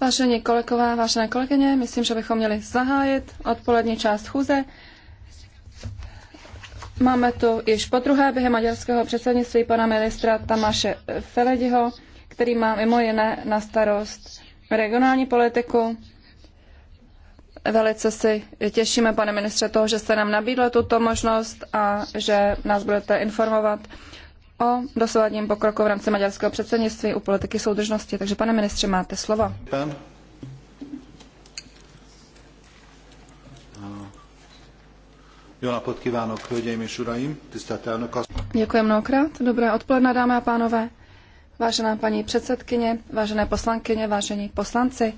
Vážení kolegové, vážené kolegyně, myslím, že bychom měli zahájit odpolední část chůze. Máme tu již po druhé během maďarského předsednictví pana ministra Tamáše Felediho, který má mimo jiné na starost regionální politiku. Velice si těšíme, pane ministře, toho, že jste nám nabídl tuto možnost a že nás budete informovat o dosavadním pokroku v rámci maďarského předsednictví u politiky soudržnosti. Takže pane ministře, máte slovo. Pan? Jó napot kívánok, hölgyeim és uraim, Děkuji mnohokrát. Dobré odpoledne, dámy a pánové. Vážená paní předsedkyně, vážené poslankyně, vážení poslanci,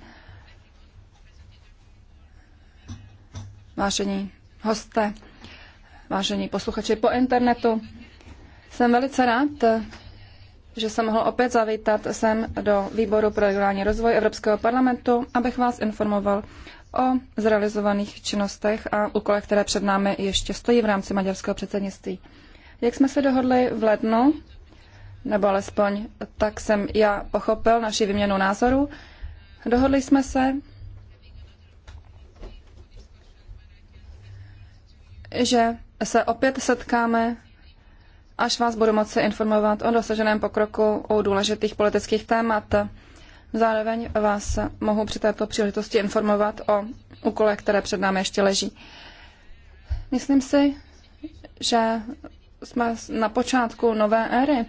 vážení hosté, vážení posluchači po internetu, jsem velice rád, že jsem mohl opět zavítat sem do Výboru pro regionální rozvoj Evropského parlamentu, abych vás informoval o zrealizovaných činnostech a úkolech, které před námi ještě stojí v rámci maďarského předsednictví. Jak jsme se dohodli v lednu, nebo alespoň tak jsem já pochopil naši výměnu názorů, dohodli jsme se, že se opět setkáme až vás budu moci informovat o dosaženém pokroku u důležitých politických témat. Zároveň vás mohu při této příležitosti informovat o úkolech, které před námi ještě leží. Myslím si, že jsme na počátku nové éry.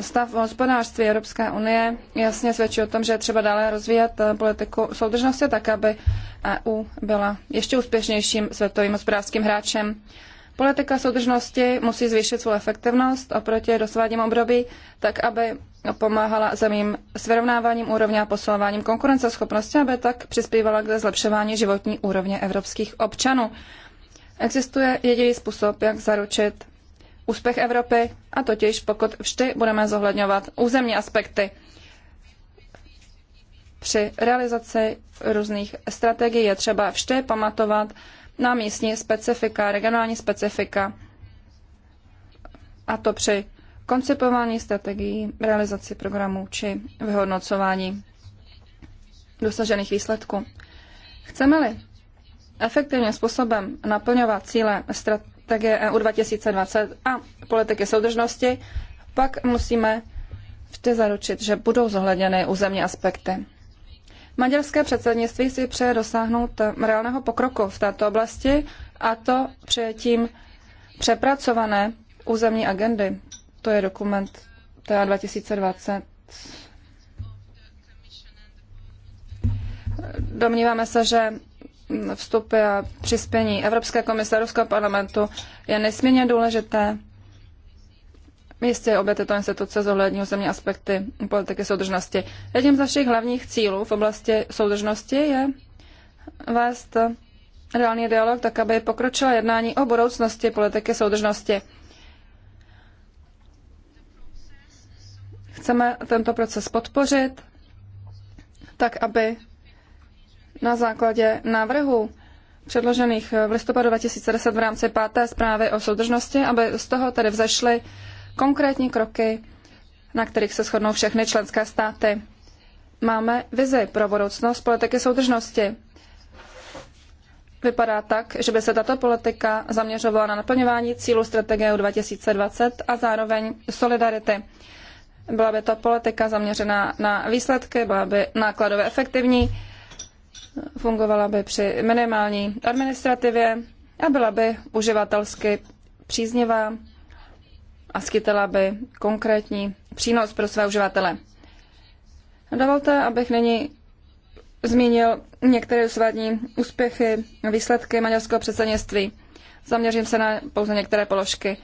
Stav v hospodářství Evropské unie jasně svědčí o tom, že je třeba dále rozvíjet politiku soudržnosti tak, aby EU byla ještě úspěšnějším světovým hospodářským hráčem. Politika soudržnosti musí zvýšit svou efektivnost oproti dosavadním období, tak aby pomáhala zemím s vyrovnáváním úrovně a posilováním konkurenceschopnosti, aby tak přispívala k zlepšování životní úrovně evropských občanů. Existuje jediný způsob, jak zaručit úspěch Evropy, a totiž pokud vždy budeme zohledňovat územní aspekty při realizaci různých strategií je třeba vždy pamatovat na místní specifika, regionální specifika, a to při koncipování strategií, realizaci programů či vyhodnocování dosažených výsledků. Chceme-li efektivním způsobem naplňovat cíle strategie EU 2020 a politiky soudržnosti, pak musíme vždy zaručit, že budou zohledněny územní aspekty. Maďarské předsednictví si přeje dosáhnout reálného pokroku v této oblasti a to přijetím přepracované územní agendy. To je dokument TA 2020. Domníváme se, že vstupy a přispění Evropské komise Evropského parlamentu je nesmírně důležité Jistě obě tyto instituce zohlední územní aspekty politiky soudržnosti. Jedním z našich hlavních cílů v oblasti soudržnosti je vést reálný dialog tak, aby pokročila jednání o budoucnosti politiky soudržnosti. Chceme tento proces podpořit tak, aby na základě návrhu předložených v listopadu 2010 v rámci páté zprávy o soudržnosti, aby z toho tedy vzešly konkrétní kroky, na kterých se shodnou všechny členské státy. Máme vizi pro budoucnost politiky soudržnosti. Vypadá tak, že by se tato politika zaměřovala na naplňování cílu strategie 2020 a zároveň solidarity. Byla by to politika zaměřená na výsledky, byla by nákladově efektivní, fungovala by při minimální administrativě a byla by uživatelsky příznivá a skytala by konkrétní přínos pro své uživatele. Dovolte, abych nyní zmínil některé dosavadní úspěchy, výsledky maďarského předsednictví. Zaměřím se na pouze některé položky.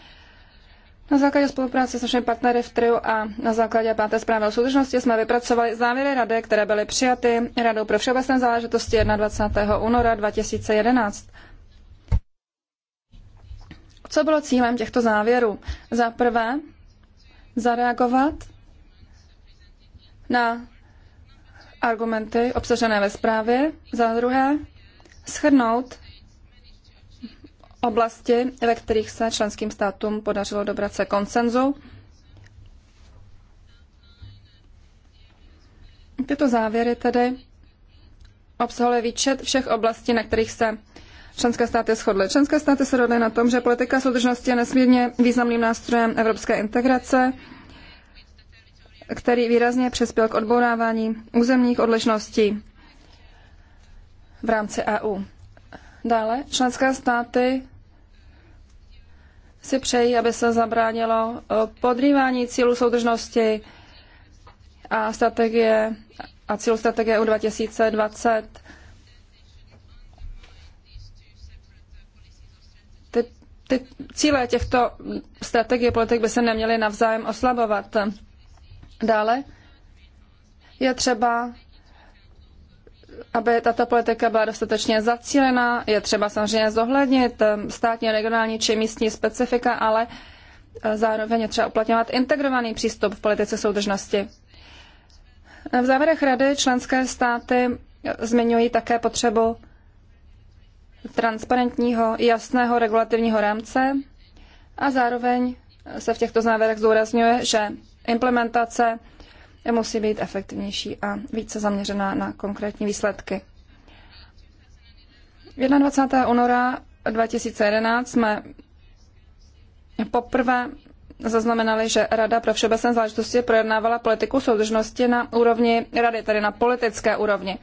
Na základě spolupráce s našimi partnery v TRIU a na základě páté zprávy o soudržnosti jsme vypracovali závěry rady, které byly přijaty Radou pro všeobecné záležitosti 21. února 2011. Co bylo cílem těchto závěrů? Za prvé, zareagovat na argumenty obsažené ve zprávě, za druhé schrnout oblasti, ve kterých se členským státům podařilo dobrat se konsenzu. Tyto závěry tedy obsahuje výčet všech oblastí, na kterých se členské státy shodly. Členské státy se dodaly na tom, že politika soudržnosti je nesmírně významným nástrojem evropské integrace, který výrazně přispěl k odbourávání územních odlišností v rámci EU. Dále členské státy si přejí, aby se zabránilo eh, podrývání cílu soudržnosti a strategie a cíl strategie u 2020 Ty cíle těchto strategií politik by se neměly navzájem oslabovat. Dále je třeba aby tato politika byla dostatečně zacílená, je třeba samozřejmě zohlednit eh, státní, regionální či místní specifika, ale eh, zároveň je třeba uplatňovat integrovaný přístup v politice soudržnosti. V závěrech rady členské státy zmiňují také potřebu transparentního, jasného regulativního rámce a zároveň se v těchto závěrech zdůrazňuje, že implementace musí být efektivnější a více zaměřená na konkrétní výsledky. 21. února 2011 jsme poprvé zaznamenali, že Rada pro všeobecné záležitosti projednávala politiku soudržnosti na úrovni rady, tedy na politické úrovni.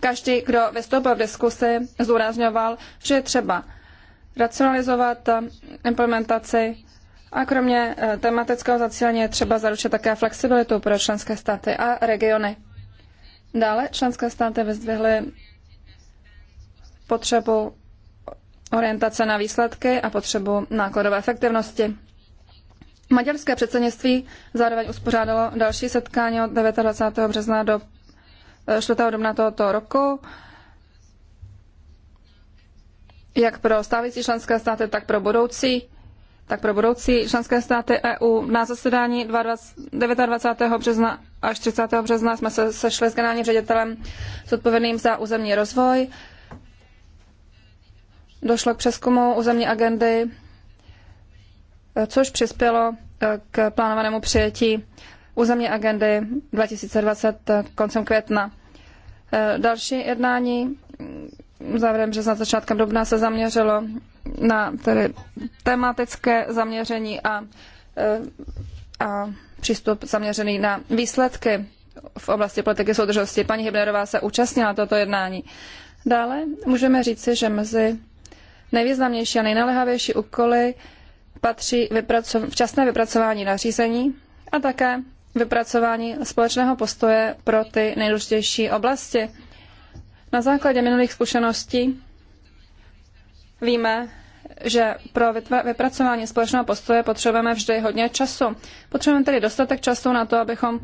Každý, kdo vystoupil v diskusi, zdůrazňoval, že je třeba racionalizovat um, implementaci a kromě eh, tematického zacílení je třeba zaručit také flexibilitu pro členské státy a regiony. Dále členské státy vyzdvihly potřebu orientace na výsledky a potřebu nákladové efektivnosti. Maďarské předsednictví zároveň uspořádalo další setkání od 29. března do 4. dubna tohoto roku, jak pro stávající členské státy, tak pro budoucí tak pro budoucí členské státy EU. Na zasedání 29. března až 30. března jsme se sešli s generálním ředitelem odpovědným za územní rozvoj. Došlo k přeskumu územní agendy, což přispělo k plánovanému přijetí územní agendy 2020 koncem května. E, další jednání mm, závěrem března, začátkem dubna se zaměřilo na tedy tematické zaměření a, e, a přístup zaměřený na výsledky v oblasti politiky soudržnosti. Paní Hybnerová se účastnila toto jednání. Dále můžeme říci, že mezi nejvýznamnější a nejnalehavější úkoly patří vypracov- včasné vypracování nařízení a také vypracování společného postoje pro ty nejdůležitější oblasti. Na základě minulých zkušeností víme, že pro vypracování společného postoje potřebujeme vždy hodně času. Potřebujeme tedy dostatek času na to, abychom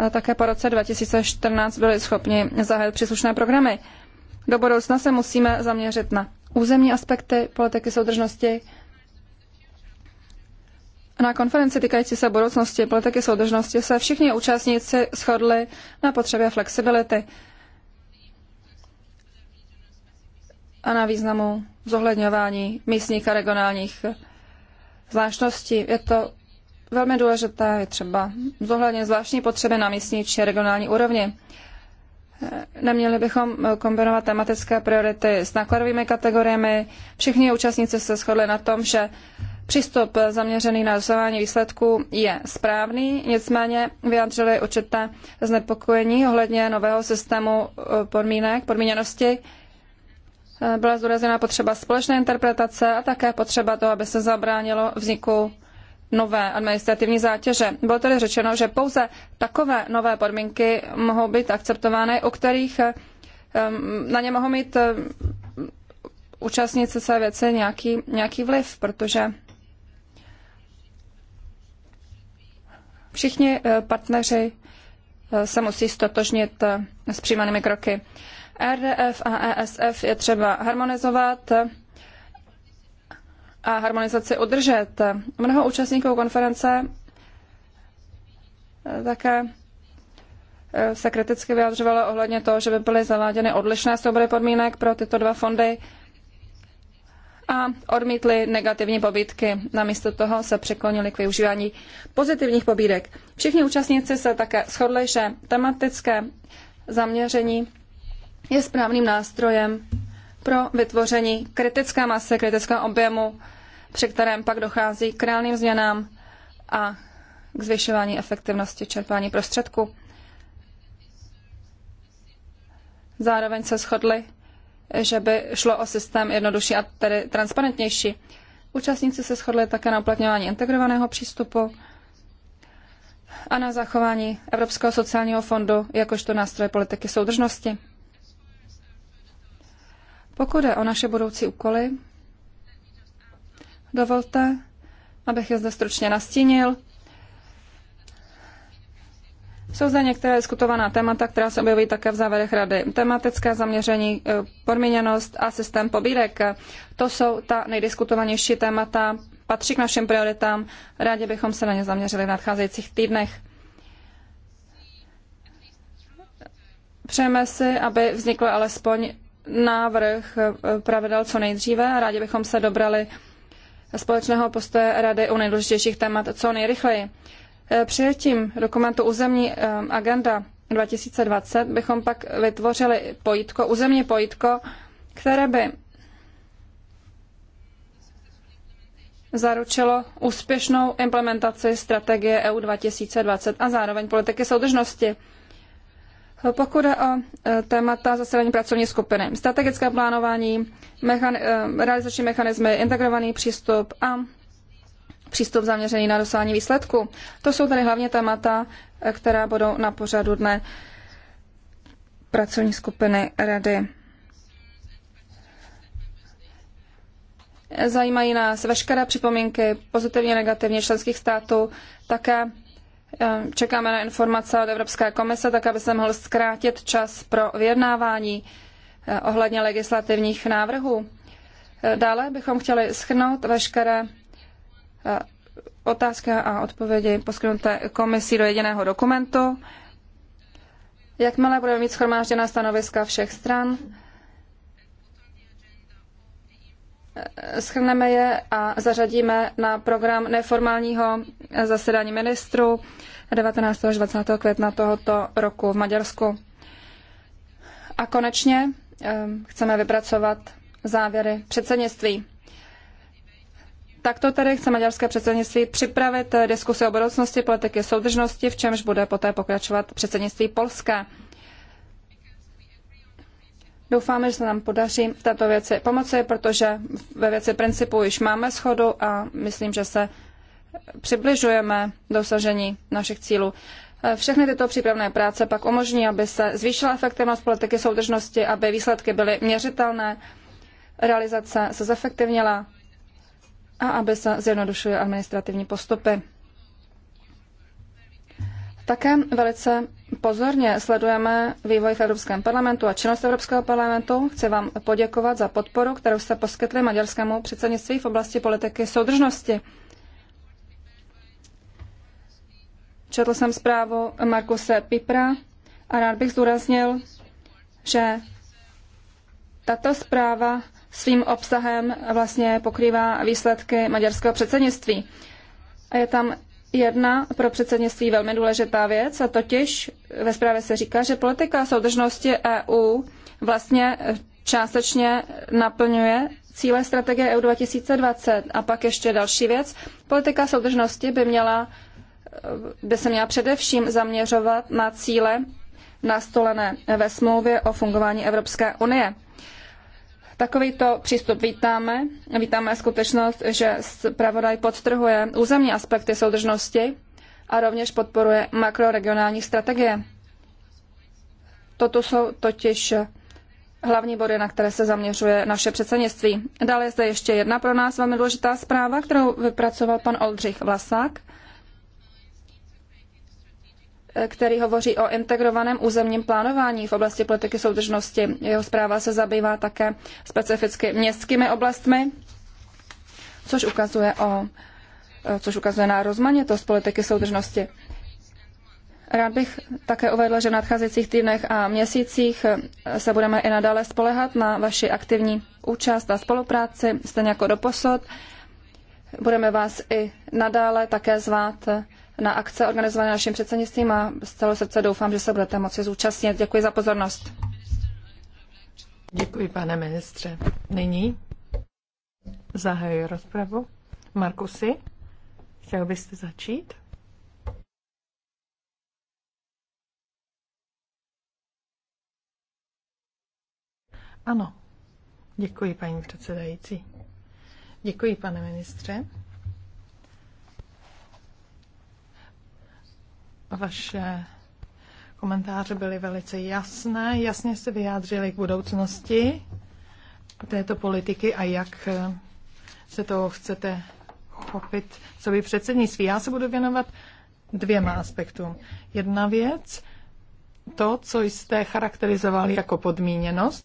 eh, také po roce 2014 byli schopni zahájit příslušné programy. Do budoucna se musíme zaměřit na územní aspekty politiky soudržnosti, na konferenci týkající se budoucnosti politiky soudržnosti se všichni účastníci shodli na potřebě flexibility a na významu zohledňování místních a regionálních zvláštností. Je to velmi důležité, je třeba zohlednit zvláštní potřeby na místní či regionální úrovni. Neměli bychom kombinovat tematické priority s nákladovými kategoriemi. Všichni účastníci se shodli na tom, že přístup zaměřený na dosahování výsledků je správný, nicméně vyjádřili určité znepokojení ohledně nového systému eh, podmínek, podmíněnosti. Eh, Byla zdůrazněna potřeba společné interpretace a také potřeba toho, aby se zabránilo vzniku nové administrativní zátěže. Bylo tedy řečeno, že pouze takové nové podmínky mohou být akceptovány, u kterých eh, na ně mohou mít účastníci své věci nějaký, nějaký vliv, protože Všichni eh, partneři eh, se musí stotožnit eh, s přijímanými kroky. RDF a ESF je třeba harmonizovat a harmonizaci udržet. Mnoho účastníků konference také se kriticky vyjadřovalo ohledně toho, že by byly zaváděny odlišné soubory podmínek pro tyto dva fondy a odmítli negativní pobídky. Namísto toho se překlonili k využívání pozitivních pobídek. Všichni účastníci se také shodli, že tematické zaměření je správným nástrojem pro vytvoření kritické masy, kritického objemu, při kterém pak dochází k reálným změnám a k zvyšování efektivnosti čerpání prostředků. Zároveň se shodli že by šlo o systém jednodušší a tedy transparentnější. Účastníci se shodli také na uplatňování integrovaného přístupu a na zachování Evropského sociálního fondu jakožto nástroje politiky soudržnosti. Pokud je o naše budoucí úkoly, dovolte, abych je zde stručně nastínil. Jsou zde některé diskutovaná témata, která se objeví také v závěrech rady. Tematické zaměření, e, podmíněnost a systém pobídek. To jsou ta nejdiskutovanější témata, patří k našim prioritám. Rádi bychom se na ně zaměřili v nadcházejících týdnech. Přejeme si, aby vznikl alespoň návrh e, pravidel co nejdříve a rádi bychom se dobrali společného postoje Rady u nejdůležitějších témat co nejrychleji. Eh, přijetím dokumentu Územní eh, agenda 2020 bychom pak vytvořili pojítko, územní pojítko, které by zaručilo úspěšnou implementaci strategie EU 2020 a zároveň politiky soudržnosti. Eh, pokud je o témata zasedání pracovní skupiny, strategické plánování, mechan, realizační mechanismy, integrovaný přístup a přístup zaměřený na dosání výsledku. To jsou tady hlavně témata, která budou na pořadu dne pracovní skupiny Rady. Zajímají nás veškeré připomínky, pozitivně, negativně členských států. Také eh, čekáme na informace od Evropské komise, tak aby se mohl zkrátit čas pro vyjednávání eh, ohledně legislativních návrhů. Eh, dále bychom chtěli schrnout veškeré otázka a odpovědi poskytnuté komisí do jediného dokumentu. Jakmile budeme mít schromážděná stanoviska všech stran, schrneme je a zařadíme na program neformálního zasedání ministrů 19. až 20. května tohoto roku v Maďarsku. A konečně eh, chceme vypracovat závěry předsednictví. Takto tedy chce maďarské předsednictví připravit eh, diskusi o budoucnosti politiky soudržnosti, v čemž bude poté pokračovat předsednictví Polska. Doufáme, že se nám podaří v této věci pomoci, protože ve věci principu již máme schodu a myslím, že se přibližujeme dosažení našich cílů. Eh, všechny tyto přípravné práce pak umožní, aby se zvýšila efektivnost politiky soudržnosti, aby výsledky byly měřitelné, realizace se zefektivnila a aby se zjednodušily administrativní postupy. Také velice pozorně sledujeme vývoj v Evropském parlamentu a činnost Evropského parlamentu. Chci vám poděkovat za podporu, kterou jste poskytli maďarskému předsednictví v oblasti politiky soudržnosti. Četl jsem zprávu Markuse Pipra a rád bych zdůraznil, že tato zpráva svým obsahem vlastně pokrývá výsledky maďarského předsednictví. A je tam jedna pro předsednictví velmi důležitá věc, a totiž ve zprávě se říká, že politika soudržnosti EU vlastně částečně naplňuje cíle strategie EU 2020. A pak ještě další věc. Politika soudržnosti by měla by se měla především zaměřovat na cíle nastolené ve smlouvě o fungování Evropské unie. Takovýto přístup vítáme. Vítáme skutečnost, že zpravodaj podtrhuje územní aspekty soudržnosti a rovněž podporuje makroregionální strategie. Toto jsou totiž hlavní body, na které se zaměřuje naše předsednictví. Dále je zde ještě jedna pro nás velmi důležitá zpráva, kterou vypracoval pan Oldřich Vlasák který hovoří o integrovaném územním plánování v oblasti politiky soudržnosti. Jeho zpráva se zabývá také specificky městskými oblastmi, což ukazuje, o, e, což ukazuje na rozmanitost politiky soudržnosti. Rád bych také uvedl, že v nadcházejících týdnech a měsících e, se budeme i nadále spolehat na vaši aktivní účast a spolupráci, stejně jako doposud. Budeme vás i nadále také zvát e, na akce organizované naším předsednictvím a z celého srdce doufám, že se budete moci zúčastnit. Děkuji za pozornost. Děkuji, pane ministře. Nyní zahajuji rozpravu. Markusy, chtěl byste začít? Ano, děkuji, paní předsedající. Děkuji, pane ministře. Vaše komentáře byly velice jasné, jasně se vyjádřili k budoucnosti této politiky a jak eh, se toho chcete chopit, co by předsednictví. Já se budu věnovat dvěma aspektům. Jedna věc, to, co jste charakterizovali jako podmíněnost,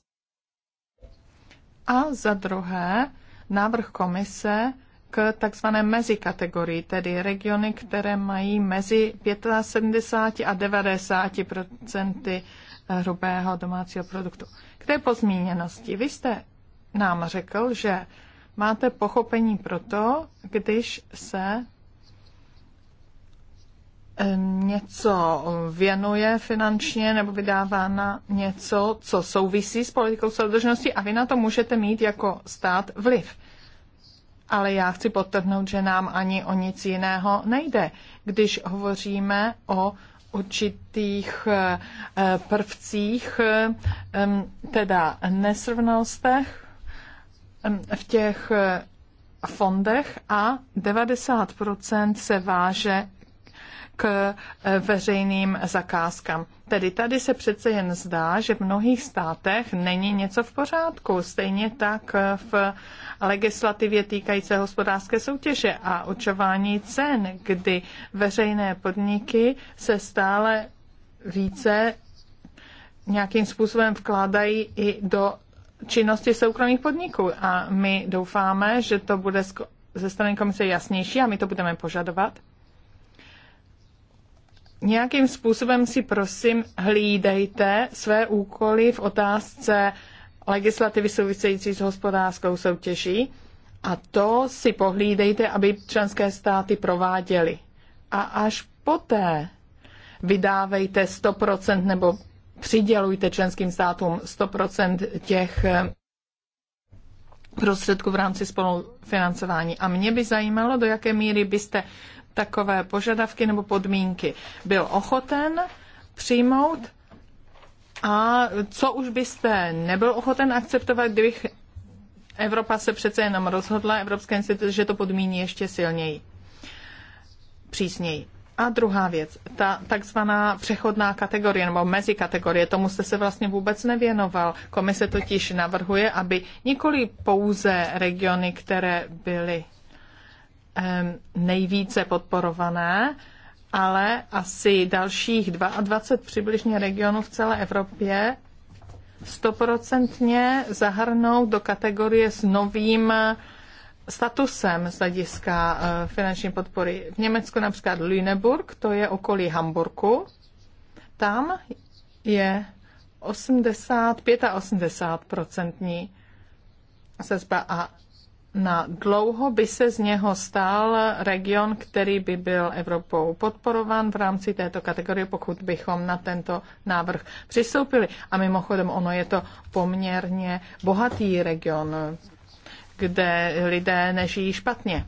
a za druhé návrh komise k takzvané mezikategorii, tedy regiony, které mají mezi 75 a 90 procenty eh, hrubého domácího produktu. K té pozmíněnosti. Vy jste nám řekl, že máte pochopení pro to, když se eh, něco věnuje finančně nebo vydává na něco, co souvisí s politikou soudržnosti a vy na to můžete mít jako stát vliv ale já chci podtrhnout, že nám ani o nic jiného nejde, když hovoříme o určitých eh, prvcích, eh, teda nesrovnalostech v těch eh, fondech a 90% se váže k eh, veřejným zakázkám. Tedy tady se přece jen zdá, že v mnohých státech není něco v pořádku. Stejně tak eh, v legislativě týkající hospodářské soutěže a určování cen, kdy veřejné podniky se stále více nějakým způsobem vkládají i do činnosti soukromých podniků. A my doufáme, že to bude ze strany komise jasnější a my to budeme požadovat nějakým způsobem si prosím hlídejte své úkoly v otázce legislativy související s hospodářskou soutěží a to si pohlídejte, aby členské státy prováděly. A až poté vydávejte 100% nebo přidělujte členským státům 100% těch eh, prostředků v rámci spolufinancování. A mě by zajímalo, do jaké míry byste takové požadavky nebo podmínky byl ochoten přijmout a co už byste nebyl ochoten akceptovat, kdybych Evropa se přece jenom rozhodla, Evropské instituce, že to podmíní ještě silněji, přísněji. A druhá věc, ta takzvaná přechodná kategorie nebo mezikategorie, tomu jste se vlastně vůbec nevěnoval. Komise totiž navrhuje, aby nikoli pouze regiony, které byly Ehm, nejvíce podporované, ale asi dalších 22 přibližně regionů v celé Evropě stoprocentně zahrnou do kategorie s novým eh, statusem z hlediska eh, finanční podpory. V Německu například Lüneburg, to je okolí Hamburku, tam je 85 80, sezba a na dlouho by se z něho stal region, který by byl Evropou podporován v rámci této kategorie, pokud bychom na tento návrh přistoupili. A mimochodem, ono je to poměrně bohatý region, kde lidé nežijí špatně.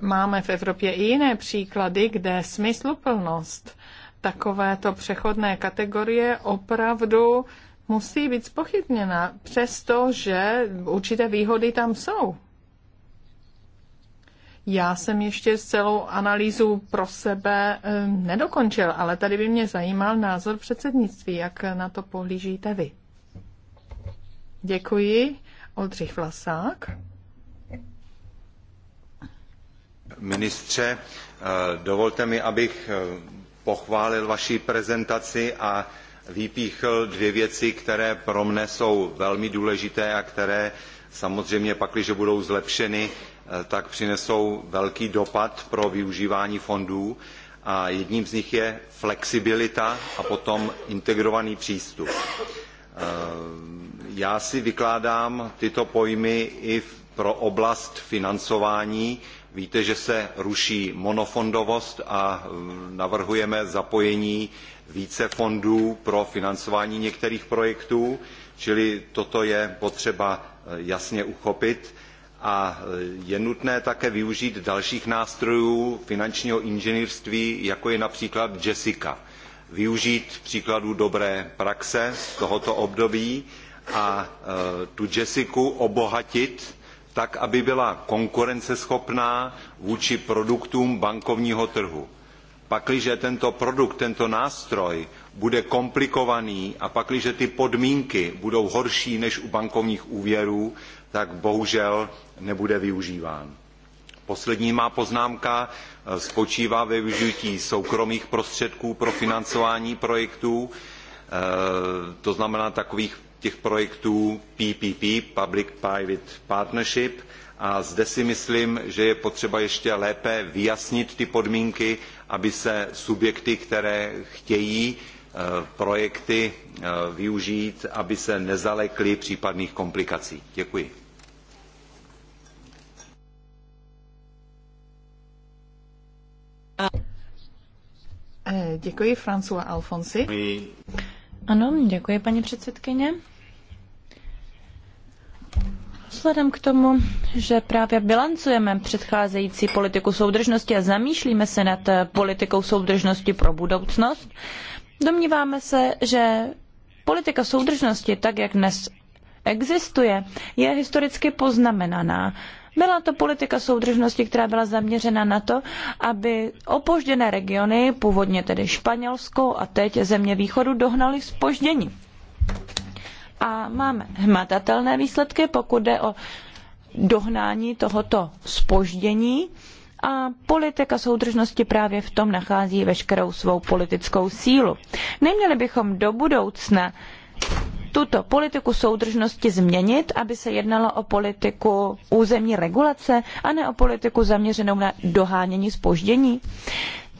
Máme v Evropě i jiné příklady, kde smysluplnost takovéto přechodné kategorie opravdu musí být spochybněna, přestože určité výhody tam jsou. Já jsem ještě celou analýzu pro sebe eh, nedokončil, ale tady by mě zajímal názor předsednictví, jak na to pohlížíte vy. Děkuji. Oldřich Vlasák. Ministře, eh, dovolte mi, abych eh, pochválil vaši prezentaci a vypíchl dvě věci, které pro mne jsou velmi důležité a které samozřejmě pakliže budou zlepšeny, eh, tak přinesou velký dopad pro využívání fondů a jedním z nich je flexibilita a potom integrovaný přístup. Eh, já si vykládám tyto pojmy i pro oblast financování Víte, že se ruší monofondovost a e, navrhujeme zapojení více fondů pro financování některých projektů, čili toto je potřeba e, jasně uchopit a e, je nutné také využít dalších nástrojů finančního inženýrství, jako je například Jessica. Využít příkladů dobré praxe z tohoto období a tu Jessiku obohatit tak aby byla konkurenceschopná vůči produktům bankovního trhu. Pakliže tento produkt, tento nástroj bude komplikovaný a pakliže ty podmínky budou horší než u bankovních úvěrů, tak bohužel nebude využíván. Poslední má poznámka eh, spočívá ve využití soukromých prostředků pro financování projektů, eh, to znamená takových těch projektů PPP, Public Private Partnership, a zde si myslím, že je potřeba ještě lépe vyjasnit ty podmínky, aby se subjekty, které chtějí eh, projekty eh, využít, aby se nezalekly případných komplikací. Děkuji. Eh, děkuji, François Alfonsi. Ano, děkuji, paní předsedkyně. Vzhledem k tomu, že právě bilancujeme předcházející politiku soudržnosti a zamýšlíme se nad eh, politikou soudržnosti pro budoucnost, domníváme se, že politika soudržnosti, tak jak dnes existuje, je historicky poznamenaná. Byla to politika soudržnosti, která byla zaměřena na to, aby opožděné regiony, původně tedy Španělsko a teď země východu, dohnaly spoždění a máme hmatatelné výsledky, pokud jde o dohnání tohoto spoždění a politika soudržnosti právě v tom nachází veškerou svou politickou sílu. Neměli bychom do budoucna tuto politiku soudržnosti změnit, aby se jednalo o politiku územní regulace a ne o politiku zaměřenou na dohánění spoždění.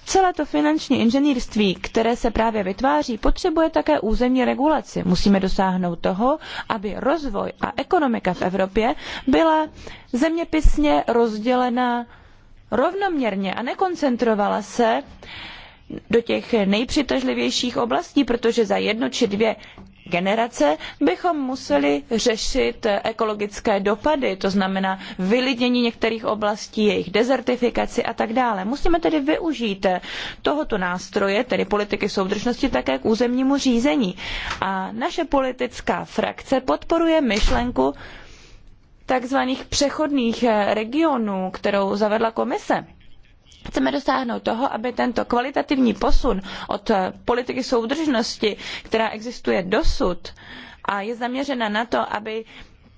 Celé to finanční inženýrství, které se právě vytváří, potřebuje také územní regulaci. Musíme dosáhnout toho, aby rozvoj a ekonomika v Evropě byla zeměpisně rozdělena rovnoměrně a nekoncentrovala se do těch nejpřitažlivějších oblastí, protože za jedno či dvě generace bychom museli řešit ekologické dopady, to znamená vylidnění některých oblastí, jejich dezertifikaci a tak dále. Musíme tedy využít tohoto nástroje, tedy politiky soudržnosti, také k územnímu řízení. A naše politická frakce podporuje myšlenku takzvaných přechodných regionů, kterou zavedla komise. Chceme dosáhnout toho, aby tento kvalitativní posun od eh, politiky soudržnosti, která existuje dosud a je zaměřena na to, aby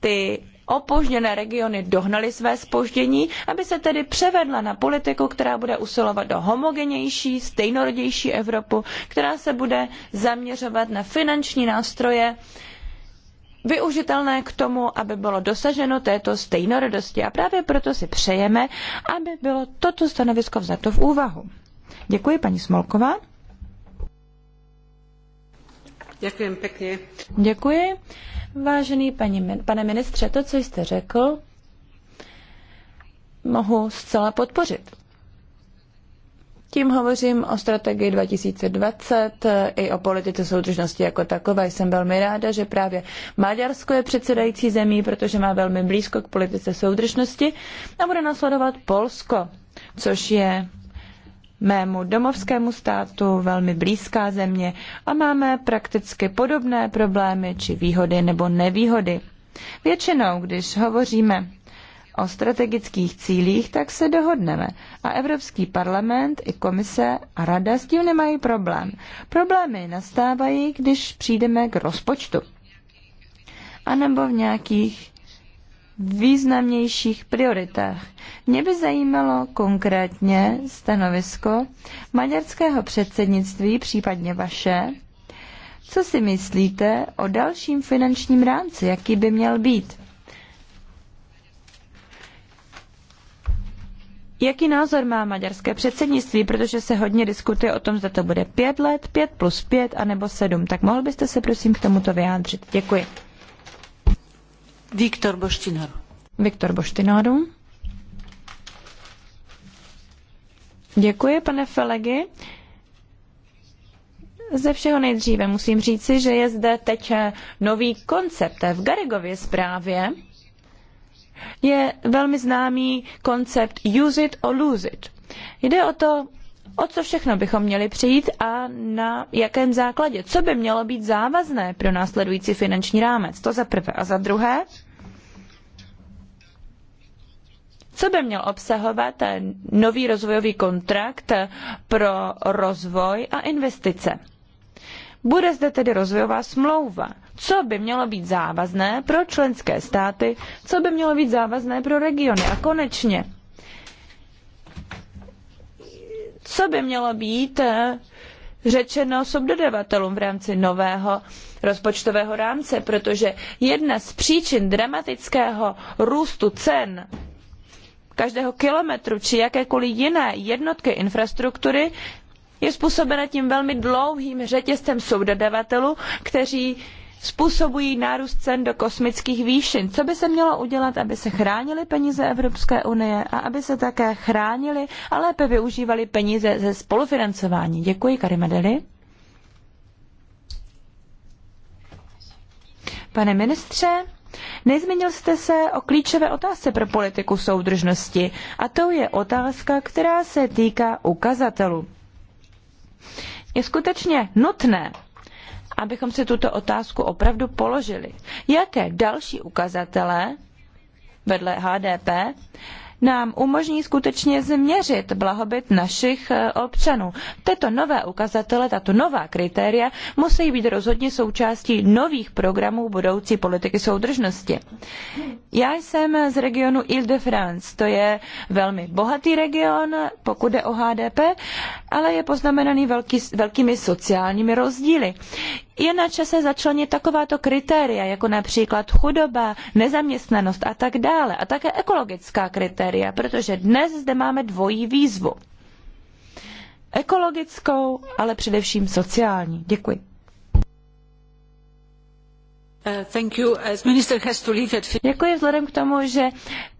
ty opožděné regiony dohnaly své zpoždění, aby se tedy převedla na politiku, která bude usilovat o homogenější, stejnorodější Evropu, která se bude zaměřovat na finanční nástroje, využitelné k tomu, aby bylo dosaženo této stejnorodosti. A právě proto si přejeme, aby bylo toto stanovisko vzato v úvahu. Děkuji, paní Smolková. Děkuji pěkně. Děkuji. Vážený paní, pane ministře, to, co jste řekl, mohu zcela podpořit. Tím hovořím o strategii 2020 eh, i o politice soudržnosti jako takové. Jsem velmi ráda, že právě Maďarsko je předsedající zemí, protože má velmi blízko k politice soudržnosti a bude nasledovat Polsko, což je mému domovskému státu velmi blízká země a máme prakticky podobné problémy či výhody nebo nevýhody. Většinou, když hovoříme o strategických cílích, tak se dohodneme. A Evropský parlament, i komise a rada s tím nemají problém. Problémy nastávají, když přijdeme k rozpočtu. A nebo v nějakých významnějších prioritách. Mě by zajímalo konkrétně stanovisko maďarského předsednictví, případně vaše. Co si myslíte o dalším finančním rámci, jaký by měl být? Jaký názor má maďarské předsednictví, protože se hodně diskutuje o tom, zda to bude pět let, pět plus pět, anebo sedm. Tak mohl byste se prosím k tomuto vyjádřit. Děkuji. Viktor Boštinor. Viktor Boštinor. Děkuji, pane Felegy. Ze všeho nejdříve musím říci, že je zde teď nový koncept v Garigově zprávě, je velmi známý koncept use it or lose it. Jde o to, o co všechno bychom měli přijít a na jakém základě, co by mělo být závazné pro následující finanční rámec. To za prvé. A za druhé, co by měl obsahovat nový rozvojový kontrakt pro rozvoj a investice. Bude zde tedy rozvojová smlouva. Co by mělo být závazné pro členské státy, co by mělo být závazné pro regiony. A konečně, co by mělo být eh, řečeno subdodavatelům v rámci nového rozpočtového rámce, protože jedna z příčin dramatického růstu cen každého kilometru či jakékoliv jiné jednotky infrastruktury je způsobena tím velmi dlouhým řetězcem subdodavatelů, kteří způsobují nárůst cen do kosmických výšin. Co by se mělo udělat, aby se chránily peníze Evropské unie a aby se také chránily a lépe využívaly peníze ze spolufinancování? Děkuji, Karimedeli. Pane ministře, Nezmínil jste se o klíčové otázce pro politiku soudržnosti a to je otázka, která se týká ukazatelů. Je skutečně nutné, abychom si tuto otázku opravdu položili. Jaké další ukazatele vedle HDP nám umožní skutečně změřit blahobyt našich eh, občanů. Tyto nové ukazatele, tato nová kritéria musí být rozhodně součástí nových programů budoucí politiky soudržnosti. Já jsem z regionu Ile-de-France, to je velmi bohatý region, pokud jde o HDP, ale je poznamenaný velký, velkými sociálními rozdíly. Je na čase začlenit takováto kritéria, jako například chudoba, nezaměstnanost a tak dále, a také ekologická kritéria, protože dnes zde máme dvojí výzvu. Ekologickou, ale především sociální. Děkuji. Uh, Děkuji vzhledem k tomu, že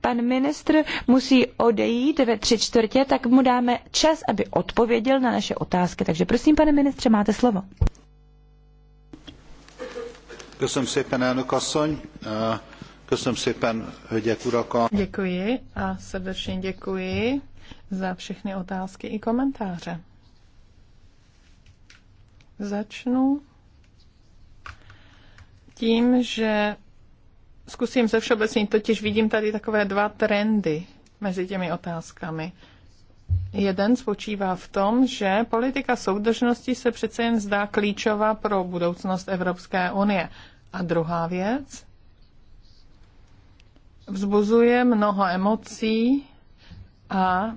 pan ministr musí odejít ve tři čtvrtě, tak mu dáme čas, aby odpověděl na naše otázky. Takže prosím, pane ministře, máte slovo. Köszönöm szépen, elnök asszony. Köszönöm szépen, hölgyek, urak. Děkuji a srdečně děkuji za všechny otázky i komentáře. Začnu tím, že zkusím ze všeobecní, totiž vidím tady takové dva trendy mezi těmi otázkami. Jeden spočívá v tom, že politika soudržnosti se přece jen zdá klíčová pro budoucnost Evropské unie. A druhá věc, vzbuzuje mnoho emocí a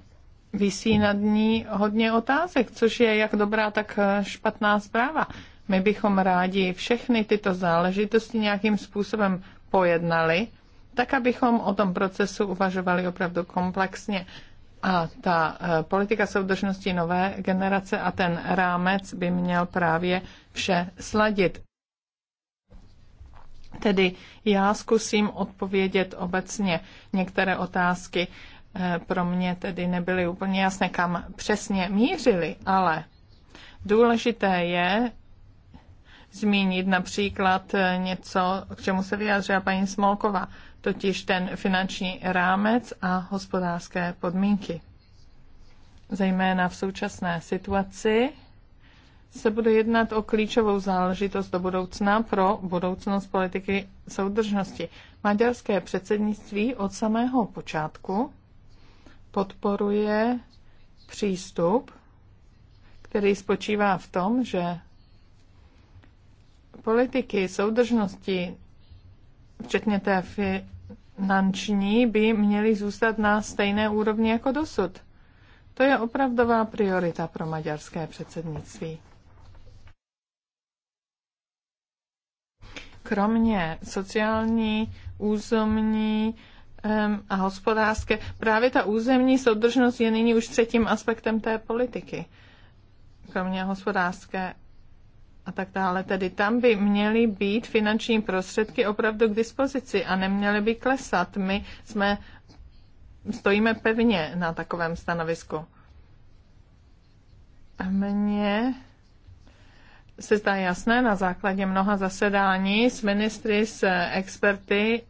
vysí nad ní hodně otázek, což je jak dobrá, tak špatná zpráva. My bychom rádi všechny tyto záležitosti nějakým způsobem pojednali, tak abychom o tom procesu uvažovali opravdu komplexně a ta eh, politika soudržnosti nové generace a ten rámec by měl právě vše sladit. Tedy já zkusím odpovědět obecně některé otázky. Eh, pro mě tedy nebyly úplně jasné, kam přesně mířily, ale důležité je zmínit například eh, něco, k čemu se vyjádřila paní Smolková totiž ten finanční rámec a hospodářské podmínky. Zejména v současné situaci se bude jednat o klíčovou záležitost do budoucna pro budoucnost politiky soudržnosti. Maďarské předsednictví od samého počátku podporuje přístup, který spočívá v tom, že politiky soudržnosti včetně té finanční, by měly zůstat na stejné úrovni jako dosud. To je opravdová priorita pro maďarské předsednictví. Kromě sociální, územní um, a hospodářské, právě ta územní soudržnost je nyní už třetím aspektem té politiky, kromě hospodářské a tak dále. Tedy tam by měly být finanční prostředky opravdu k dispozici a neměly by klesat. My jsme, stojíme pevně na takovém stanovisku. A mně se zdá jasné na základě mnoha zasedání s ministry, s experty,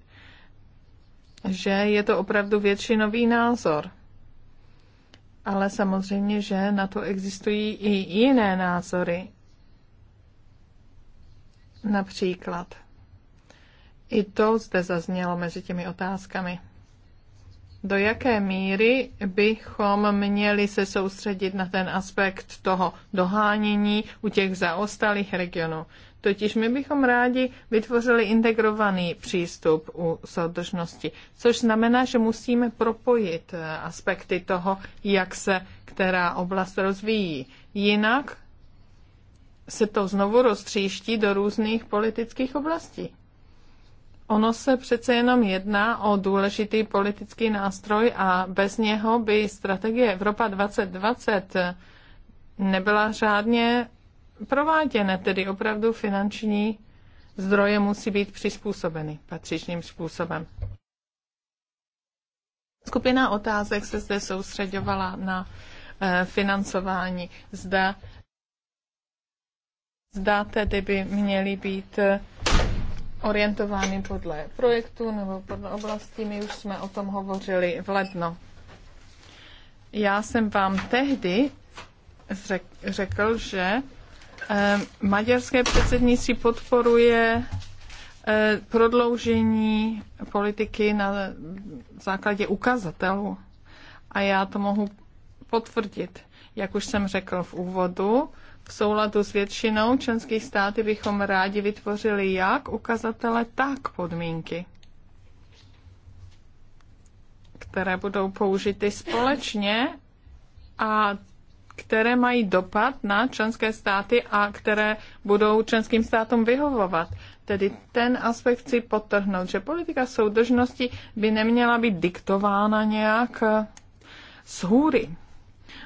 že je to opravdu většinový názor. Ale samozřejmě, že na to existují i jiné názory Například. I to zde zaznělo mezi těmi otázkami. Do jaké míry bychom měli se soustředit na ten aspekt toho dohánění u těch zaostalých regionů? Totiž my bychom rádi vytvořili integrovaný přístup u soudržnosti, což znamená, že musíme propojit eh, aspekty toho, jak se která oblast rozvíjí. Jinak se to znovu roztříští do různých politických oblastí. Ono se přece jenom jedná o důležitý politický nástroj a bez něho by strategie Evropa 2020 nebyla řádně prováděna, tedy opravdu finanční zdroje musí být přizpůsobeny patřičným způsobem. Skupina otázek se zde soustředovala na eh, financování. Zda Zda tedy by měly být eh, orientovány podle projektu nebo podle oblasti. My už jsme o tom hovořili v lednu. Já jsem vám tehdy řekl, že eh, maďarské předsednictví podporuje eh, prodloužení politiky na základě ukazatelů. A já to mohu potvrdit. Jak už jsem řekl v úvodu, v souladu s většinou členských států bychom rádi vytvořili jak ukazatele, tak podmínky, které budou použity společně a které mají dopad na členské státy a které budou členským státům vyhovovat. Tedy ten aspekt chci potrhnout, že politika soudržnosti by neměla být diktována nějak z hůry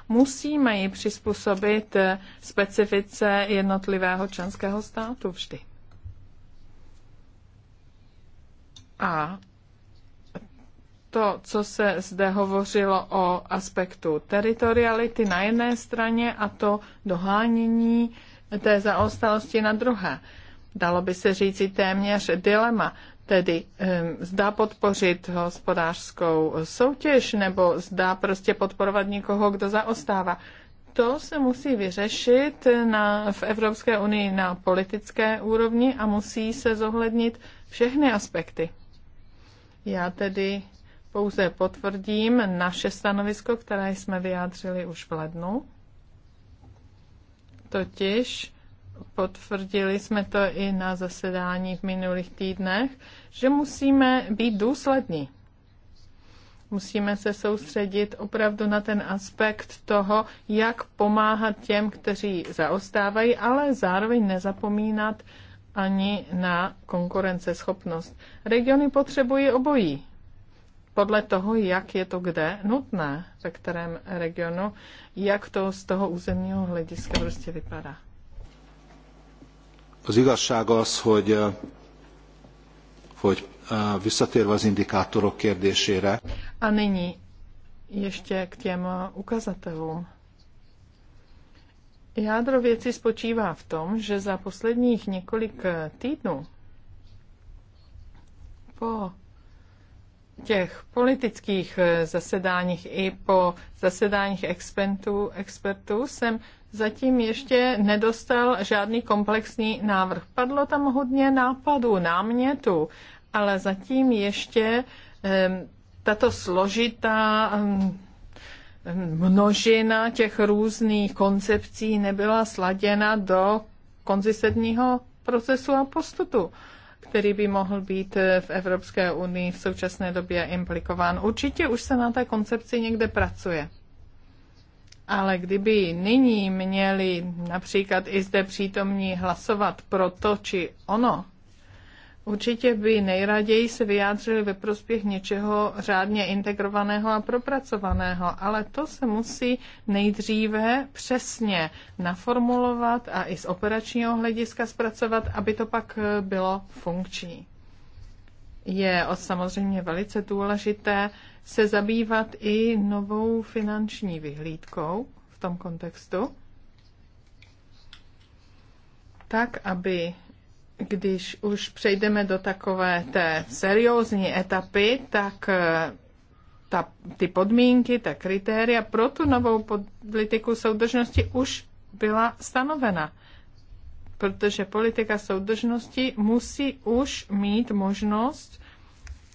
Musíme ji přizpůsobit specifice jednotlivého členského státu vždy. A to, co se zde hovořilo o aspektu teritoriality na jedné straně a to dohánění té zaostalosti na druhé. Dalo by se říci téměř dilema. Tedy ehm, zdá podpořit hospodářskou soutěž nebo zdá prostě podporovat někoho, kdo zaostává. To se musí vyřešit na, v Evropské unii na politické úrovni a musí se zohlednit všechny aspekty. Já tedy pouze potvrdím naše stanovisko, které jsme vyjádřili už v lednu. Totiž potvrdili jsme to i na zasedání v minulých týdnech, že musíme být důslední. Musíme se soustředit opravdu na ten aspekt toho, jak pomáhat těm, kteří zaostávají, ale zároveň nezapomínat ani na konkurenceschopnost. Regiony potřebují obojí. Podle toho, jak je to kde nutné, ve kterém regionu, jak to z toho územního hlediska prostě vypadá. Az igazság az, hogy, eh, hogy eh, visszatérve az indikátorok kérdésére. A nyní ještě k těm ukazatelům. Jádro věci spočívá v tom, že za posledních několik eh, týdnů po těch politických zasedáních i po zasedáních expertů, expertů jsem zatím ještě nedostal žádný komplexní návrh. Padlo tam hodně nápadů, námětů, ale zatím ještě tato složitá množina těch různých koncepcí nebyla sladěna do konzistentního procesu a postupu, který by mohl být v Evropské unii v současné době implikován. Určitě už se na té koncepci někde pracuje. Ale kdyby nyní měli například i zde přítomní hlasovat pro to či ono, určitě by nejraději se vyjádřili ve prospěch něčeho řádně integrovaného a propracovaného, ale to se musí nejdříve přesně naformulovat a i z operačního hlediska zpracovat, aby to pak eh, bylo funkční. Je samozřejmě velice důležité se zabývat i novou finanční vyhlídkou v tom kontextu, tak, aby když už přejdeme do takové té seriózní etapy, tak eh, ta, ty podmínky, ta kritéria pro tu novou politiku soudržnosti už byla stanovena. Protože politika soudržnosti musí už mít možnost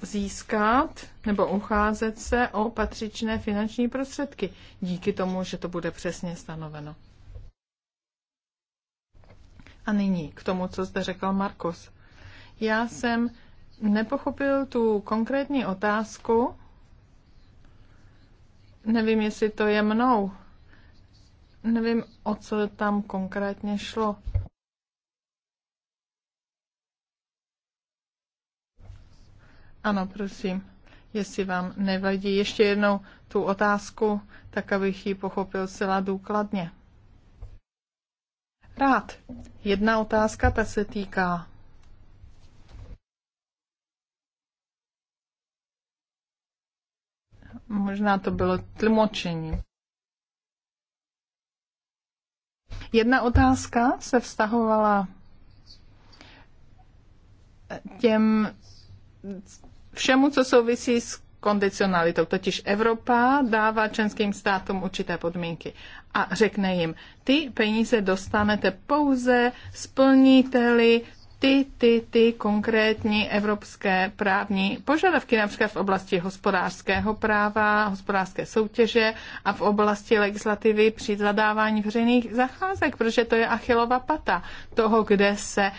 získat nebo ucházet se o patřičné finanční prostředky díky tomu, že to bude přesně stanoveno. A nyní k tomu, co zde řekl Markus. Já jsem nepochopil tu konkrétní otázku. Nevím, jestli to je mnou. Nevím, o co tam konkrétně šlo. Ano, prosím, jestli vám nevadí. Ještě jednou tu otázku, tak abych ji pochopil celá důkladně. Rád. Jedna otázka, ta se týká možná to bylo tlmočení. Jedna otázka se vztahovala těm všemu, co souvisí s kondicionalitou. Totiž Evropa dává členským státům určité podmínky a řekne jim, ty peníze dostanete pouze splníteli ty, ty, ty konkrétní evropské právní požadavky, například v oblasti hospodářského práva, hospodářské soutěže a v oblasti legislativy při zadávání veřejných zacházek, protože to je achilová pata toho, kde se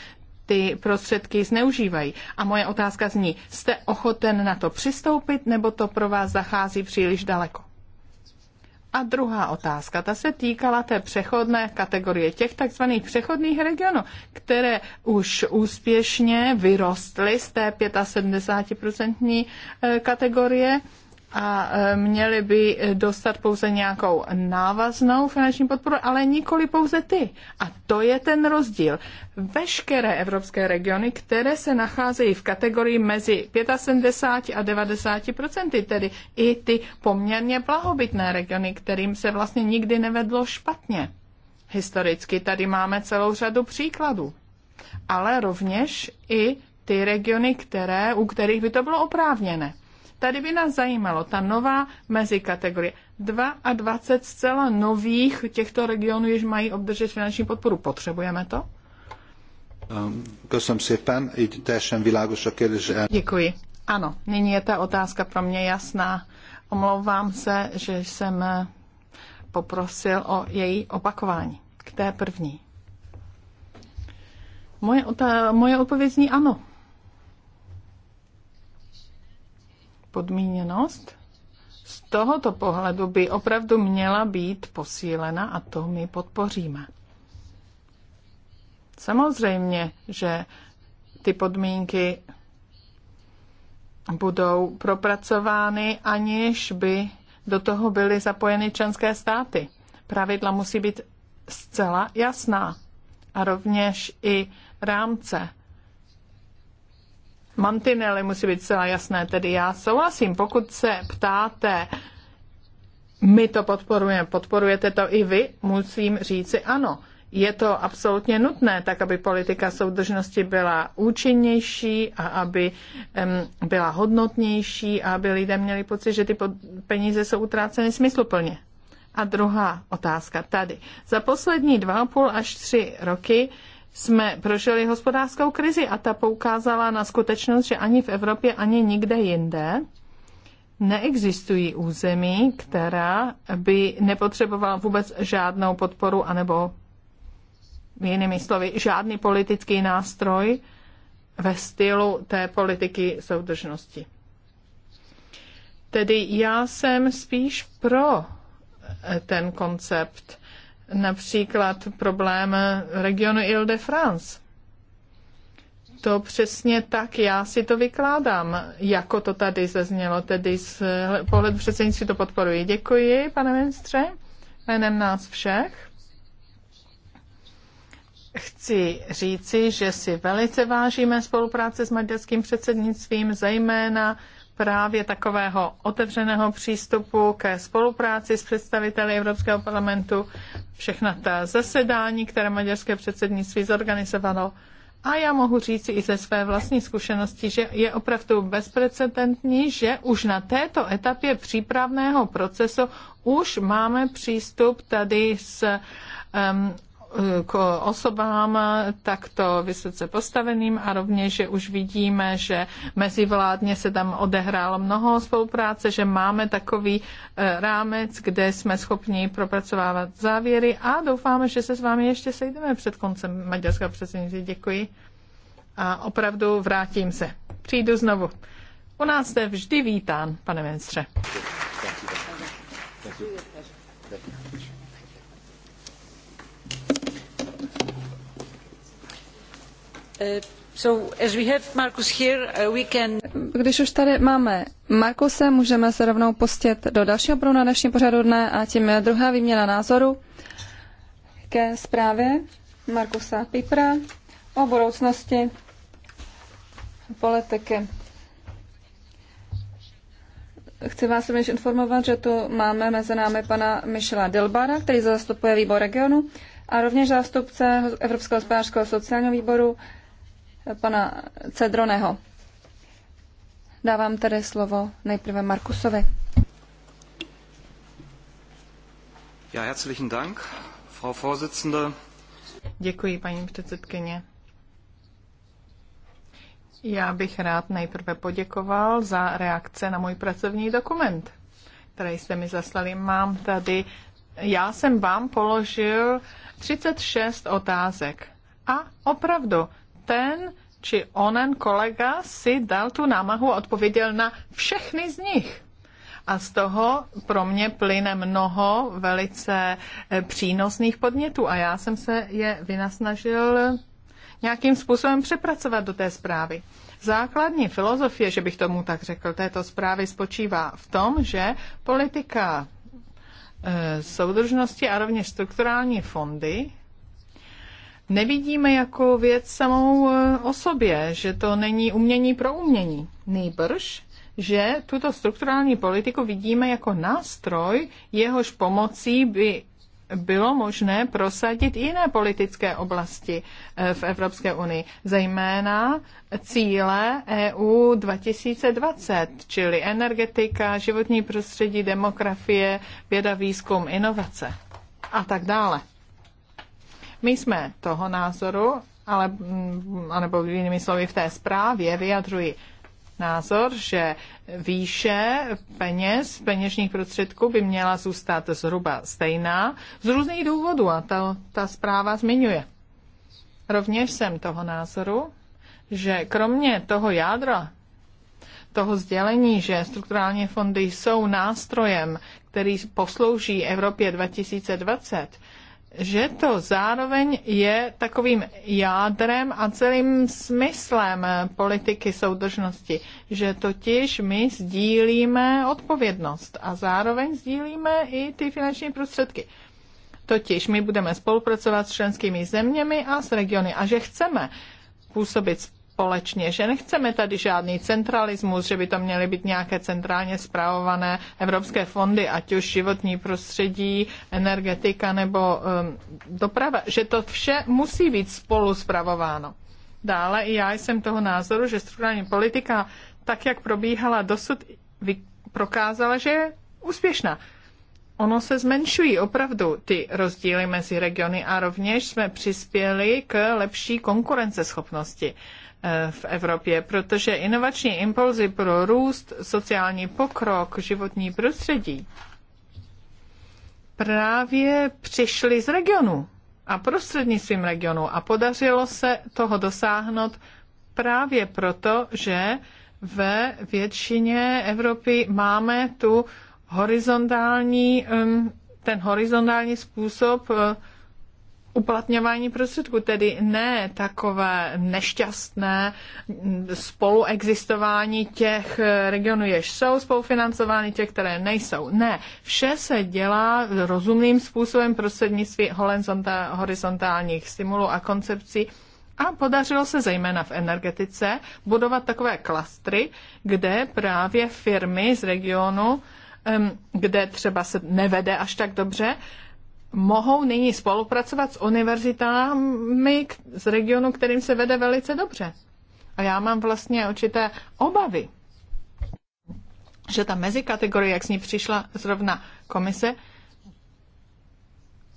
ty prostředky zneužívají. A moje otázka zní, jste ochoten na to přistoupit, nebo to pro vás zachází příliš daleko? A druhá otázka, ta se týkala té přechodné kategorie těch takzvaných přechodných regionů, které už úspěšně vyrostly z té 75% eh, kategorie a e, měli by e, dostat pouze nějakou návaznou finanční podporu, ale nikoli pouze ty. A to je ten rozdíl. Veškeré evropské regiony, které se nacházejí v kategorii mezi 75 a 90 tedy i ty poměrně blahobytné regiony, kterým se vlastně nikdy nevedlo špatně. Historicky tady máme celou řadu příkladů. Ale rovněž i ty regiony, které, u kterých by to bylo oprávněné. Tady by nás zajímalo ta nová mezikategorie. 22 zcela nových těchto regionů, jež mají obdržet finanční podporu. Potřebujeme to? Um, szépen, így a Děkuji. Ano, nyní je ta otázka pro mě jasná. Omlouvám se, že jsem eh, poprosil o její opakování. K té první. Moje, moje odpověď zní ano. podmíněnost z tohoto pohledu by opravdu měla být posílena a to my podpoříme. Samozřejmě, že ty podmínky budou propracovány, aniž by do toho byly zapojeny členské státy. Pravidla musí být zcela jasná a rovněž i rámce mantinely musí být celá jasné. Tedy já souhlasím, pokud se ptáte, my to podporujeme, podporujete to i vy, musím říci ano. Je to absolutně nutné, tak aby politika soudržnosti byla účinnější a aby um, byla hodnotnější a aby lidé měli pocit, že ty peníze jsou utráceny smysluplně. A druhá otázka tady. Za poslední dva půl až tři roky jsme prožili hospodářskou krizi a ta poukázala na skutečnost, že ani v Evropě, ani nikde jinde neexistují území, která by nepotřebovala vůbec žádnou podporu anebo jinými slovy, žádný politický nástroj ve stylu té politiky soudržnosti. Tedy já jsem spíš pro ten koncept Například problém regionu Ile-de-France. To přesně tak já si to vykládám, jako to tady zaznělo, tedy z pohledu předsednictví to podporuji. Děkuji, pane ministře, jménem nás všech. Chci říci, že si velice vážíme spolupráce s maďarským předsednictvím, zejména právě takového otevřeného přístupu ke spolupráci s představiteli Evropského parlamentu, všechna ta zasedání, které maďarské předsednictví zorganizovalo. A já mohu říct i ze své vlastní zkušenosti, že je opravdu bezprecedentní, že už na této etapě přípravného procesu už máme přístup tady s um, k osobám takto vysoce postaveným a rovněž, že už vidíme, že mezivládně se tam odehrálo mnoho spolupráce, že máme takový eh, rámec, kde jsme schopni propracovávat závěry a doufáme, že se s vámi ještě sejdeme před koncem maďarského předsednictví. Děkuji. A opravdu vrátím se. Přijdu znovu. U nás jste vždy vítán, pane ministře. Thank you. Thank you. Uh, uh, Když už tady máme Markuse, můžeme se rovnou pustit do dalšího bodu na dnešním pořadu dne a tím je druhá výměna názoru ke zprávě Markusa Pipra o budoucnosti politiky. Chci vás rovněž informovat, že tu máme mezi námi pana Michela Delbara, který zastupuje výbor regionu a rovněž zástupce Evropského hospodářského sociálního výboru pana Cedroneho. Dávám tedy slovo nejprve Markusovi. Ja, herzlichen Dank, Frau Vorsitzende. Děkuji, paní předsedkyně. Já bych rád nejprve poděkoval za reakce na můj pracovní dokument, který jste mi zaslali. Mám tady, já jsem vám položil 36 otázek. A opravdu, ten či onen kolega si dal tu námahu a odpověděl na všechny z nich. A z toho pro mě plyne mnoho velice eh, přínosných podnětů a já jsem se je vynasnažil nějakým způsobem přepracovat do té zprávy. Základní filozofie, že bych tomu tak řekl, této zprávy spočívá v tom, že politika eh, soudržnosti a rovněž strukturální fondy nevidíme jako věc samou eh, o sobě, že to není umění pro umění. Nejbrž, že tuto strukturální politiku vidíme jako nástroj, jehož pomocí by bylo možné prosadit jiné politické oblasti eh, v Evropské unii, zejména cíle EU 2020, čili energetika, životní prostředí, demografie, věda, výzkum, inovace a tak dále. My jsme toho názoru, ale, mm, anebo jinými slovy v té zprávě vyjadřuji názor, že výše peněz, peněžních prostředků by měla zůstat zhruba stejná z různých důvodů a ta, ta zpráva zmiňuje. Rovněž jsem toho názoru, že kromě toho jádra, toho sdělení, že strukturální fondy jsou nástrojem, který poslouží Evropě 2020, že to zároveň je takovým jádrem a celým smyslem politiky soudržnosti, že totiž my sdílíme odpovědnost a zároveň sdílíme i ty finanční prostředky. Totiž my budeme spolupracovat s členskými zeměmi a s regiony a že chceme působit společně, že nechceme tady žádný centralismus, že by to měly být nějaké centrálně zprávované evropské fondy, ať už životní prostředí, energetika nebo um, doprava, že to vše musí být spolu zpravováno. Dále i já jsem toho názoru, že strukturální politika, tak jak probíhala dosud, prokázala, že je úspěšná. Ono se zmenšují opravdu ty rozdíly mezi regiony a rovněž jsme přispěli k lepší konkurenceschopnosti. Eh, v Evropě, protože inovační impulzy pro růst, sociální pokrok, životní prostředí právě přišly z regionu a prostřednictvím regionu a podařilo se toho dosáhnout právě proto, že ve většině Evropy máme tu horizontální, ten horizontální způsob eh, uplatňování prostředků, tedy ne takové nešťastné spoluexistování těch regionů, jež jsou spolufinancovány, těch, které nejsou. Ne, vše se dělá rozumným způsobem prostřednictvím horizontálních stimulů a koncepcí, a podařilo se zejména v energetice budovat takové klastry, kde právě firmy z regionu, kde třeba se nevede až tak dobře, mohou nyní spolupracovat s univerzitami z regionu, kterým se vede velice dobře. A já mám vlastně určité obavy, že ta mezikategorie, jak s ní přišla zrovna komise,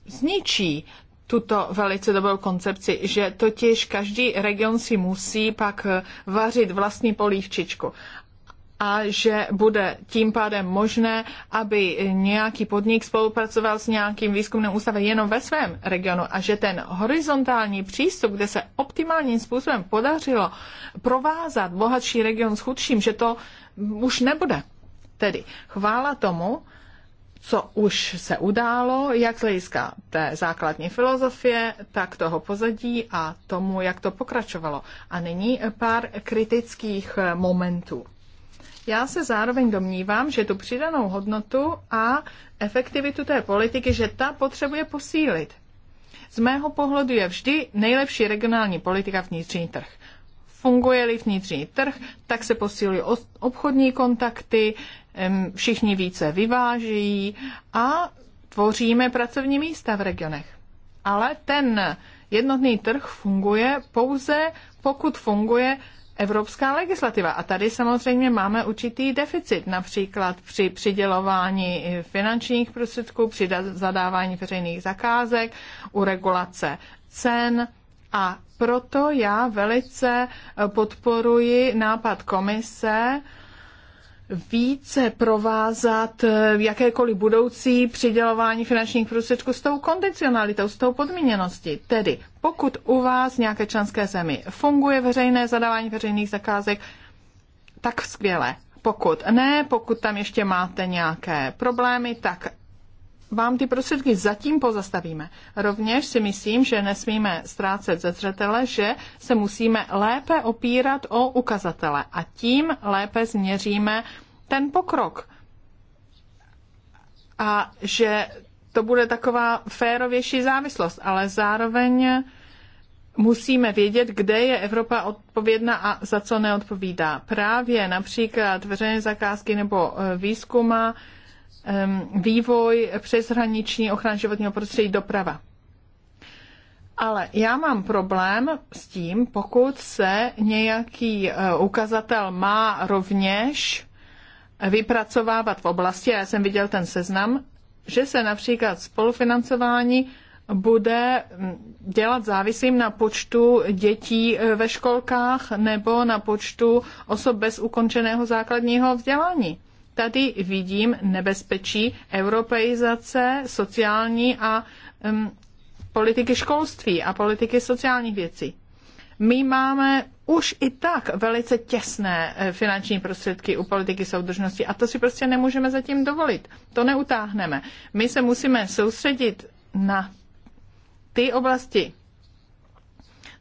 zničí tuto velice dobrou koncepci, že totiž každý region si musí pak vařit vlastní polívčičku a že bude tím pádem možné, aby nějaký podnik spolupracoval s nějakým výzkumným ústavem jenom ve svém regionu a že ten horizontální přístup, kde se optimálním způsobem podařilo provázat bohatší region s chudším, že to už nebude. Tedy chvála tomu, co už se událo, jak z hlediska té základní filozofie, tak toho pozadí a tomu, jak to pokračovalo. A nyní pár kritických momentů. Já se zároveň domnívám, že tu přidanou hodnotu a efektivitu té politiky, že ta potřebuje posílit. Z mého pohledu je vždy nejlepší regionální politika vnitřní trh. Funguje-li vnitřní trh, tak se posílují obchodní kontakty, všichni více vyváží a tvoříme pracovní místa v regionech. Ale ten jednotný trh funguje pouze, pokud funguje evropská legislativa. A tady samozřejmě máme určitý deficit, například při přidělování finančních prostředků, při zadávání veřejných zakázek, u regulace cen. A proto já velice podporuji nápad komise, více provázat eh, jakékoliv budoucí přidělování finančních prostředků s tou kondicionalitou, s tou podmíněností. Tedy pokud u vás nějaké členské zemi funguje veřejné zadávání veřejných zakázek, tak skvěle. Pokud ne, pokud tam ještě máte nějaké problémy, tak vám ty prostředky zatím pozastavíme. Rovněž si myslím, že nesmíme ztrácet ze zřetele, že se musíme lépe opírat o ukazatele a tím lépe změříme ten pokrok. A že to bude taková férovější závislost, ale zároveň musíme vědět, kde je Evropa odpovědná a za co neodpovídá. Právě například veřejné zakázky nebo e, výzkuma, vývoj přeshraniční ochrany životního prostředí doprava. Ale já mám problém s tím, pokud se nějaký e, ukazatel má rovněž vypracovávat v oblasti, já jsem viděl ten seznam, že se například spolufinancování bude dělat závislým na počtu dětí e, ve školkách nebo na počtu osob bez ukončeného základního vzdělání tady vidím nebezpečí europeizace sociální a um, politiky školství a politiky sociálních věcí. My máme už i tak velice těsné eh, finanční prostředky u politiky soudržnosti a to si prostě nemůžeme zatím dovolit. To neutáhneme. My se musíme soustředit na ty oblasti,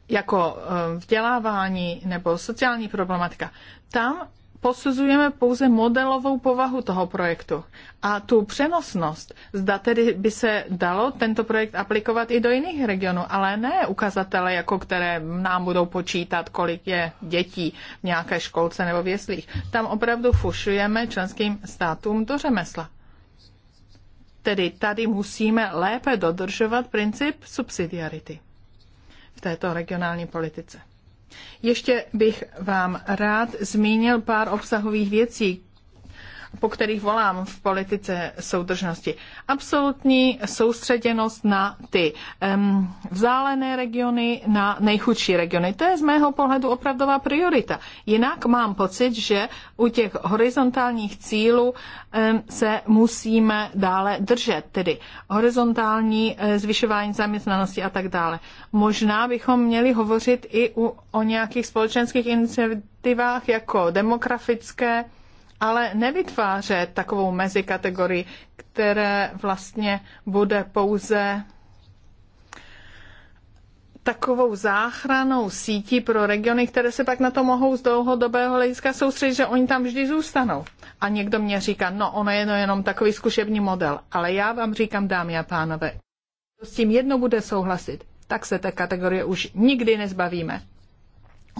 jako eh, vzdělávání nebo sociální problematika. Tam posuzujeme pouze modelovou povahu toho projektu a tu přenosnost. Zda tedy by se dalo tento projekt aplikovat i do jiných regionů, ale ne ukazatele, jako které nám budou počítat, kolik je dětí v nějaké školce nebo v jeslích. Tam opravdu fušujeme členským státům do řemesla. Tedy tady musíme lépe dodržovat princip subsidiarity v této regionální politice. Ještě bych vám rád zmínil pár obsahových věcí, po kterých volám v politice soudržnosti. Absolutní soustředěnost na ty um, vzdálené regiony, na nejchudší regiony. To je z mého pohledu opravdová priorita. Jinak mám pocit, že u těch horizontálních cílů um, se musíme dále držet, tedy horizontální uh, zvyšování zaměstnanosti a tak dále. Možná bychom měli hovořit i u, o nějakých společenských iniciativách jako demografické, ale nevytvářet takovou mezikategorii, které vlastně bude pouze takovou záchranou sítí pro regiony, které se pak na to mohou z dlouhodobého hlediska soustředit, že oni tam vždy zůstanou. A někdo mě říká, no ono je jenom takový zkušební model. Ale já vám říkám, dámy a pánové, s tím jedno bude souhlasit, tak se té kategorie už nikdy nezbavíme.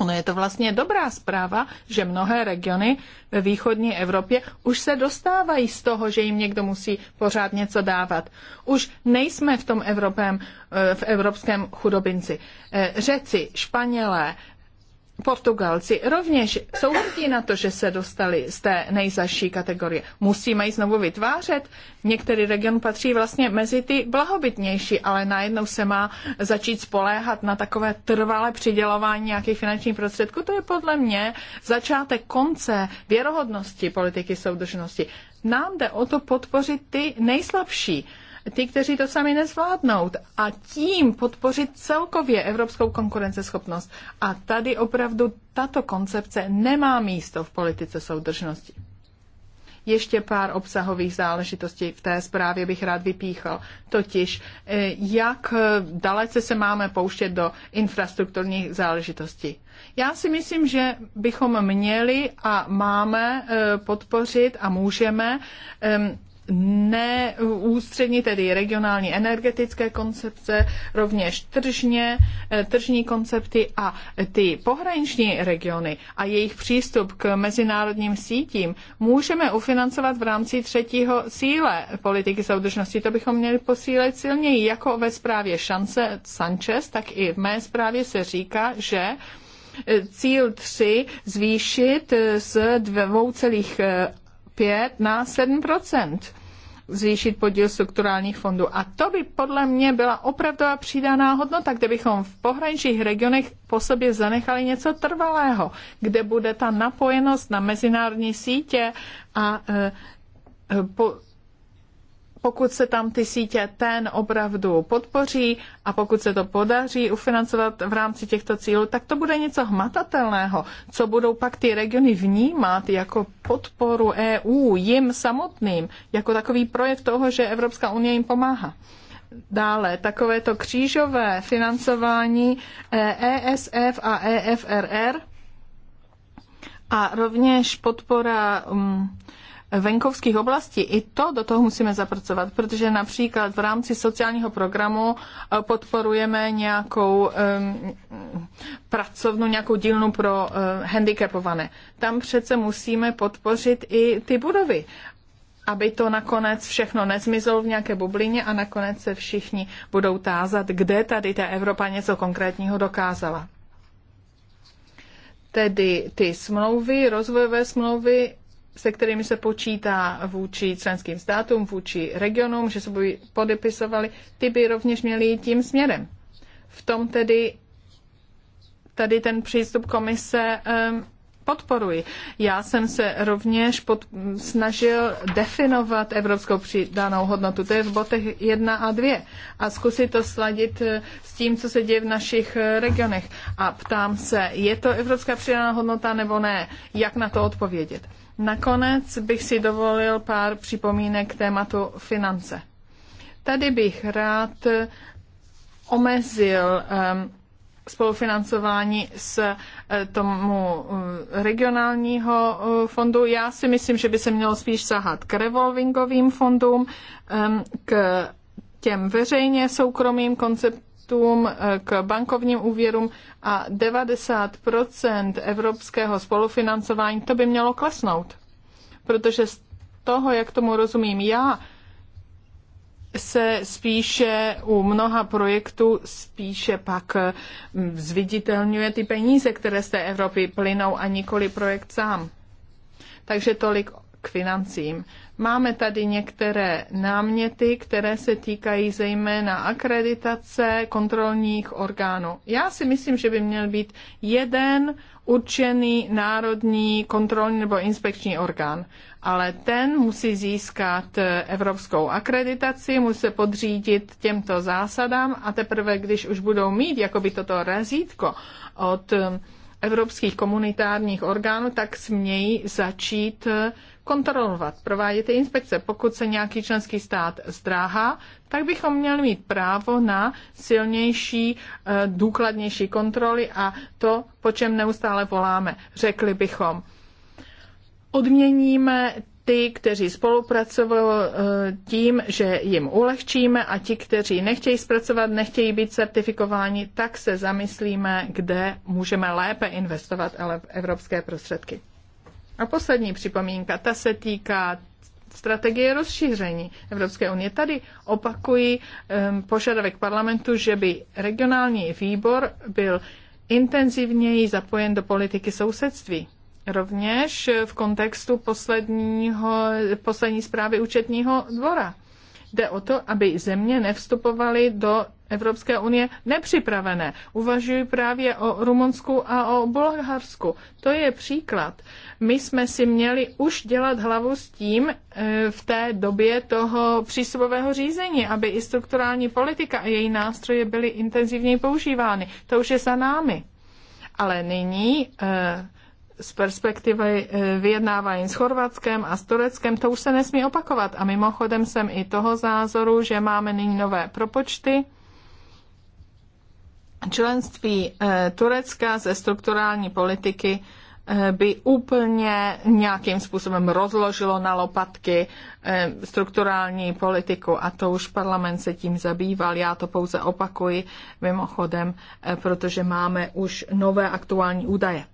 Ono je to vlastně dobrá zpráva, že mnohé regiony ve východní Evropě už se dostávají z toho, že jim někdo musí pořád něco dávat. Už nejsme v tom Evropém, eh, v evropském chudobinci. Eh, Řeci, Španělé, Portugalci rovněž jsou hrdí na to, že se dostali z té nejzaší kategorie. Musíme ji znovu vytvářet. Některý region patří vlastně mezi ty blahobytnější, ale najednou se má začít spoléhat na takové trvalé přidělování nějakých finančních prostředků. To je podle mě začátek konce věrohodnosti politiky soudržnosti. Nám jde o to podpořit ty nejslabší ty, kteří to sami nezvládnou a tím podpořit celkově evropskou konkurenceschopnost. A tady opravdu tato koncepce nemá místo v politice soudržnosti. Ještě pár obsahových záležitostí v té zprávě bych rád vypíchal. Totiž, eh, jak eh, dalece se máme pouštět do infrastrukturních záležitostí. Já si myslím, že bychom měli a máme eh, podpořit a můžeme ehm, ústřední tedy regionální energetické koncepce, rovněž tržně, eh, tržní koncepty a ty pohraniční regiony a jejich přístup k mezinárodním sítím můžeme ufinancovat v rámci třetího síle politiky soudržnosti. To bychom měli posílit silněji, jako ve zprávě Šance Sanchez, tak i v mé zprávě se říká, že eh, cíl 3 zvýšit eh, z 2,5 na 7 zvýšit podíl strukturálních fondů. A to by podle mě byla opravdová přidaná hodnota, kde bychom v pohraničních regionech po sobě zanechali něco trvalého, kde bude ta napojenost na mezinárodní sítě a e, e, po, pokud se tam ty sítě ten opravdu podpoří a pokud se to podaří ufinancovat v rámci těchto cílů, tak to bude něco hmatatelného, co budou pak ty regiony vnímat jako podporu EU jim samotným, jako takový projev toho, že Evropská unie jim pomáhá. Dále takovéto křížové financování ESF eh, e a EFRR a rovněž podpora um, venkovských oblastí. I to do toho musíme zapracovat, protože například v rámci sociálního programu eh, podporujeme nějakou um, pracovnu, nějakou dílnu pro um, handicapované. Tam přece musíme podpořit i ty budovy aby to nakonec všechno nezmizlo v nějaké bublině a nakonec se všichni budou tázat, kde tady ta Evropa něco konkrétního dokázala. Tedy ty smlouvy, rozvojové smlouvy se kterými se počítá vůči členským státům, vůči regionům, že se by podepisovali, ty by rovněž měly jít tím směrem. V tom tedy tady ten přístup komise um, podporuji. Já jsem se rovněž pod, snažil definovat evropskou přidanou hodnotu, to je v botech 1 a 2, a zkusit to sladit eh, s tím, co se děje v našich eh, regionech. A ptám se, je to evropská přidaná hodnota nebo ne? Jak na to odpovědět? Nakonec bych si dovolil pár připomínek k tématu finance. Tady bych rád omezil ehm, spolufinancování s eh, tomu eh, regionálního eh, fondu. Já si myslím, že by se mělo spíš sahat k revolvingovým fondům, ehm, k těm veřejně soukromým konceptům projektům, eh, k bankovním úvěrům a 90 evropského spolufinancování, to by mělo klesnout. Protože z toho, jak tomu rozumím já, se spíše u mnoha projektů spíše pak eh, zviditelňuje ty peníze, které z té Evropy plynou a nikoli projekt sám. Takže tolik k financím. Máme tady některé náměty, které se týkají zejména akreditace kontrolních orgánů. Já si myslím, že by měl být jeden určený národní kontrolní nebo inspekční orgán, ale ten musí získat evropskou akreditaci, musí se podřídit těmto zásadám a teprve, když už budou mít jakoby toto razítko od evropských komunitárních orgánů, tak smějí začít kontrolovat, provádět inspekce. Pokud se nějaký členský stát zdráhá, tak bychom měli mít právo na silnější, eh, důkladnější kontroly a to, po čem neustále voláme. Řekli bychom, odměníme ty, kteří spolupracovali eh, tím, že jim ulehčíme a ti, kteří nechtějí zpracovat, nechtějí být certifikováni, tak se zamyslíme, kde můžeme lépe investovat evropské prostředky. A poslední připomínka, ta se týká strategie rozšíření Evropské unie. Tady opakují um, požadavek parlamentu, že by regionální výbor byl intenzivněji zapojen do politiky sousedství. Rovněž v kontextu posledního, poslední zprávy účetního dvora. Jde o to, aby země nevstupovaly do Evropské unie nepřipravené. Uvažuji právě o Rumunsku a o Bulharsku. To je příklad. My jsme si měli už dělat hlavu s tím eh, v té době toho přístupového řízení, aby i strukturální politika a její nástroje byly intenzivněji používány. To už je za námi. Ale nyní eh, z perspektivy eh, vyjednávání s Chorvatskem a s Tureckem, to už se nesmí opakovat. A mimochodem jsem i toho zázoru, že máme nyní nové propočty, členství eh, Turecka ze strukturální politiky eh, by úplně nějakým způsobem rozložilo na lopatky eh, strukturální politiku a to už parlament se tím zabýval. Já to pouze opakuji mimochodem, protože máme už nové aktuální údaje.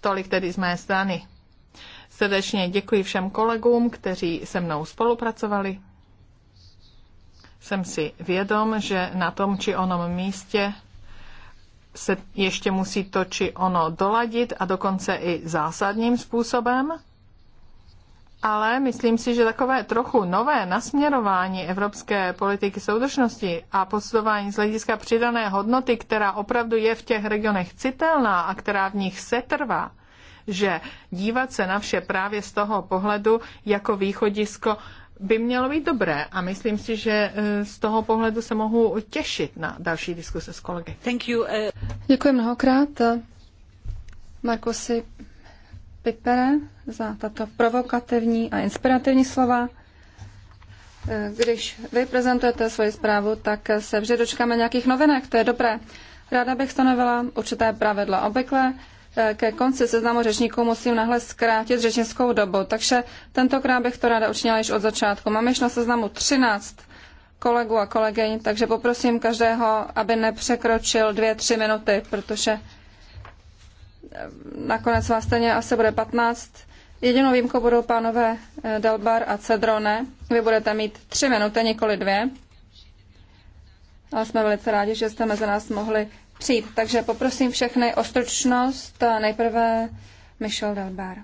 Tolik tedy z mé strany. Srdečně děkuji všem kolegům, kteří se mnou spolupracovali. Jsem si vědom, že na tom či onom místě se ještě musí to či ono doladit a dokonce i zásadním způsobem. Ale myslím si, že takové trochu nové nasměrování evropské politiky soudržnosti a posudování z hlediska přidané hodnoty, která opravdu je v těch regionech citelná a která v nich setrvá, že dívat se na vše právě z toho pohledu jako východisko by mělo být dobré a myslím si, že eh, z toho pohledu se mohu těšit na další diskuse s kolegy. Thank you. Eh. Děkuji mnohokrát eh, Markusi Pipere za tato provokativní a inspirativní slova. Když vy prezentujete svoji zprávu, tak se vždy dočkáme nějakých novinek, to je dobré. Ráda bych stanovila určité pravidla. Obvykle Eh, ke konci seznamu řečníků musím nahle zkrátit řečnickou dobu, takže tentokrát bych to ráda učinila již od začátku. Mám již na seznamu 13 kolegů a kolegyň, takže poprosím každého, aby nepřekročil dvě, tři minuty, protože eh, nakonec vás stejně asi bude 15. Jedinou výjimkou budou pánové eh, Delbar a Cedrone. Vy budete mít tři minuty, nikoli dvě. Ale jsme velice rádi, že jste mezi nás mohli přijít. Takže poprosím všechny o stručnost. Nejprve Michel Delbar.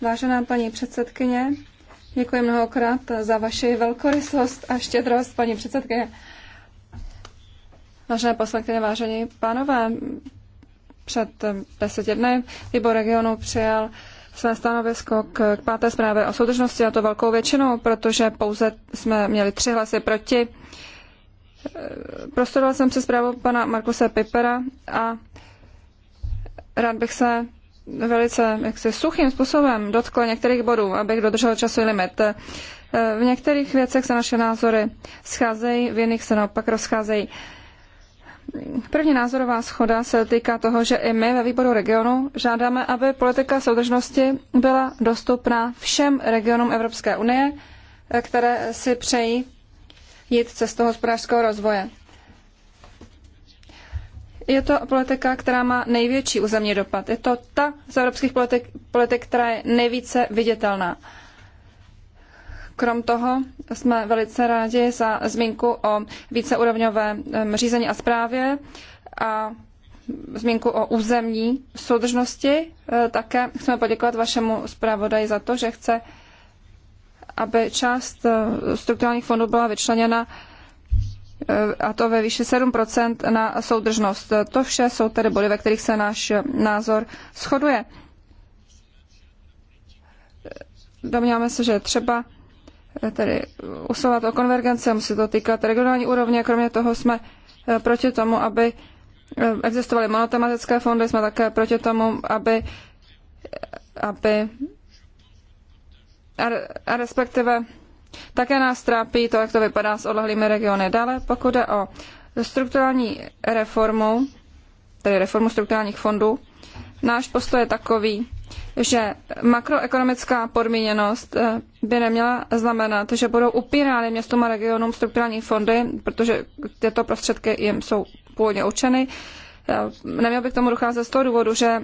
Vážená paní předsedkyně, děkuji mnohokrát za vaši velkorysost a štědrost, paní předsedkyně. Vážené poslankyně, vážení pánové, před deseti dny výbor regionu přijal své stanovisko k, k páté zprávě o soudržnosti a to velkou většinou, protože pouze jsme měli tři hlasy proti. Uh, Prostudoval jsem přes zprávu pana Markuse Pipera a rád bych se velice jaksi suchým způsobem dotkl některých bodů, abych dodržel časový limit. V některých věcech se naše názory scházejí, v jiných se naopak rozcházejí. První názorová schoda se týká toho, že i my ve výboru regionu žádáme, aby politika soudržnosti byla dostupná všem regionům Evropské unie, které si přejí jít cestou hospodářského rozvoje. Je to politika, která má největší územní dopad. Je to ta z evropských politik, politik která je nejvíce viditelná. Krom toho jsme velice rádi za zmínku o víceúrovňové řízení a zprávě a zmínku o územní soudržnosti. E, také chceme poděkovat vašemu zpravodaji za to, že chce aby část eh, strukturálních fondů byla vyčleněna eh, a to ve výši 7% na soudržnost. To vše jsou tedy body, ve kterých se náš eh, názor shoduje. Domníváme se, že třeba tedy usilovat o konvergenci, musí to týkat regionální úrovně, kromě toho jsme proti tomu, aby existovaly monotematické fondy, jsme také proti tomu, aby, aby a, a respektive také nás trápí to, jak to vypadá s odlehlými regiony. Dále, pokud jde o strukturální reformu, tedy reformu strukturálních fondů, náš postoj je takový, že makroekonomická podmíněnost eh, by neměla znamenat, že budou upírány městům a regionům strukturální fondy, protože tyto prostředky jim jsou původně určeny. Eh, nemělo by k tomu docházet z toho důvodu, že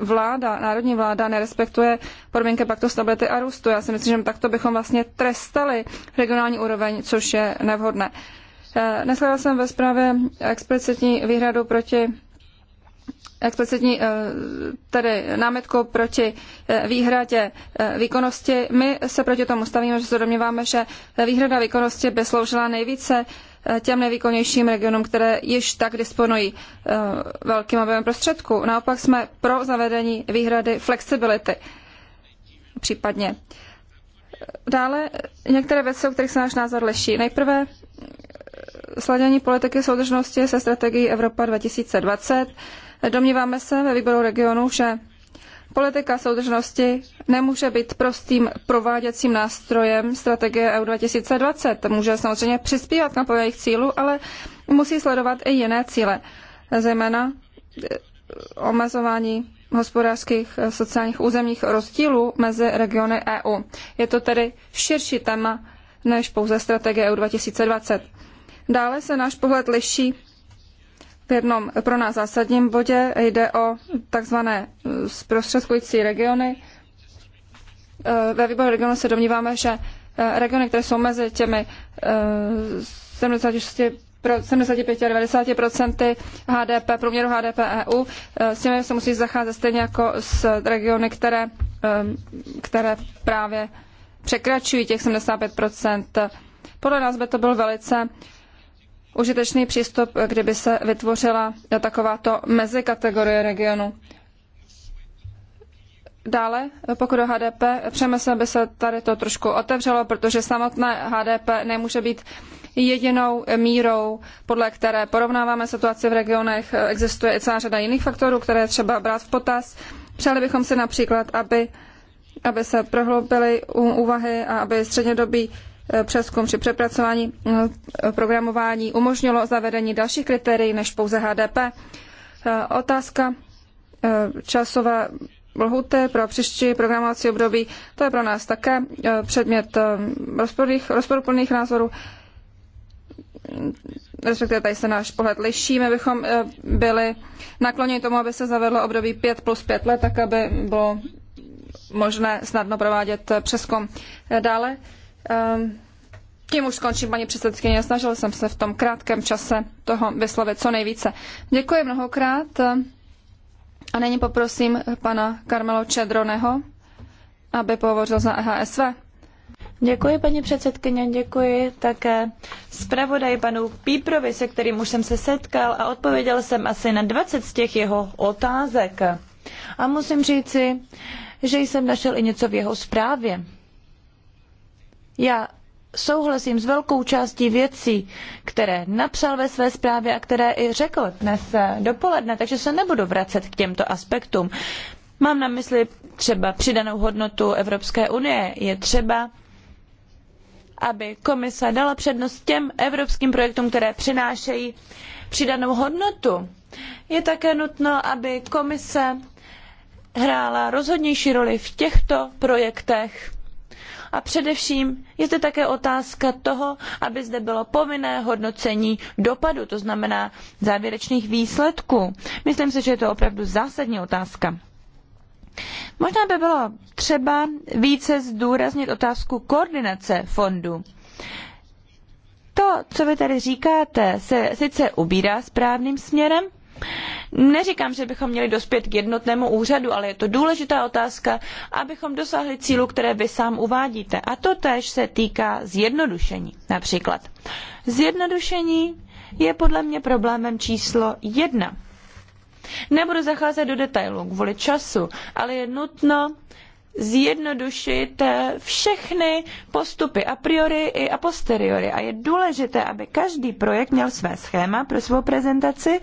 vláda, národní vláda nerespektuje podmínky paktu stability a růstu. Já si myslím, že takto bychom vlastně trestali regionální úroveň, což je nevhodné. Eh, neshledal jsem ve zprávě explicitní výhradu proti explicitní eh, tedy námitku proti výhradě výkonnosti. My se proti tomu stavíme, že se domníváme, že výhrada výkonnosti by sloužila nejvíce Eh, těm nejvýkonnějším regionům, které již tak disponují eh, velkým objemem prostředků. Naopak jsme pro zavedení výhrady flexibility případně. Dále některé věci, o kterých se náš názor liší. Nejprve eh, sladění politiky soudržnosti se strategií Evropa 2020. Domníváme se ve výboru regionu, že Politika soudržnosti nemůže být prostým prováděcím nástrojem strategie EU 2020. Může samozřejmě přispívat k naplnění cílů, ale musí sledovat i jiné cíle, zejména eh, omezování hospodářských, eh, sociálních, územních rozdílů mezi regiony EU. Je to tedy širší téma než pouze strategie EU 2020. Dále se náš pohled liší v jednom pro nás zásadním bodě jde o takzvané eh, zprostředkující regiony. Eh, ve výboru regionu se domníváme, že eh, regiony, které jsou mezi těmi 76 75 a 90 HDP, průměru HDP EU. S těmi se musí zacházet stejně jako s regiony, které, které právě překračují těch 75 Podle nás by to byl velice užitečný přístup, kdyby se vytvořila takováto mezikategorie regionu. Dále, pokud o HDP, přejeme se, aby se tady to trošku otevřelo, protože samotné HDP nemůže být jedinou mírou, podle které porovnáváme situaci v regionech. Existuje i celá řada jiných faktorů, které třeba brát v potaz. Přáli bychom si například, aby, aby se prohloubily úvahy a aby střednědobí Eh, přeskum či přepracování eh, programování umožnilo zavedení dalších kritérií než pouze HDP. Eh, otázka časové lhuty pro příští programovací období, to je pro nás také předmět rozporuplných názorů respektive tady se náš pohled liší. My bychom byli nakloněni tomu, aby se zavedlo období 5 plus 5 let, tak aby bylo možné snadno provádět přeskum. Dále Ehm, tím už skončím, paní předsedkyně. Snažil jsem se v tom krátkém čase toho vyslovit co nejvíce. Děkuji mnohokrát. A nyní poprosím pana Karmelo Čedroneho, aby pohovořil za EHSV. Děkuji, paní předsedkyně, děkuji také zpravodaj panu Píprovi, se kterým už jsem se setkal a odpověděl jsem asi na 20 z těch jeho otázek. A musím říci, že jsem našel i něco v jeho zprávě. Já souhlasím s velkou částí věcí, které napsal ve své zprávě a které i řekl dnes eh, dopoledne, takže se nebudu vracet k těmto aspektům. Mám na mysli třeba přidanou hodnotu Evropské unie. Je třeba, aby komise dala přednost těm evropským projektům, které přinášejí přidanou hodnotu. Je také nutno, aby komise hrála rozhodnější roli v těchto projektech a především je zde také otázka toho, aby zde bylo povinné hodnocení dopadu, to znamená závěrečných výsledků. Myslím si, že je to opravdu zásadní otázka. Možná by bylo třeba více zdůraznit otázku koordinace fondu. To, co vy tady říkáte, se sice ubírá správným směrem, Neříkám, že bychom měli dospět k jednotnému úřadu, ale je to důležitá otázka, abychom dosáhli cílu, které vy sám uvádíte. A to též se týká zjednodušení například. Zjednodušení je podle mě problémem číslo jedna. Nebudu zacházet do detailů kvůli času, ale je nutno zjednodušit eh, všechny postupy a priori i a posteriori. A je důležité, aby každý projekt měl své schéma pro svou prezentaci.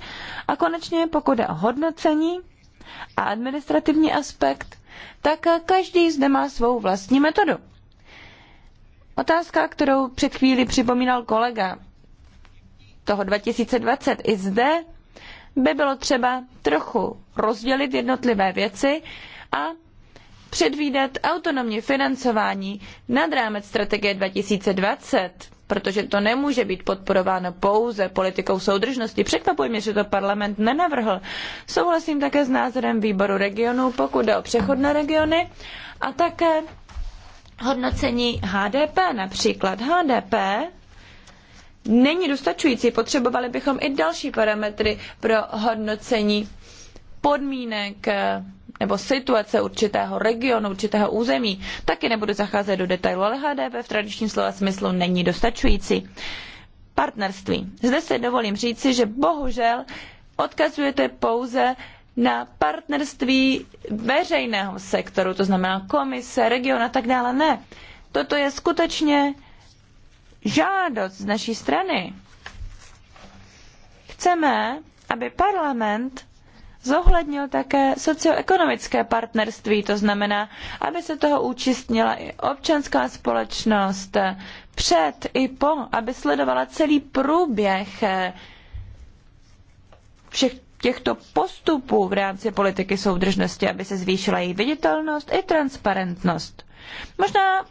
A konečně, pokud je o hodnocení a administrativní aspekt, tak eh, každý zde má svou vlastní metodu. Otázka, kterou před chvílí připomínal kolega toho 2020, i zde by bylo třeba trochu rozdělit jednotlivé věci a předvídat autonomní financování nad rámec strategie 2020, protože to nemůže být podporováno pouze politikou soudržnosti. Překvapuje mě, že to parlament nenavrhl. Souhlasím také s názorem výboru regionů, pokud jde o přechodné regiony a také hodnocení HDP například. HDP není dostačující, potřebovali bychom i další parametry pro hodnocení podmínek nebo situace určitého regionu, určitého území. Taky nebudu zacházet do detailu, ale HDP v tradičním slova smyslu není dostačující. Partnerství. Zde se dovolím říci, že bohužel odkazujete pouze na partnerství veřejného sektoru, to znamená komise, region a tak dále. Ne. Toto je skutečně žádost z naší strany. Chceme, aby parlament zohlednil také socioekonomické partnerství, to znamená, aby se toho účastnila i občanská společnost před i po, aby sledovala celý průběh eh, všech těchto postupů v rámci politiky soudržnosti, aby se zvýšila její viditelnost i transparentnost. Možná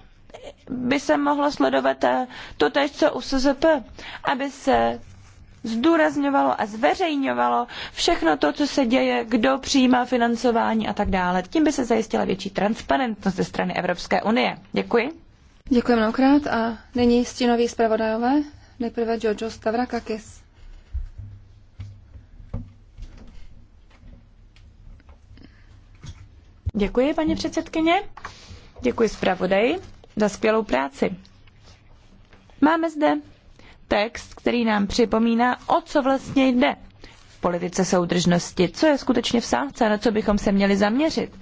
by se mohlo sledovat eh, to tež, co u SZP, aby se zdůrazňovalo a zveřejňovalo všechno to, co se děje, kdo přijímá financování a tak dále. Tím by se zajistila větší transparentnost ze strany Evropské unie. Děkuji. Děkuji mnohokrát a nyní stínoví zpravodajové. Nejprve Jojo Stavrakakis. Děkuji, paní předsedkyně. Děkuji zpravodaji za skvělou práci. Máme zde text, který nám připomíná, o co vlastně jde v politice soudržnosti, co je skutečně v sázce, na co bychom se měli zaměřit.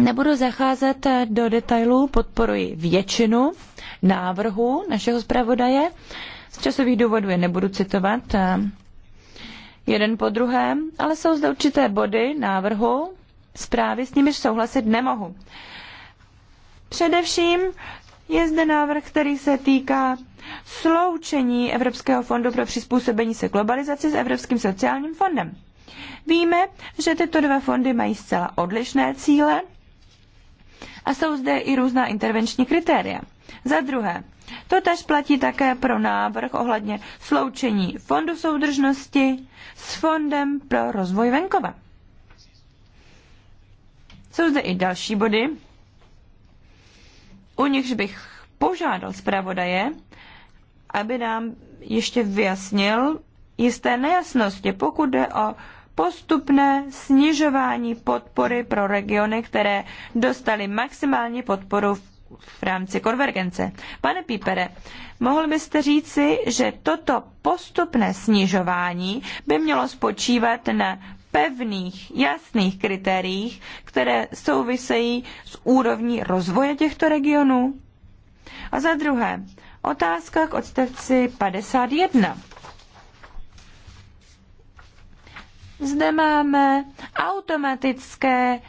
Nebudu zacházet do detailů, podporuji většinu návrhu našeho zpravodaje. Z časových důvodů je nebudu citovat eh, jeden po druhém, ale jsou zde určité body návrhu zprávy, s nimiž souhlasit nemohu. Především je zde návrh, který se týká sloučení Evropského fondu pro přizpůsobení se globalizaci s Evropským sociálním fondem. Víme, že tyto dva fondy mají zcela odlišné cíle a jsou zde i různá intervenční kritéria. Za druhé, to tež platí také pro návrh ohledně sloučení Fondu soudržnosti s Fondem pro rozvoj venkova. Jsou zde i další body, u nichž bych požádal zpravodaje, aby nám ještě vyjasnil jisté nejasnosti, pokud jde o postupné snižování podpory pro regiony, které dostaly maximální podporu v v rámci konvergence. Pane Pípere, mohl byste říci, že toto postupné snižování by mělo spočívat na pevných, jasných kritériích, které souvisejí s úrovní rozvoje těchto regionů? A za druhé, Otázka k odstavci 51. Zde máme automatické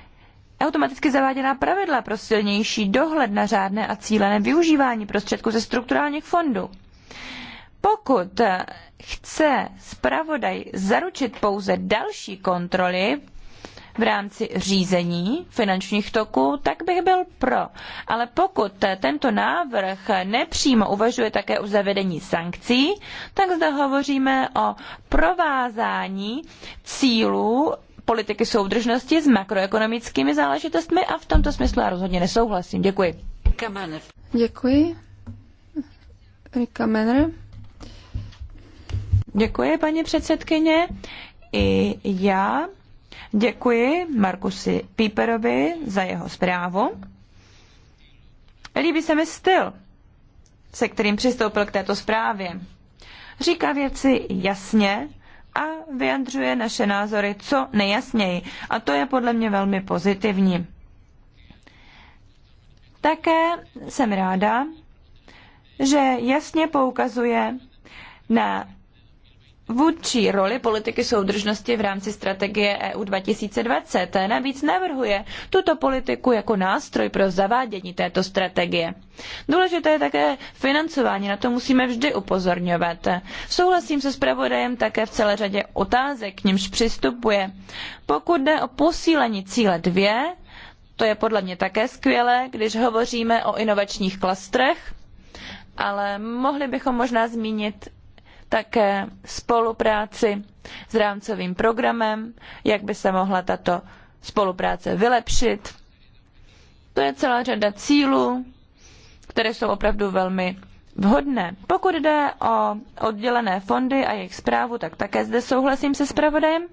automaticky zaváděná pravidla pro silnější dohled na řádné a cílené využívání prostředků ze strukturálních fondů. Pokud chce zpravodaj zaručit pouze další kontroly v rámci řízení finančních toků, tak bych byl pro. Ale pokud tento návrh nepřímo uvažuje také o zavedení sankcí, tak zde hovoříme o provázání cílů politiky soudržnosti s makroekonomickými záležitostmi a v tomto smyslu já rozhodně nesouhlasím. Děkuji. Děkuji. Rika Děkuji, paní předsedkyně. I já Děkuji Markusi Píperovi za jeho zprávu. Líbí se mi styl, se kterým přistoupil k této zprávě. Říká věci jasně a vyjadřuje naše názory co nejjasněji. A to je podle mě velmi pozitivní. Také jsem ráda, že jasně poukazuje na vůdčí roli politiky soudržnosti v rámci strategie EU 2020. Navíc navrhuje tuto politiku jako nástroj pro zavádění této strategie. Důležité je také financování, na to musíme vždy upozorňovat. Souhlasím se zpravodajem také v celé řadě otázek, k nimž přistupuje. Pokud jde o posílení cíle 2, to je podle mě také skvělé, když hovoříme o inovačních klastrech, ale mohli bychom možná zmínit také spolupráci s rámcovým programem, jak by se mohla tato spolupráce vylepšit. To je celá řada cílů, které jsou opravdu velmi vhodné. Pokud jde o oddělené fondy a jejich zprávu, tak také zde souhlasím se zpravodajem.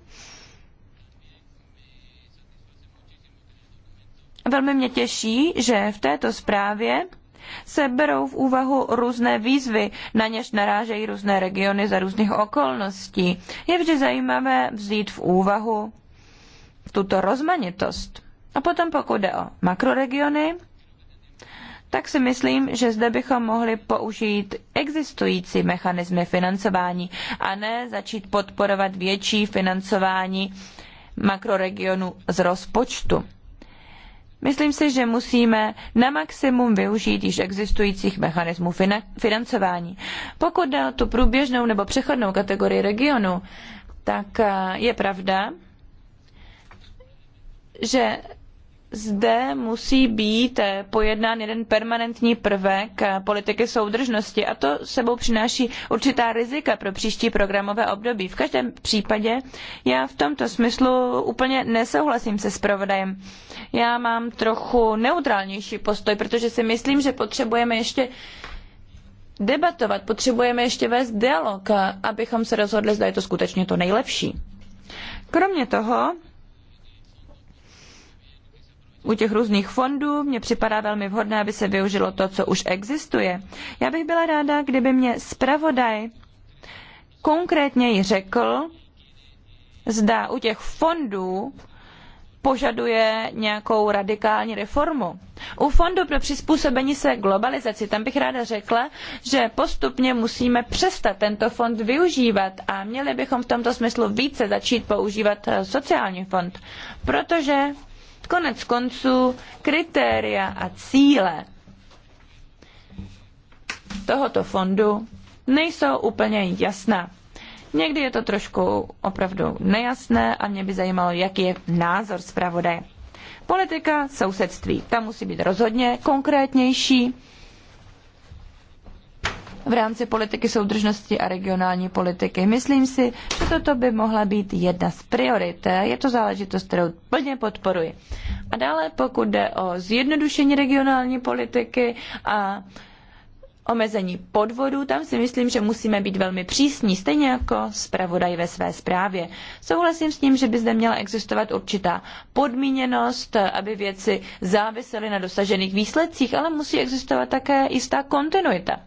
Velmi mě těší, že v této zprávě se berou v úvahu různé výzvy, na něž narážejí různé regiony za různých okolností. Je vždy zajímavé vzít v úvahu tuto rozmanitost. A potom pokud jde o makroregiony, tak si myslím, že zde bychom mohli použít existující mechanismy financování a ne začít podporovat větší financování makroregionu z rozpočtu. Myslím si, že musíme na maximum využít již existujících mechanismů financování. Pokud jde o tu průběžnou nebo přechodnou kategorii regionu, tak eh, je pravda, že zde musí být eh, pojednán jeden permanentní prvek eh, politiky soudržnosti a to sebou přináší určitá rizika pro příští programové období. V každém případě já v tomto smyslu úplně nesouhlasím se zpravodajem. Já mám trochu neutrálnější postoj, protože si myslím, že potřebujeme ještě debatovat, potřebujeme ještě vést dialog, eh, abychom se rozhodli, zda je to skutečně to nejlepší. Kromě toho, u těch různých fondů mně připadá velmi vhodné, aby se využilo to, co už existuje. Já bych byla ráda, kdyby mě zpravodaj konkrétněji řekl, zda u těch fondů požaduje nějakou radikální reformu. U Fondu pro přizpůsobení se globalizaci, tam bych ráda řekla, že postupně musíme přestat tento fond využívat a měli bychom v tomto smyslu více začít používat eh, sociální fond, protože Konec konců kritéria a cíle tohoto fondu nejsou úplně jasná. Někdy je to trošku opravdu nejasné a mě by zajímalo, jaký je názor zpravodaje. Politika sousedství. Ta musí být rozhodně konkrétnější v rámci politiky soudržnosti a regionální politiky. Myslím si, že toto by mohla být jedna z priorit. Je to záležitost, kterou plně podporuji. A dále, pokud jde o zjednodušení regionální politiky a omezení podvodů, tam si myslím, že musíme být velmi přísní, stejně jako zpravodaj ve své zprávě. Souhlasím s tím, že by zde měla existovat určitá podmíněnost, aby věci závisely na dosažených výsledcích, ale musí existovat také jistá kontinuita.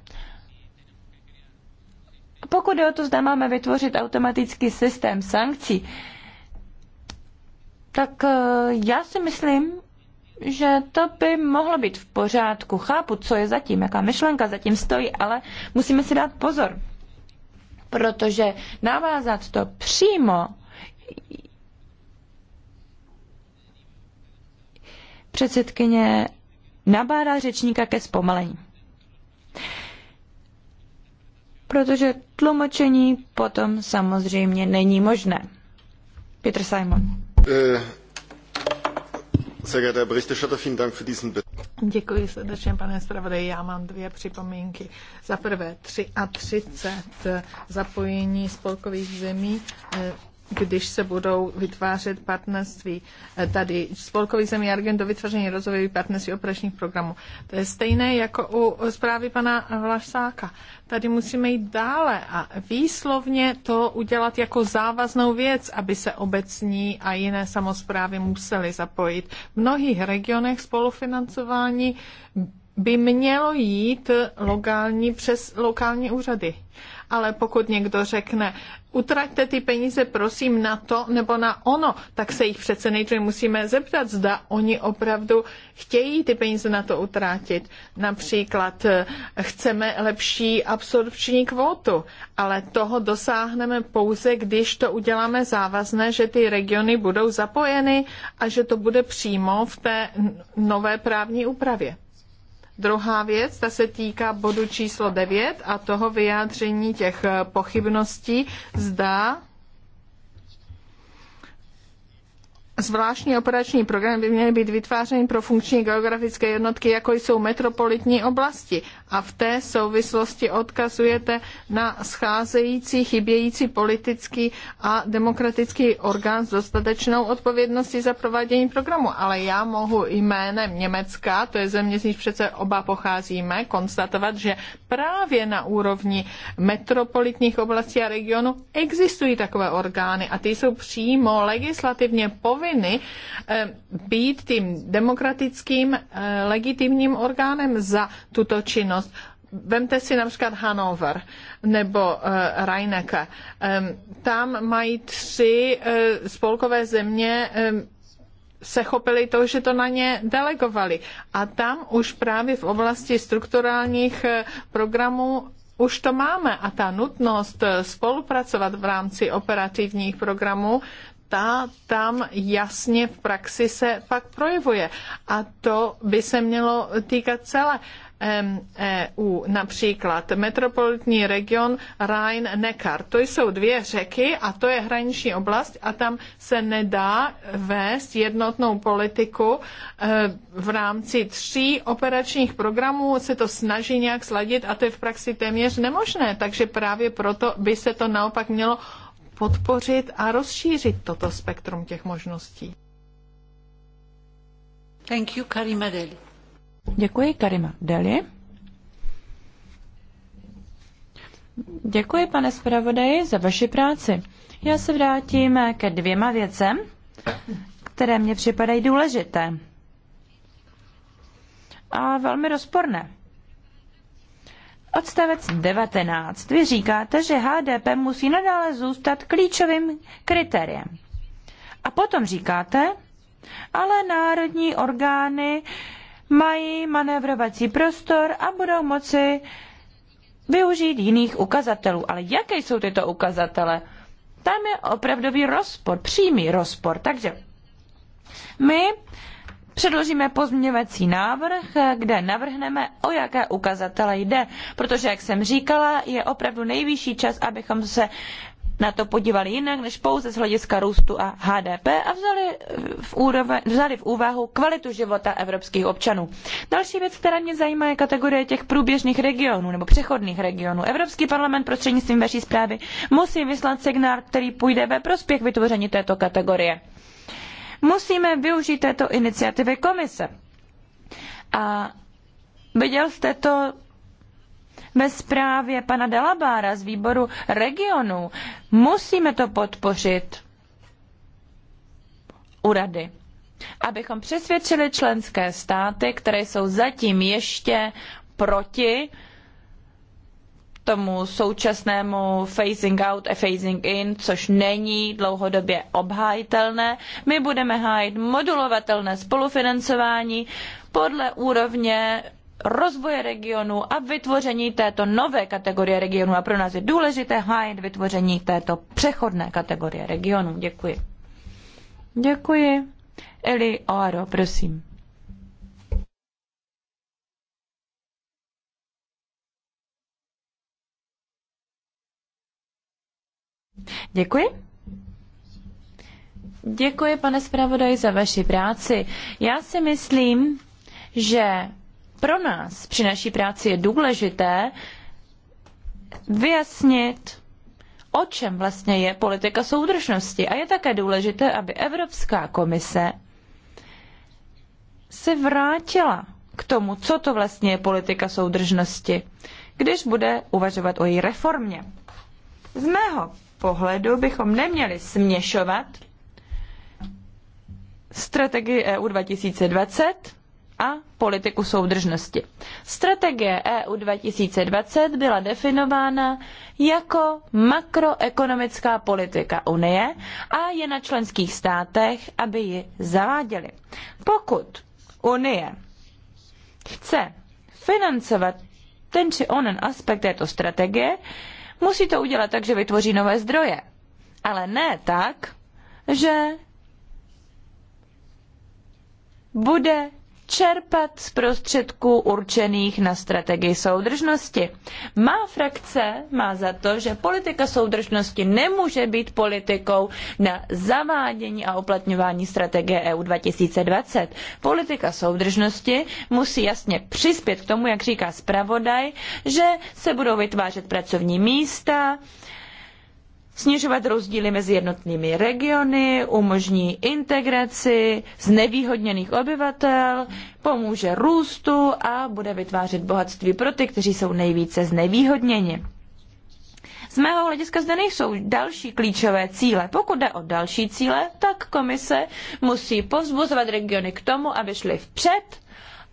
Pokud je o to, zda máme vytvořit automatický systém sankcí, tak eh, já si myslím, že to by mohlo být v pořádku. Chápu, co je zatím, jaká myšlenka zatím stojí, ale musíme si dát pozor. Protože navázat to přímo předsedkyně nabádá řečníka ke zpomalení protože tlumočení potom samozřejmě není možné. Peter Simon. Eh, Děkuji srdečně, pane zpravodaji. Já mám dvě připomínky. Za prvé, 33 zapojení spolkových zemí eh, když se budou vytvářet partnerství e, tady spolkový zemí Argen do vytvoření rozvojových partnerství operačních programů. To je stejné jako u zprávy pana Vlašáka. Tady musíme jít dále a výslovně to udělat jako závaznou věc, aby se obecní a jiné samozprávy musely zapojit. V mnohých regionech spolufinancování by mělo jít lokální přes lokální úřady. Ale pokud někdo řekne, utraťte ty peníze prosím na to nebo na ono, tak se jich přece nejdřív musíme zeptat, zda oni opravdu chtějí ty peníze na to utrátit. Například eh, chceme lepší absorpční kvótu, ale toho dosáhneme pouze, když to uděláme závazné, že ty regiony budou zapojeny a že to bude přímo v té nové právní úpravě. Druhá věc, ta se týká bodu číslo 9 a toho vyjádření těch pochybností, zda Zvláštní operační programy by měly být vytvářeny pro funkční geografické jednotky, jako jsou metropolitní oblasti. A v té souvislosti odkazujete na scházející, chybějící politický a demokratický orgán s dostatečnou odpovědností za provádění programu. Ale já mohu jménem Německa, to je země, z níž přece oba pocházíme, konstatovat, že právě na úrovni metropolitních oblastí a regionu existují takové orgány a ty jsou přímo legislativně povinné povinny eh, být tím demokratickým eh, legitimním orgánem za tuto činnost. Vemte si například Hanover nebo uh, tam mají tři spolkové země ehm, se chopili to, že to na ně delegovali. A tam už právě v oblasti strukturálních programů už to máme a ta nutnost spolupracovat v rámci operativních programů, ta tam jasně v praxi se pak projevuje. A to by se mělo týkat celé EU, e například metropolitní region Rhein-Neckar. To jsou dvě řeky a to je hraniční oblast a tam se nedá vést jednotnou politiku e, v rámci tří operačních programů, se to snaží nějak sladit a to je v praxi téměř nemožné, takže právě proto by se to naopak mělo podpořit a rozšířit toto spektrum těch možností. Thank you, Karima Deli. Děkuji, Karima Deli. Děkuji, pane zpravodaji, za vaši práci. Já se vrátím ke dvěma věcem, které mě připadají důležité a velmi rozporné. Odstavec 19. Vy říkáte, že HDP musí nadále zůstat klíčovým kritériem. A potom říkáte, ale národní orgány mají manévrovací prostor a budou moci využít jiných ukazatelů. Ale jaké jsou tyto ukazatele? Tam je opravdový rozpor, přímý rozpor. Takže my Předložíme pozměňovací návrh, kde navrhneme, o jaké ukazatele jde, protože, jak jsem říkala, je opravdu nejvyšší čas, abychom se na to podívali jinak než pouze z hlediska růstu a HDP a vzali v, úroveň, vzali v úvahu kvalitu života evropských občanů. Další věc, která mě zajímá, je kategorie těch průběžných regionů nebo přechodných regionů. Evropský parlament prostřednictvím vaší zprávy musí vyslat signál, který půjde ve prospěch vytvoření této kategorie. Musíme využít této iniciativy komise. A viděl jste to ve zprávě pana Dalabára z výboru regionu. Musíme to podpořit u rady, abychom přesvědčili členské státy, které jsou zatím ještě proti tomu současnému phasing out a phasing in, což není dlouhodobě obhájitelné. My budeme hájit modulovatelné spolufinancování podle úrovně rozvoje regionu a vytvoření této nové kategorie regionu. A pro nás je důležité hájit vytvoření této přechodné kategorie regionu. Děkuji. Děkuji. Eli Oaro, prosím. Děkuji. Děkuji, pane zpravodaj, za vaši práci. Já si myslím, že pro nás při naší práci je důležité vyjasnit, o čem vlastně je politika soudržnosti. A je také důležité, aby Evropská komise se vrátila k tomu, co to vlastně je politika soudržnosti, když bude uvažovat o její reformě. Z mého pohledu bychom neměli směšovat strategii EU 2020 a politiku soudržnosti. Strategie EU 2020 byla definována jako makroekonomická politika Unie a je na členských státech, aby ji zaváděli. Pokud Unie chce financovat ten či onen aspekt této strategie, musí to udělat tak, že vytvoří nové zdroje. Ale ne tak, že bude čerpat z prostředků určených na strategii soudržnosti. Má frakce má za to, že politika soudržnosti nemůže být politikou na zavádění a uplatňování strategie EU 2020. Politika soudržnosti musí jasně přispět k tomu, jak říká zpravodaj, že se budou vytvářet pracovní místa, snižovat rozdíly mezi jednotnými regiony, umožní integraci znevýhodněných obyvatel, pomůže růstu a bude vytvářet bohatství pro ty, kteří jsou nejvíce znevýhodněni. Z mého hlediska zde nejsou další klíčové cíle. Pokud jde o další cíle, tak komise musí pozbuzovat regiony k tomu, aby šly vpřed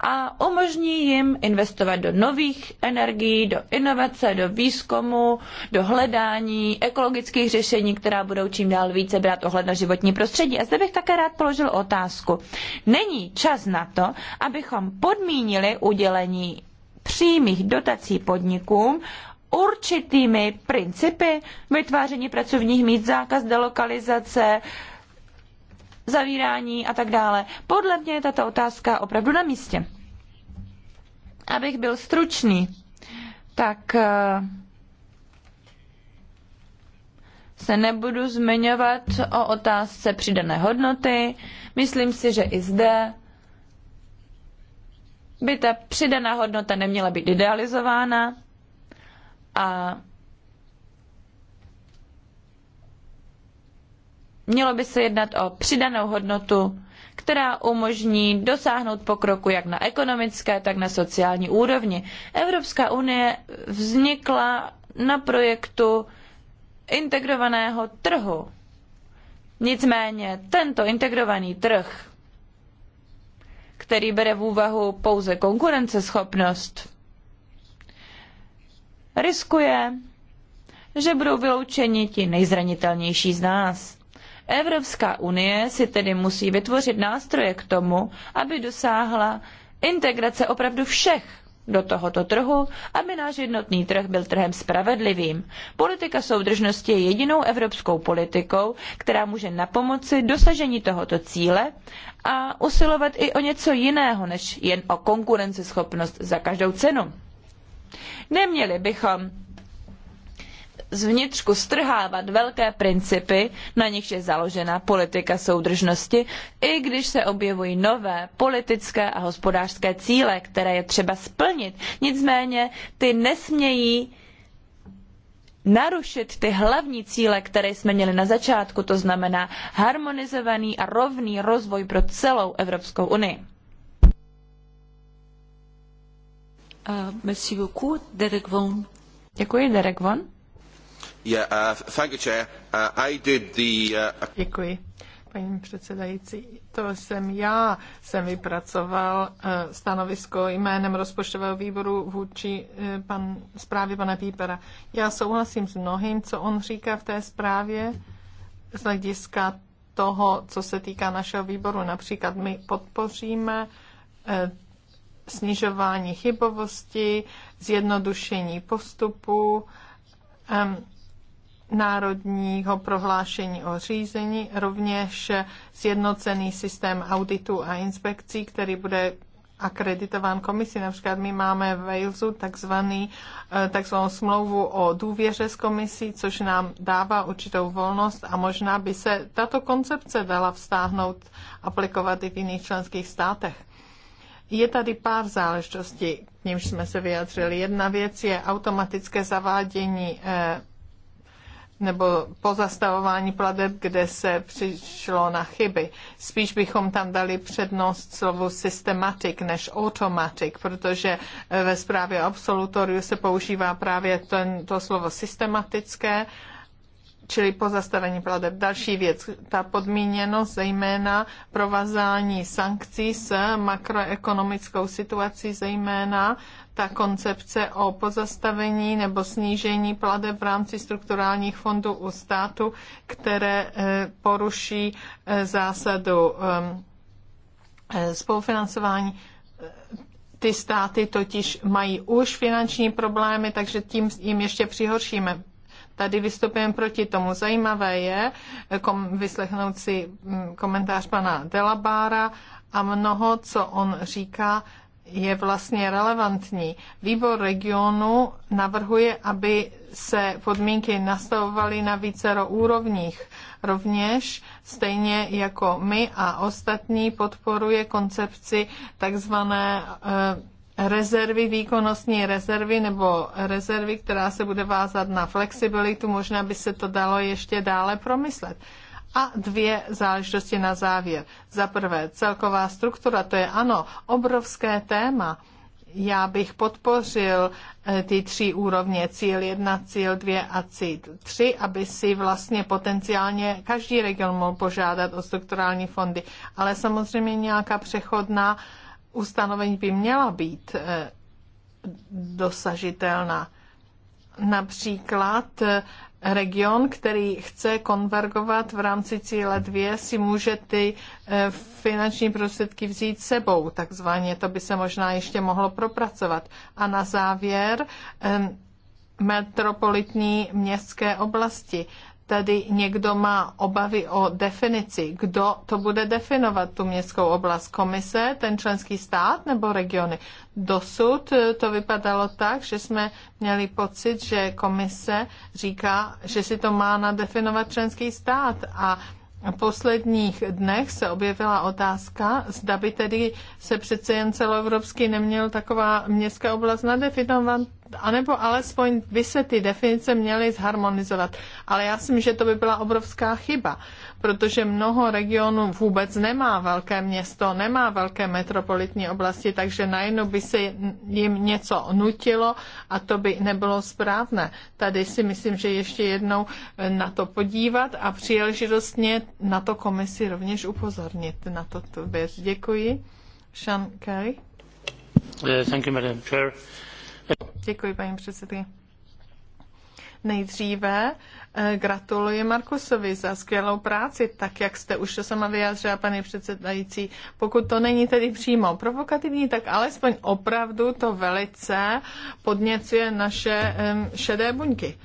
a umožní jim investovat do nových energií, do inovace, do výzkumu, do hledání ekologických řešení, která budou čím dál více brát ohled na životní prostředí. A zde bych také rád položil otázku. Není čas na to, abychom podmínili udělení přímých dotací podnikům určitými principy vytváření pracovních míst, zákaz delokalizace, zavírání a tak dále. Podle mě je tato otázka opravdu na místě. Abych byl stručný, tak eh, se nebudu zmiňovat o otázce přidané hodnoty. Myslím si, že i zde by ta přidaná hodnota neměla být idealizována a mělo by se jednat o přidanou hodnotu která umožní dosáhnout pokroku jak na ekonomické, tak na sociální úrovni. Evropská unie vznikla na projektu integrovaného trhu. Nicméně tento integrovaný trh, který bere v úvahu pouze konkurenceschopnost, riskuje, že budou vyloučeni ti nejzranitelnější z nás. Evropská unie si tedy musí vytvořit nástroje k tomu, aby dosáhla integrace opravdu všech do tohoto trhu, aby náš jednotný trh byl trhem spravedlivým. Politika soudržnosti je jedinou evropskou politikou, která může napomoci dosažení tohoto cíle a usilovat i o něco jiného, než jen o konkurenceschopnost za každou cenu. Neměli bychom zvnitřku strhávat velké principy, na nichž je založena politika soudržnosti, i když se objevují nové politické a hospodářské cíle, které je třeba splnit. Nicméně ty nesmějí narušit ty hlavní cíle, které jsme měli na začátku, to znamená harmonizovaný a rovný rozvoj pro celou Evropskou unii. Uh, Derek Von. Děkuji, Derek Von. Uh, uh, uh, Děkuji, paní předsedající. To jsem já, jsem vypracoval stanovisko jménem rozpočtového výboru vůči pan, zprávě pana Pípera. Já souhlasím s mnohým, co on říká v té zprávě z hlediska toho, co se týká našeho výboru. Například my podpoříme snižování chybovosti, zjednodušení postupu, um, národního prohlášení o řízení, rovněž sjednocený systém auditu a inspekcí, který bude akreditován komisi. Například my máme v Walesu takzvaný, eh, takzvanou smlouvu o důvěře s komisí, což nám dává určitou volnost a možná by se tato koncepce dala vstáhnout aplikovat i v jiných členských státech. Je tady pár záležitostí, k nímž jsme se vyjadřili. Jedna věc je automatické zavádění eh, nebo pozastavování pladeb, kde se přišlo na chyby. Spíš bychom tam dali přednost slovu systematic než automatic, protože ve zprávě absolutoriu se používá právě ten, to slovo systematické čili pozastavení plateb. Další věc, ta podmíněnost zejména provazání sankcí s makroekonomickou situací zejména, ta koncepce o pozastavení nebo snížení plateb v rámci strukturálních fondů u státu, které eh, poruší eh, zásadu eh, spolufinancování ty státy totiž mají už finanční problémy, takže tím jim ještě přihoršíme tady vystupujeme proti tomu. Zajímavé je eh, kom, vyslechnout si mm, komentář pana Delabára a mnoho, co on říká, je vlastně relevantní. Výbor regionu navrhuje, aby se podmínky nastavovaly na vícero úrovních. Rovněž, stejně jako my a ostatní, podporuje koncepci takzvané eh, rezervy, výkonnostní rezervy nebo rezervy, která se bude vázat na flexibilitu, možná by se to dalo ještě dále promyslet. A dvě záležitosti na závěr. Za prvé, celková struktura, to je ano, obrovské téma. Já bych podpořil eh, ty tři úrovně, cíl 1, cíl 2 a cíl 3, aby si vlastně potenciálně každý region mohl požádat o strukturální fondy. Ale samozřejmě nějaká přechodná uh, ustanovení by měla být eh, dosažitelná. Například eh, region, který chce konvergovat v rámci cíle 2, si může ty eh, finanční prostředky vzít sebou, takzvaně to by se možná ještě mohlo propracovat. A na závěr metropolitní městské oblasti tady někdo má obavy o definici. Kdo to bude definovat, tu městskou oblast? Komise, ten členský stát nebo regiony? Dosud eh, to vypadalo tak, že jsme měli pocit, že komise říká, že si to má nadefinovat členský stát a v posledních dnech se objevila otázka, zda by tedy se přece jen celoevropsky neměl taková městská oblast nadefinovat, anebo alespoň by se ty definice měly zharmonizovat. Ale já si myslím, že to by byla obrovská chyba, protože mnoho regionů vůbec nemá velké město, nemá velké metropolitní oblasti, takže najednou by se jim něco nutilo a to by nebylo správné. Tady si myslím, že ještě jednou na to podívat a příležitostně na to komisi rovněž upozornit na toto věc. Děkuji. Sean Kelly. Uh, thank you, Madam Chair. Děkuji, paní předsedy. Nejdříve eh, gratuluji Markusovi za skvělou práci, tak jak jste už to sama vyjádřila, paní předsedající. Pokud to není tedy přímo provokativní, tak alespoň opravdu to velice podněcuje naše šedé buňky.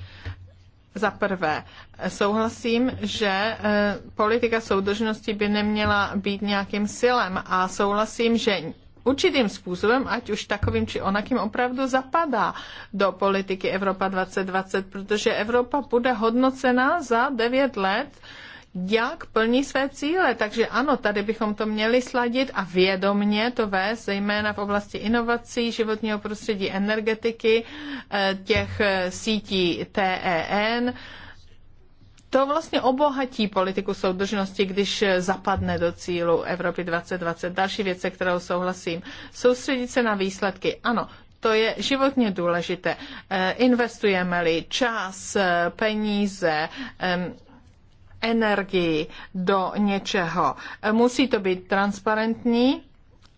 Za prvé, souhlasím, že eh, politika soudržnosti by neměla být nějakým silem a souhlasím, že určitým způsobem, ať už takovým či onakým, opravdu zapadá do politiky Evropa 2020, protože Evropa bude hodnocena za 9 let, jak plní své cíle. Takže ano, tady bychom to měli sladit a vědomně to vést, zejména v oblasti inovací, životního prostředí, energetiky, eh, těch eh, sítí TEN, to vlastně obohatí politiku soudržnosti, když zapadne do cílu Evropy 2020. Další věc, se kterou souhlasím, soustředit se na výsledky. Ano, to je životně důležité. Eh, investujeme-li čas, eh, peníze, energii do něčeho. Eh, musí to být transparentní,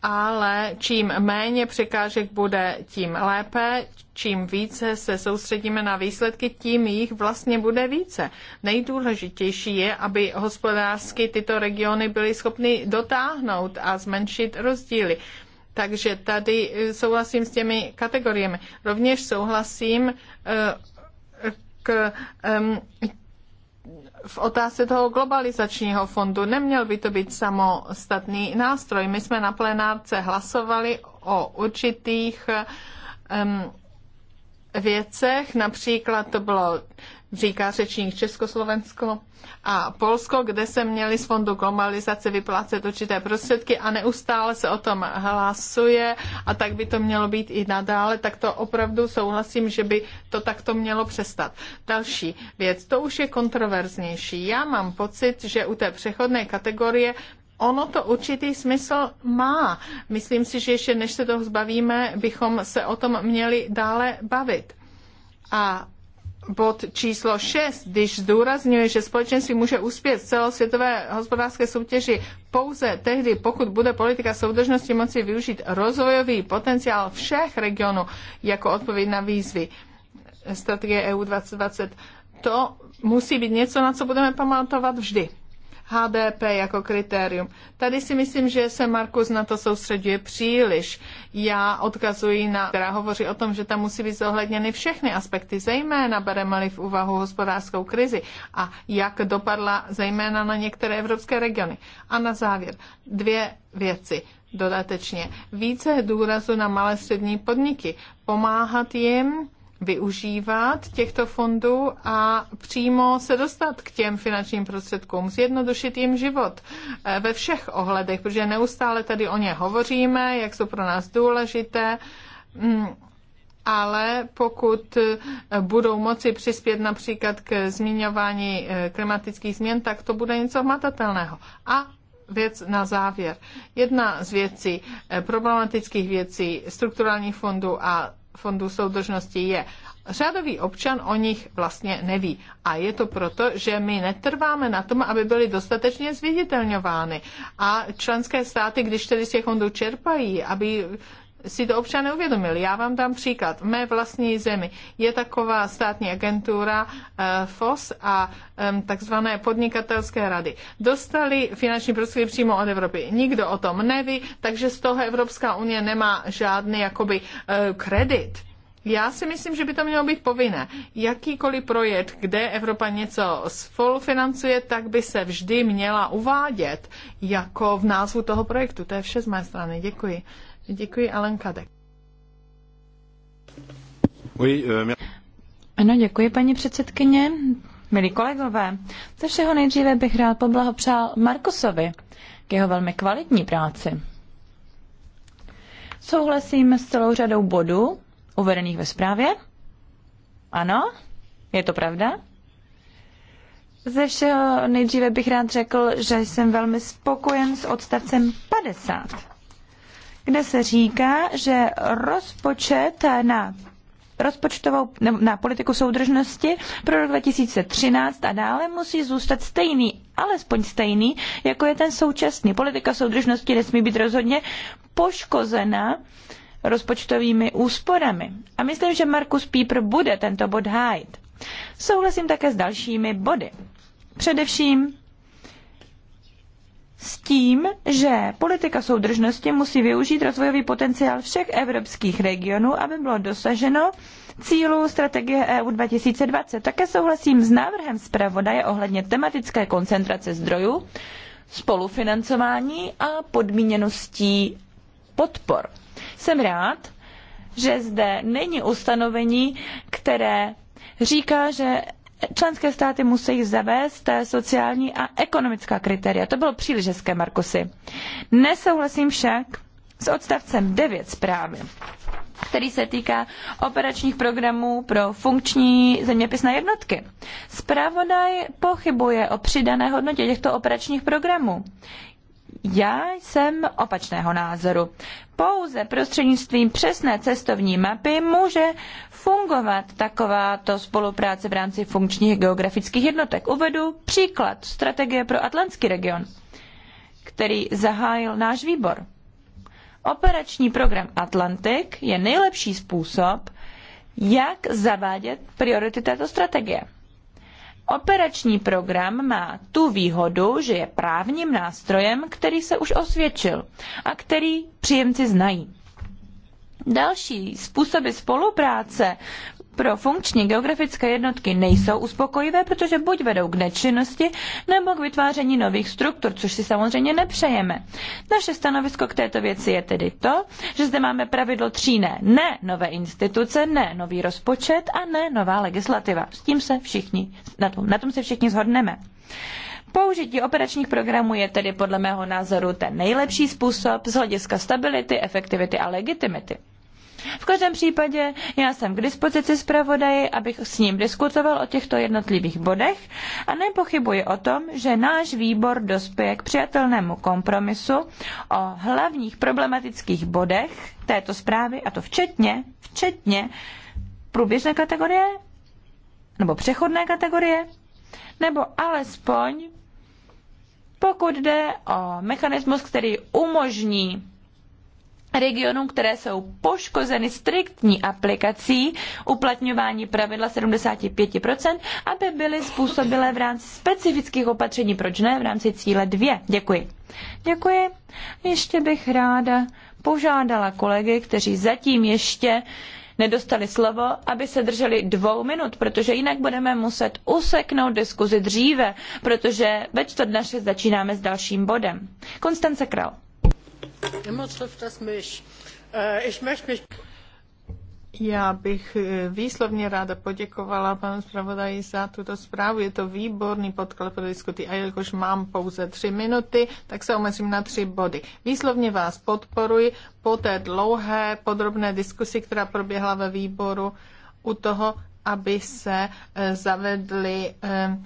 ale čím méně překážek bude, tím lépe, čím více se soustředíme na výsledky, tím jich vlastně bude více. Nejdůležitější je, aby hospodářsky tyto regiony byly schopny dotáhnout a zmenšit rozdíly. Takže tady eh, souhlasím s těmi kategoriemi. Rovněž souhlasím eh, k v otázce toho globalizačního fondu. Neměl by to být samostatný nástroj. My jsme na plenárce hlasovali o určitých um, věcech, například to bylo říká řečník Československo a Polsko, kde se měli z fondu globalizace vyplácet určité prostředky a neustále se o tom hlasuje a tak by to mělo být i nadále, tak to opravdu souhlasím, že by to takto mělo přestat. Další věc, to už je kontroverznější. Já mám pocit, že u té přechodné kategorie ono to určitý smysl má. Myslím si, že ještě než se toho zbavíme, bychom se o tom měli dále bavit. A bod číslo 6, když zdůrazňuje, že společenství může uspět v celosvětové hospodářské soutěži pouze tehdy, pokud bude politika soudržnosti moci využít rozvojový potenciál všech regionů jako odpověď na výzvy strategie EU 2020, to musí být něco, na co budeme pamatovat vždy. HDP jako kritérium. Tady si myslím, že se Markus na to soustředuje příliš. Já odkazuji na, která hovoří o tom, že tam musí být zohledněny všechny aspekty, zejména bereme-li v úvahu hospodářskou krizi a jak dopadla zejména na některé evropské regiony. A na závěr dvě věci dodatečně. Více důrazu na malé střední podniky, pomáhat jim využívat těchto fondů a přímo se dostat k těm finančním prostředkům, zjednodušit jim život eh, ve všech ohledech, protože neustále tady o ně hovoříme, jak jsou pro nás důležité, mm, ale pokud eh, budou moci přispět například k zmíňování eh, klimatických změn, tak to bude něco hmatatelného. A věc na závěr. Jedna z věcí, problematických věcí strukturálních fondů a fondů soudržnosti je. Řádový občan o nich vlastně neví. A je to proto, že my netrváme na tom, aby byly dostatečně zviditelňovány. A členské státy, když tedy z těch fondů čerpají, aby si to občané uvědomili. Já vám dám příklad. V mé vlastní zemi je taková státní agentura eh, FOS a takzvané podnikatelské rady. Dostali finanční prostředky přímo od Evropy. Nikdo o tom neví, takže z toho Evropská unie nemá žádný jakoby eh, kredit. Já si myslím, že by to mělo být povinné. Jakýkoliv projekt, kde Evropa něco spolufinancuje, tak by se vždy měla uvádět jako v názvu toho projektu. To je vše z mé strany. Děkuji. Děkuji, Alan Kadek. Euh, ano, děkuji, paní předsedkyně. Milí kolegové, ze všeho nejdříve bych rád poblahopřál Markusovi k jeho velmi kvalitní práci. Souhlasím s celou řadou bodů uvedených ve zprávě? Ano, je to pravda? Ze všeho nejdříve bych rád řekl, že jsem velmi spokojen s odstavcem 50 kde se říká, že rozpočet na rozpočtovou na politiku soudržnosti pro rok 2013 a dále musí zůstat stejný, alespoň stejný, jako je ten současný. Politika soudržnosti nesmí být rozhodně poškozena rozpočtovými úsporami. A myslím, že Markus Pieper bude tento bod hájit. Souhlasím také s dalšími body. Především s tím, že politika soudržnosti musí využít rozvojový potenciál všech evropských regionů, aby bylo dosaženo cílů strategie EU 2020. Také souhlasím s návrhem zpravodaje ohledně tematické koncentrace zdrojů, spolufinancování a podmíněností podpor. Jsem rád, že zde není ustanovení, které říká, že členské státy musí zavést eh, sociální a ekonomická kritéria. To bylo příliš hezké, Markusy. Nesouhlasím však s odstavcem 9 zprávy který se týká operačních programů pro funkční zeměpisné jednotky. Zpravodaj pochybuje o přidané hodnotě těchto operačních programů. Já jsem opačného názoru pouze prostřednictvím přesné cestovní mapy může fungovat takováto spolupráce v rámci funkčních geografických jednotek. Uvedu příklad strategie pro Atlantský region, který zahájil náš výbor. Operační program Atlantik je nejlepší způsob, jak zavádět priority této strategie. Operační program má tu výhodu, že je právním nástrojem, který se už osvědčil a který příjemci znají. Další způsoby spolupráce pro funkční geografické jednotky nejsou uspokojivé, protože buď vedou k nečinnosti nebo k vytváření nových struktur, což si samozřejmě nepřejeme. Naše stanovisko k této věci je tedy to, že zde máme pravidlo tří ne. Ne nové instituce, ne nový rozpočet a ne nová legislativa. S tím se všichni, na tom, na tom se všichni zhodneme. Použití operačních programů je tedy podle mého názoru ten nejlepší způsob z hlediska stability, efektivity a legitimity. V každém případě já jsem k dispozici zpravodaji, abych s ním diskutoval o těchto jednotlivých bodech a nepochybuji o tom, že náš výbor dospěje k přijatelnému kompromisu o hlavních problematických bodech této zprávy, a to včetně, včetně průběžné kategorie nebo přechodné kategorie, nebo alespoň pokud jde o mechanismus, který umožní regionům, které jsou poškozeny striktní aplikací uplatňování pravidla 75%, aby byly způsobilé v rámci specifických opatření, proč ne, v rámci cíle 2. Děkuji. Děkuji. Ještě bych ráda požádala kolegy, kteří zatím ještě nedostali slovo, aby se drželi dvou minut, protože jinak budeme muset useknout diskuzi dříve, protože ve čtvrt na začínáme s dalším bodem. Konstance Kral. Äh, já bych e, výslovně ráda poděkovala panu zpravodaji za tuto zprávu. Je to výborný podklad pro diskuty. A jelikož mám pouze tři minuty, tak se omezím na tři body. Výslovně vás podporuji po té dlouhé podrobné diskusi, která proběhla ve výboru u toho, aby se e, zavedly e,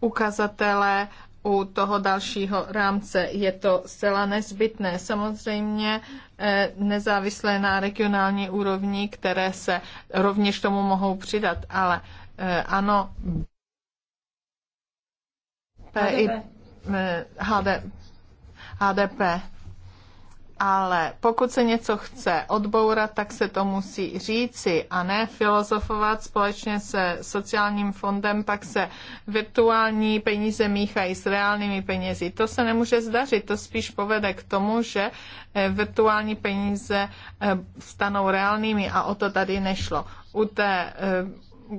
ukazatele u toho dalšího rámce. Je to zcela nezbytné. Samozřejmě eh, nezávislé na regionální úrovni, které se rovněž tomu mohou přidat, ale eh, ano, HDP. HDP ale pokud se něco chce odbourat, tak se to musí říci a ne filozofovat společně se sociálním fondem, pak se virtuální peníze míchají s reálnými penězi. To se nemůže zdařit, to spíš povede k tomu, že eh, virtuální peníze eh, stanou reálnými a o to tady nešlo. U té eh,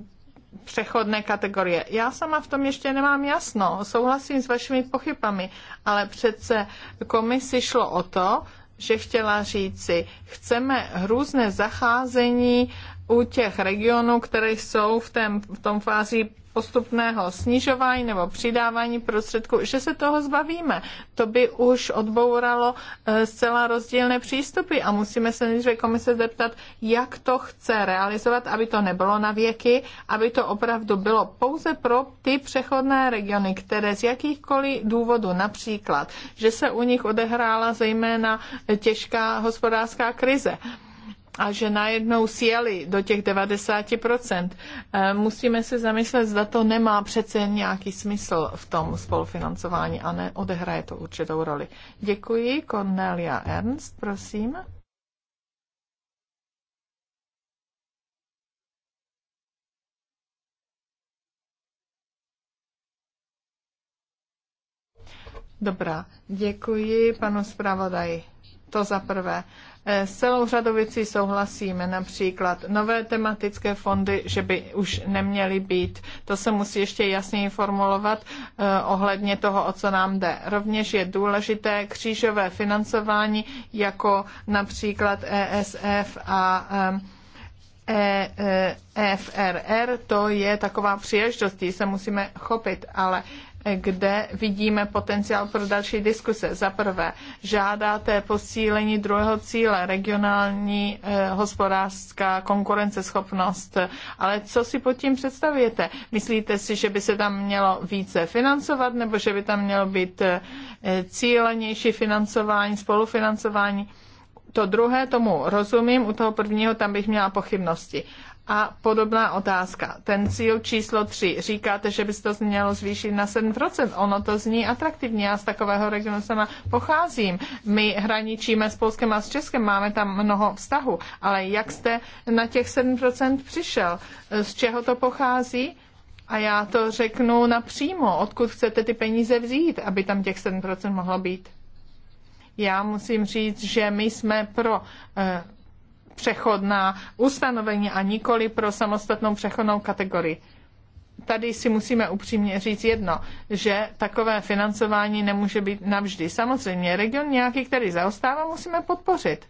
přechodné kategorie. Já sama v tom ještě nemám jasno, souhlasím s vašimi pochybami, ale přece komisi šlo o to, že chtěla říci, chceme hrůzné zacházení u těch regionů, které jsou v, tém, v tom fázi postupného snižování nebo přidávání prostředků, že se toho zbavíme. To by už odbouralo eh, zcela rozdílné přístupy a musíme se nejdříve komise zeptat, jak to chce realizovat, aby to nebylo na věky, aby to opravdu bylo pouze pro ty přechodné regiony, které z jakýchkoliv důvodů, například, že se u nich odehrála zejména těžká hospodářská krize, a že najednou sjeli do těch 90%. E, musíme se zamyslet, zda to nemá přece nějaký smysl v tom spolufinancování a ne odehraje to určitou roli. Děkuji. Cornelia Ernst, prosím. Dobrá, děkuji panu zpravodaji. To za prvé. Eh, s celou řadou věcí souhlasíme, například nové tematické fondy, že by už neměly být. To se musí ještě jasněji formulovat eh, ohledně toho, o co nám jde. Rovněž je důležité křížové financování, jako například ESF a EFRR, eh, e, to je taková příležitost, se musíme chopit, ale kde vidíme potenciál pro další diskuse. Za prvé, žádáte posílení druhého cíle, regionální e, hospodářská konkurenceschopnost. Ale co si pod tím představujete? Myslíte si, že by se tam mělo více financovat, nebo že by tam mělo být e, cílenější financování, spolufinancování? To druhé, tomu rozumím, u toho prvního tam bych měla pochybnosti. A podobná otázka. Ten cíl číslo 3. Říkáte, že by se to mělo zvýšit na 7%. Ono to zní atraktivně. Já z takového regionu sama pocházím. My hraničíme s Polskem a s Českem, máme tam mnoho vztahu. Ale jak jste na těch 7% přišel? Z čeho to pochází? A já to řeknu napřímo, odkud chcete ty peníze vzít, aby tam těch 7% mohlo být. Já musím říct, že my jsme pro eh, přechodná ustanovení a nikoli pro samostatnou přechodnou kategorii. Tady si musíme upřímně říct jedno, že takové financování nemůže být navždy. Samozřejmě region nějaký, který zaostává, musíme podpořit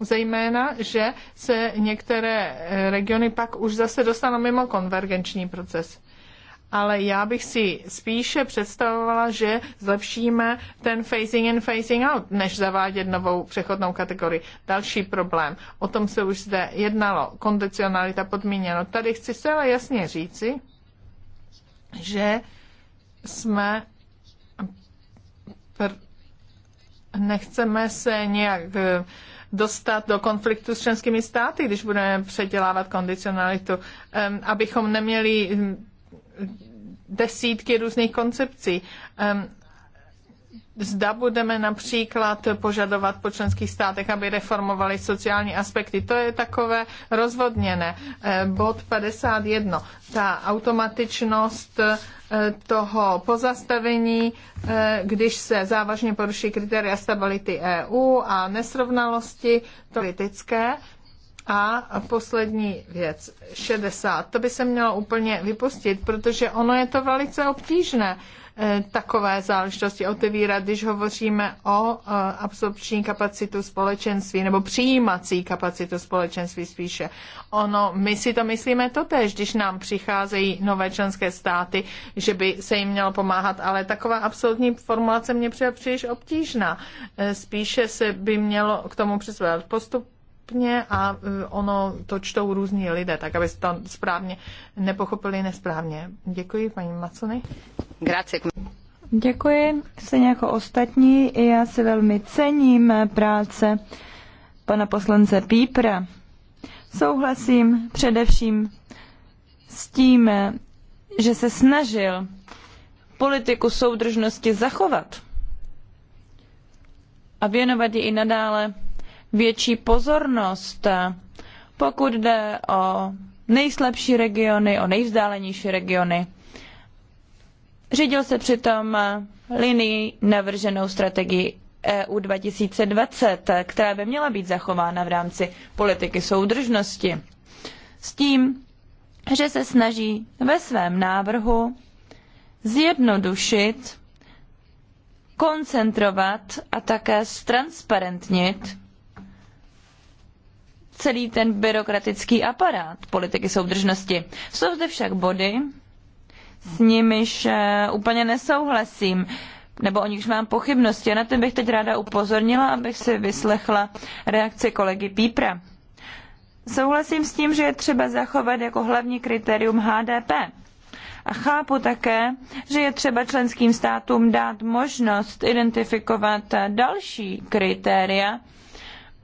zejména, že se některé regiony pak už zase dostanou mimo konvergenční proces ale já bych si spíše představovala, že zlepšíme ten phasing in, phasing out, než zavádět novou přechodnou kategorii. Další problém, o tom se už zde jednalo, kondicionalita podmíněno. Tady chci zcela jasně říci, že jsme pr- nechceme se nějak eh, dostat do konfliktu s členskými státy, když budeme předělávat kondicionalitu, eh, abychom neměli hm, desítky různých koncepcí. Zda budeme například požadovat po členských státech, aby reformovali sociální aspekty. To je takové rozvodněné. E, bod 51. Ta automatičnost e, toho pozastavení, e, když se závažně poruší kritéria stability EU a nesrovnalosti, to kritické. A poslední věc, 60. To by se mělo úplně vypustit, protože ono je to velice obtížné eh, takové záležitosti otevírat, když hovoříme o eh, absorpční kapacitu společenství nebo přijímací kapacitu společenství spíše. Ono, my si to myslíme totéž, když nám přicházejí nové členské státy, že by se jim mělo pomáhat, ale taková absolutní formulace mě přijde příliš obtížná. Eh, spíše se by mělo k tomu přizvat postup postupně a e, ono to čtou různí lidé, tak aby to správně nepochopili nesprávně. Děkuji, paní Macony. Grazie. Děkuji. Se jako ostatní, i já si velmi cením práce pana poslance Pípra. Souhlasím především s tím, že se snažil politiku soudržnosti zachovat a věnovat ji i nadále větší pozornost, pokud jde o nejslabší regiony, o nejvzdálenější regiony. Řídil se přitom linii navrženou strategii EU 2020, která by měla být zachována v rámci politiky soudržnosti. S tím, že se snaží ve svém návrhu zjednodušit, koncentrovat a také ztransparentnit celý ten byrokratický aparát politiky soudržnosti. Jsou zde však body, s nimiž eh, úplně nesouhlasím, nebo o nichž mám pochybnosti. A na ten bych teď ráda upozornila, abych si vyslechla reakci kolegy Pípra. Souhlasím s tím, že je třeba zachovat jako hlavní kritérium HDP. A chápu také, že je třeba členským státům dát možnost identifikovat další kritéria,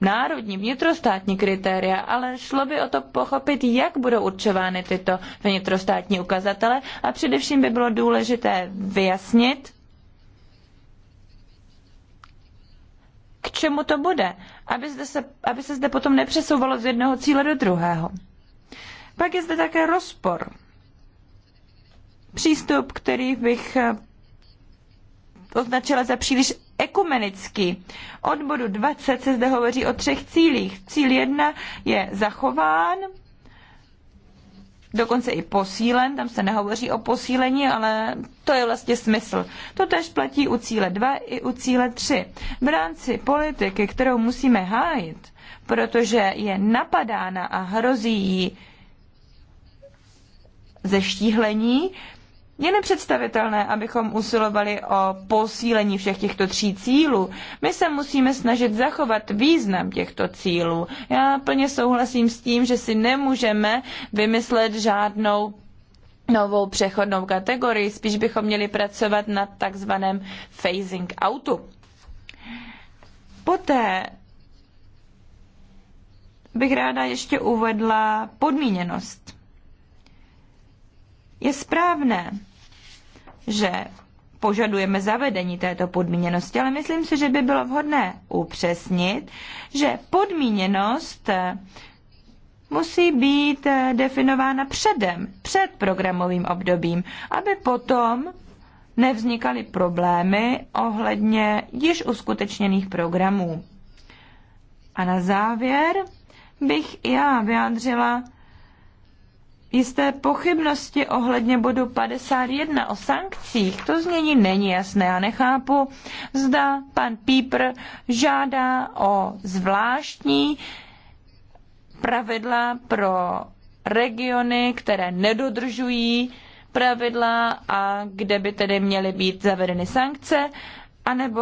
národní vnitrostátní kritéria, ale šlo by o to pochopit, jak budou určovány tyto vnitrostátní ukazatele a především by bylo důležité vyjasnit, k čemu to bude, aby, zde se, aby se zde potom nepřesouvalo z jednoho cíle do druhého. Pak je zde také rozpor. Přístup, který bych eh, označila za příliš ekumenicky. Od bodu 20 se zde hovoří o třech cílích. Cíl 1 je zachován, dokonce i posílen, tam se nehovoří o posílení, ale to je vlastně smysl. To tež platí u cíle 2 i u cíle 3. V rámci politiky, kterou musíme hájit, protože je napadána a hrozí jí zeštíhlení, je nepředstavitelné, abychom usilovali o posílení všech těchto tří cílů. My se musíme snažit zachovat význam těchto cílů. Já plně souhlasím s tím, že si nemůžeme vymyslet žádnou novou přechodnou kategorii, spíš bychom měli pracovat na takzvaném phasing outu. Poté bych ráda ještě uvedla podmíněnost. Je správné, že požadujeme zavedení této podmíněnosti, ale myslím si, že by bylo vhodné upřesnit, že podmíněnost eh, musí být eh, definována předem, před programovým obdobím, aby potom nevznikaly problémy ohledně již uskutečněných programů. A na závěr bych já vyjádřila jisté pochybnosti ohledně bodu 51 o sankcích. To znění není jasné. Já nechápu, zda pan Pípr žádá o zvláštní pravidla pro regiony, které nedodržují pravidla a kde by tedy měly být zavedeny sankce, anebo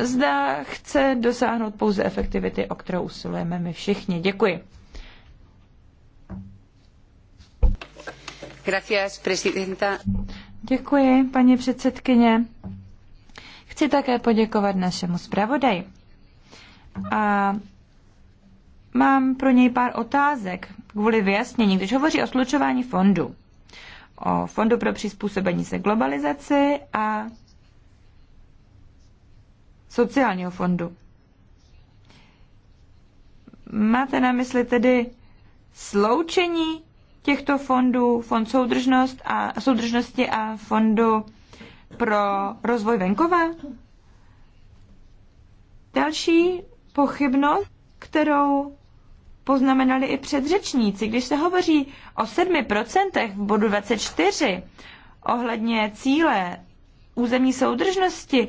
zda chce dosáhnout pouze efektivity, o kterou usilujeme my všichni. Děkuji. Děkuji, paní předsedkyně. Chci také poděkovat našemu zpravodaji. A mám pro něj pár otázek kvůli vyjasnění, když hovoří o slučování fondu. O fondu pro přizpůsobení se globalizaci a sociálního fondu. Máte na mysli tedy sloučení těchto fondů, fond soudržnost a, soudržnosti a fondu pro rozvoj venkova? Další pochybnost, kterou poznamenali i předřečníci, když se hovoří o 7% v bodu 24 ohledně cíle územní soudržnosti,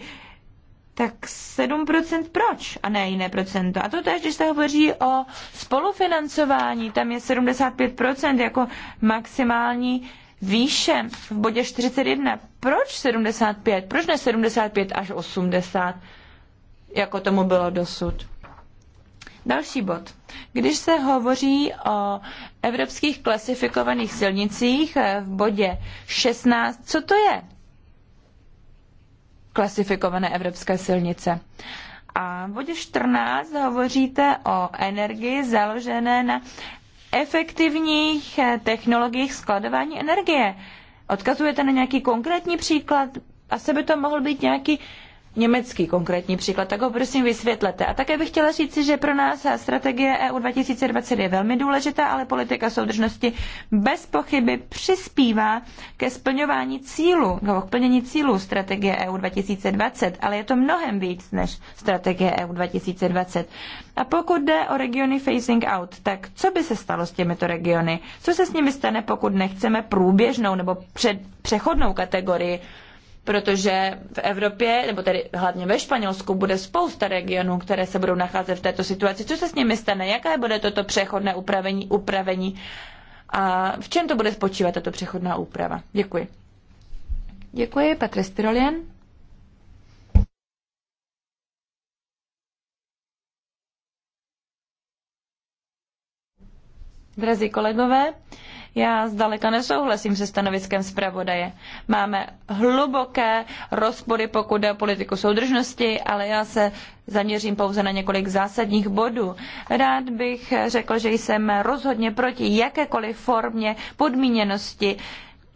tak 7% proč a ne jiné procento. A to tež, když se hovoří o spolufinancování, tam je 75% jako maximální výše v bodě 41. Proč 75? Proč ne 75 až 80, jako tomu bylo dosud? Další bod. Když se hovoří o evropských klasifikovaných silnicích v bodě 16, co to je? klasifikované evropské silnice. A v bodě 14 hovoříte o energii založené na efektivních eh, technologiích skladování energie. Odkazujete na nějaký konkrétní příklad? Asi by to mohl být nějaký německý konkrétní příklad, tak ho prosím vysvětlete. A také bych chtěla říci, že pro nás strategie EU 2020 je velmi důležitá, ale politika soudržnosti bez pochyby přispívá ke splňování cílu, nebo k plnění cílů strategie EU 2020, ale je to mnohem víc než strategie EU 2020. A pokud jde o regiony facing out, tak co by se stalo s těmito regiony? Co se s nimi stane, pokud nechceme průběžnou nebo před, přechodnou kategorii protože v Evropě, nebo tedy hlavně ve Španělsku, bude spousta regionů, které se budou nacházet v této situaci. Co se s nimi stane? Jaké bude toto přechodné upravení, upravení? A v čem to bude spočívat, tato přechodná úprava? Děkuji. Děkuji, Petr Styrolien. Drazí kolegové, já zdaleka nesouhlasím se stanoviskem zpravodaje. Máme hluboké rozpory, pokud jde o politiku soudržnosti, ale já se zaměřím pouze na několik zásadních bodů. Rád bych řekl, že jsem rozhodně proti jakékoliv formě podmíněnosti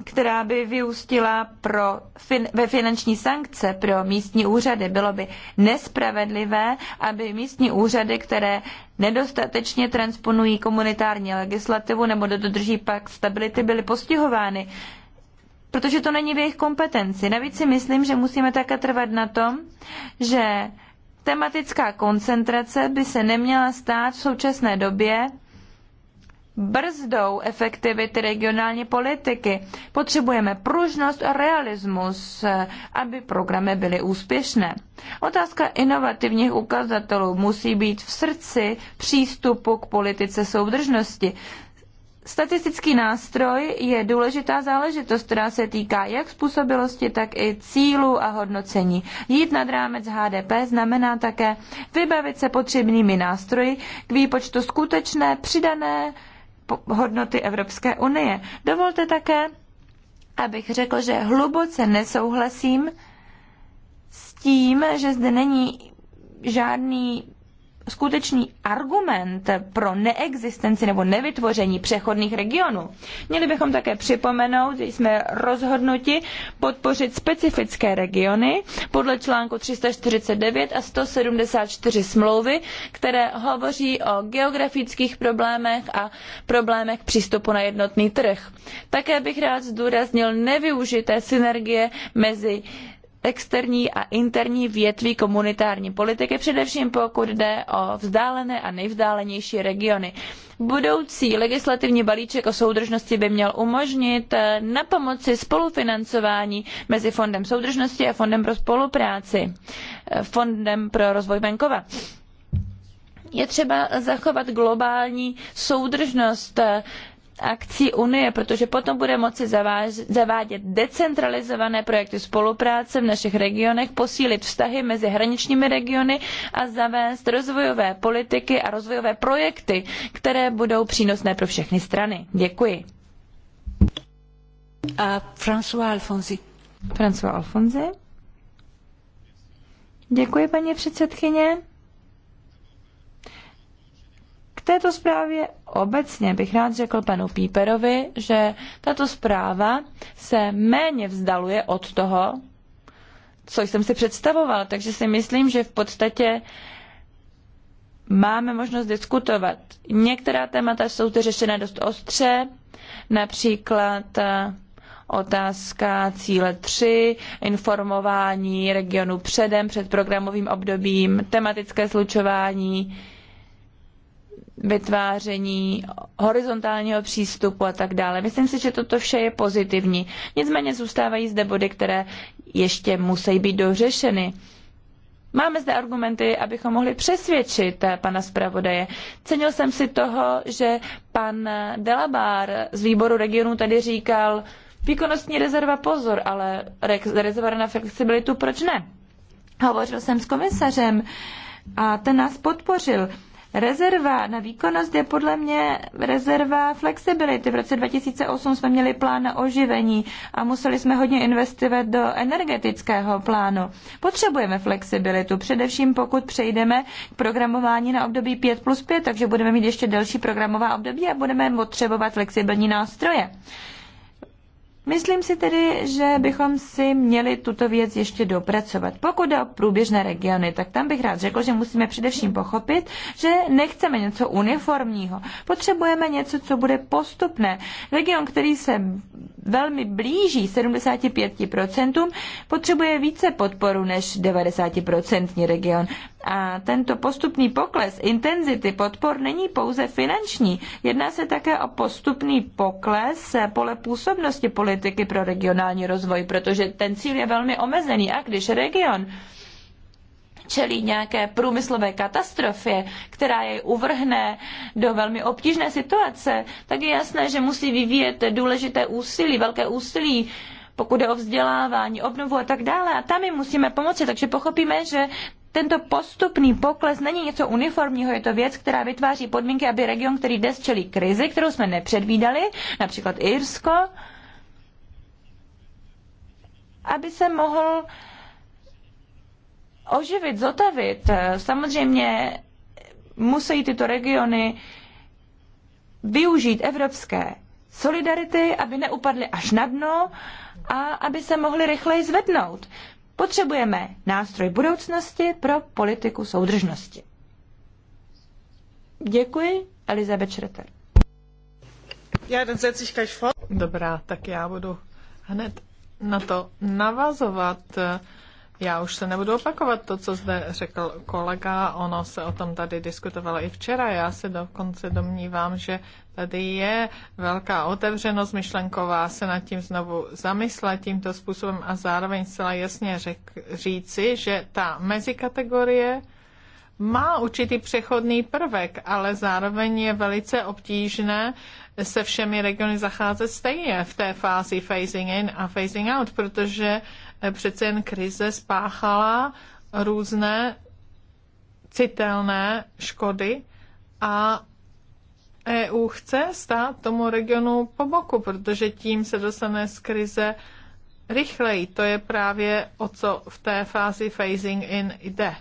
která by vyústila pro fin- ve finanční sankce pro místní úřady. Bylo by nespravedlivé, aby místní úřady, které nedostatečně transponují komunitární legislativu nebo dodrží pak stability, byly postihovány, protože to není v jejich kompetenci. Navíc si myslím, že musíme také trvat na tom, že tematická koncentrace by se neměla stát v současné době brzdou efektivity regionální politiky. Potřebujeme pružnost a realismus, aby programy byly úspěšné. Otázka inovativních ukazatelů musí být v srdci přístupu k politice soudržnosti. Statistický nástroj je důležitá záležitost, která se týká jak způsobilosti, tak i cílu a hodnocení. Jít nad rámec HDP znamená také vybavit se potřebnými nástroji k výpočtu skutečné přidané hodnoty Evropské unie. Dovolte také, abych řekl, že hluboce nesouhlasím s tím, že zde není žádný skutečný argument pro neexistenci nebo nevytvoření přechodných regionů. Měli bychom také připomenout, že jsme rozhodnuti podpořit specifické regiony podle článku 349 a 174 smlouvy, které hovoří o geografických problémech a problémech přístupu na jednotný trh. Také bych rád zdůraznil nevyužité synergie mezi externí a interní větví komunitární politiky, především pokud jde o vzdálené a nejvzdálenější regiony. Budoucí legislativní balíček o soudržnosti by měl umožnit eh, na pomoci spolufinancování mezi Fondem soudržnosti a Fondem pro spolupráci, eh, Fondem pro rozvoj venkova je třeba zachovat globální soudržnost eh, akcí Unie, protože potom bude moci zavádět decentralizované projekty spolupráce v našich regionech, posílit vztahy mezi hraničními regiony a zavést rozvojové politiky a rozvojové projekty, které budou přínosné pro všechny strany. Děkuji. A François Alfonsi. François Alfonsi. Děkuji, paní předsedkyně této zprávě obecně bych rád řekl panu Píperovi, že tato zpráva se méně vzdaluje od toho, co jsem si představoval, takže si myslím, že v podstatě máme možnost diskutovat. Některá témata jsou ty řešena dost ostře, například eh, otázka cíle 3, informování regionu předem, před programovým obdobím, tematické slučování, vytváření horizontálního přístupu a tak dále. Myslím si, že toto vše je pozitivní. Nicméně zůstávají zde body, které ještě musí být dořešeny. Máme zde argumenty, abychom mohli přesvědčit pana zpravodaje. Cenil jsem si toho, že pan Delabár z výboru regionu tady říkal, výkonnostní rezerva pozor, ale rezerva na flexibilitu proč ne? Hovořil jsem s komisařem a ten nás podpořil. Rezerva na výkonnost je podle mě rezerva flexibility. V roce 2008 jsme měli plán na oživení a museli jsme hodně investovat do energetického plánu. Potřebujeme flexibilitu, především pokud přejdeme k programování na období 5 plus 5, takže budeme mít ještě delší programová období a budeme potřebovat flexibilní nástroje. Myslím si tedy, že bychom si měli tuto věc ještě dopracovat. Pokud jde o průběžné regiony, tak tam bych rád řekl, že musíme především pochopit, že nechceme něco uniformního. Potřebujeme něco, co bude postupné. Region, který se velmi blíží 75%, potřebuje více podporu než 90% region. A tento postupný pokles intenzity podpor není pouze finanční. Jedná se také o postupný pokles pole působnosti politiky politiky pro regionální rozvoj, protože ten cíl je velmi omezený a když region čelí nějaké průmyslové katastrofě, která jej uvrhne do velmi obtížné situace, tak je jasné, že musí vyvíjet důležité úsilí, velké úsilí, pokud je o vzdělávání, obnovu a tak dále. A tam jim musíme pomoci, takže pochopíme, že tento postupný pokles není něco uniformního, je to věc, která vytváří podmínky, aby region, který dnes čelí krizi, kterou jsme nepředvídali, například Irsko, aby se mohl oživit, zotavit. Samozřejmě musí tyto regiony využít evropské solidarity, aby neupadly až na dno a aby se mohly rychleji zvednout. Potřebujeme nástroj budoucnosti pro politiku soudržnosti. Děkuji, Elizabeth Schroeter. Dobrá, tak já budu hned na to navazovat. Já už se nebudu opakovat to, co zde řekl kolega, ono se o tom tady diskutovalo i včera. Já se dokonce domnívám, že tady je velká otevřenost myšlenková se nad tím znovu zamyslet tímto způsobem a zároveň zcela jasně řek, říci, že ta mezikategorie má určitý přechodný prvek, ale zároveň je velice obtížné uh, se všemi regiony zacházet stejně v té fázi phasing in a phasing out, protože eh, přece jen krize spáchala různé citelné škody a EU chce stát tomu regionu po boku, protože tím se dostane z krize rychleji. To je právě o co v té fázi phasing in jde.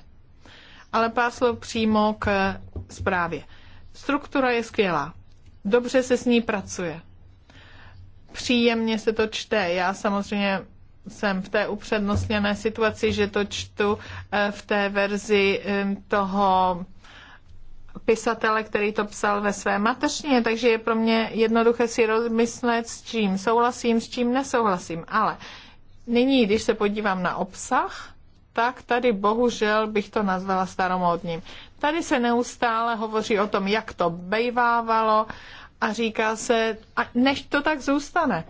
Ale pár slov přímo k eh, zprávě. Struktura je skvělá dobře se s ní pracuje. Příjemně se to čte. Já samozřejmě jsem v té upřednostněné situaci, že to čtu eh, v té verzi eh, toho pisatele, který to psal ve své mateřině, takže je pro mě jednoduché si rozmyslet, s čím souhlasím, s čím nesouhlasím. Ale nyní, když se podívám na obsah, tak tady bohužel bych to nazvala staromódním. Tady se neustále hovoří o tom, jak to bejvávalo a říká se, a než to tak zůstane.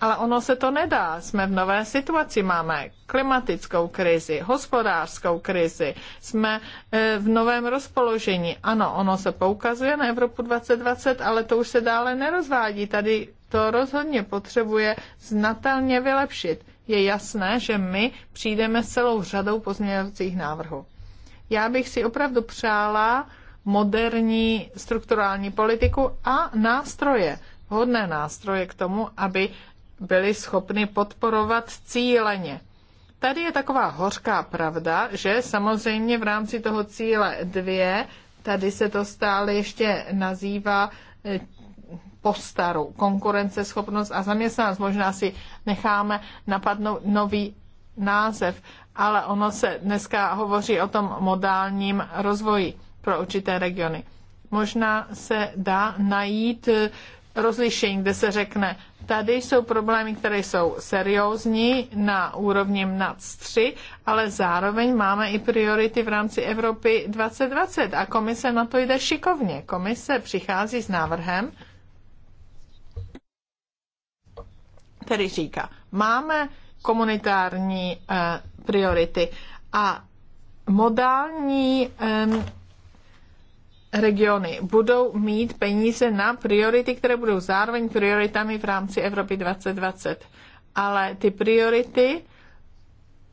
Ale ono se to nedá. Jsme v nové situaci. Máme klimatickou krizi, hospodářskou krizi, jsme e, v novém rozpoložení. Ano, ono se poukazuje na Evropu 2020, ale to už se dále nerozvádí. Tady to rozhodně potřebuje znatelně vylepšit. Je jasné, že my přijdeme s celou řadou pozměňovacích návrhů. Já bych si opravdu přála moderní strukturální politiku a nástroje, hodné nástroje k tomu, aby byli schopni podporovat cíleně. Tady je taková hořká pravda, že samozřejmě v rámci toho cíle dvě, tady se to stále ještě nazývá eh, postaru, konkurenceschopnost a zaměstnanost. Možná si necháme napadnout nový název, ale ono se dneska hovoří o tom modálním rozvoji pro určité regiony. Možná se dá najít eh, rozlišení, kde se řekne, tady jsou problémy, které jsou seriózní na úrovni nad 3, ale zároveň máme i priority v rámci Evropy 2020 a komise na to jde šikovně. Komise přichází s návrhem, který říká, máme komunitární eh, priority. A modální um, regiony budou mít peníze na priority, které budou zároveň prioritami v rámci Evropy 2020. Ale ty priority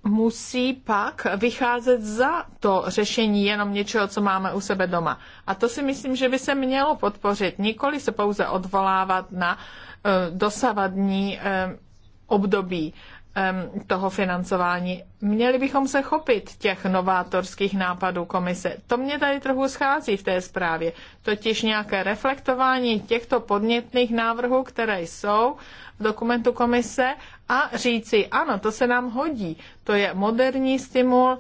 musí pak vycházet za to řešení jenom něčeho, co máme u sebe doma. A to si myslím, že by se mělo podpořit, nikoli se pouze odvolávat na uh, dosavadní uh, období toho financování. Měli bychom se chopit těch novátorských nápadů komise. To mě tady trochu schází v té zprávě. Totiž nějaké reflektování těchto podnětných návrhů, které jsou v dokumentu komise a říci, ano, to se nám hodí. To je moderní stimul,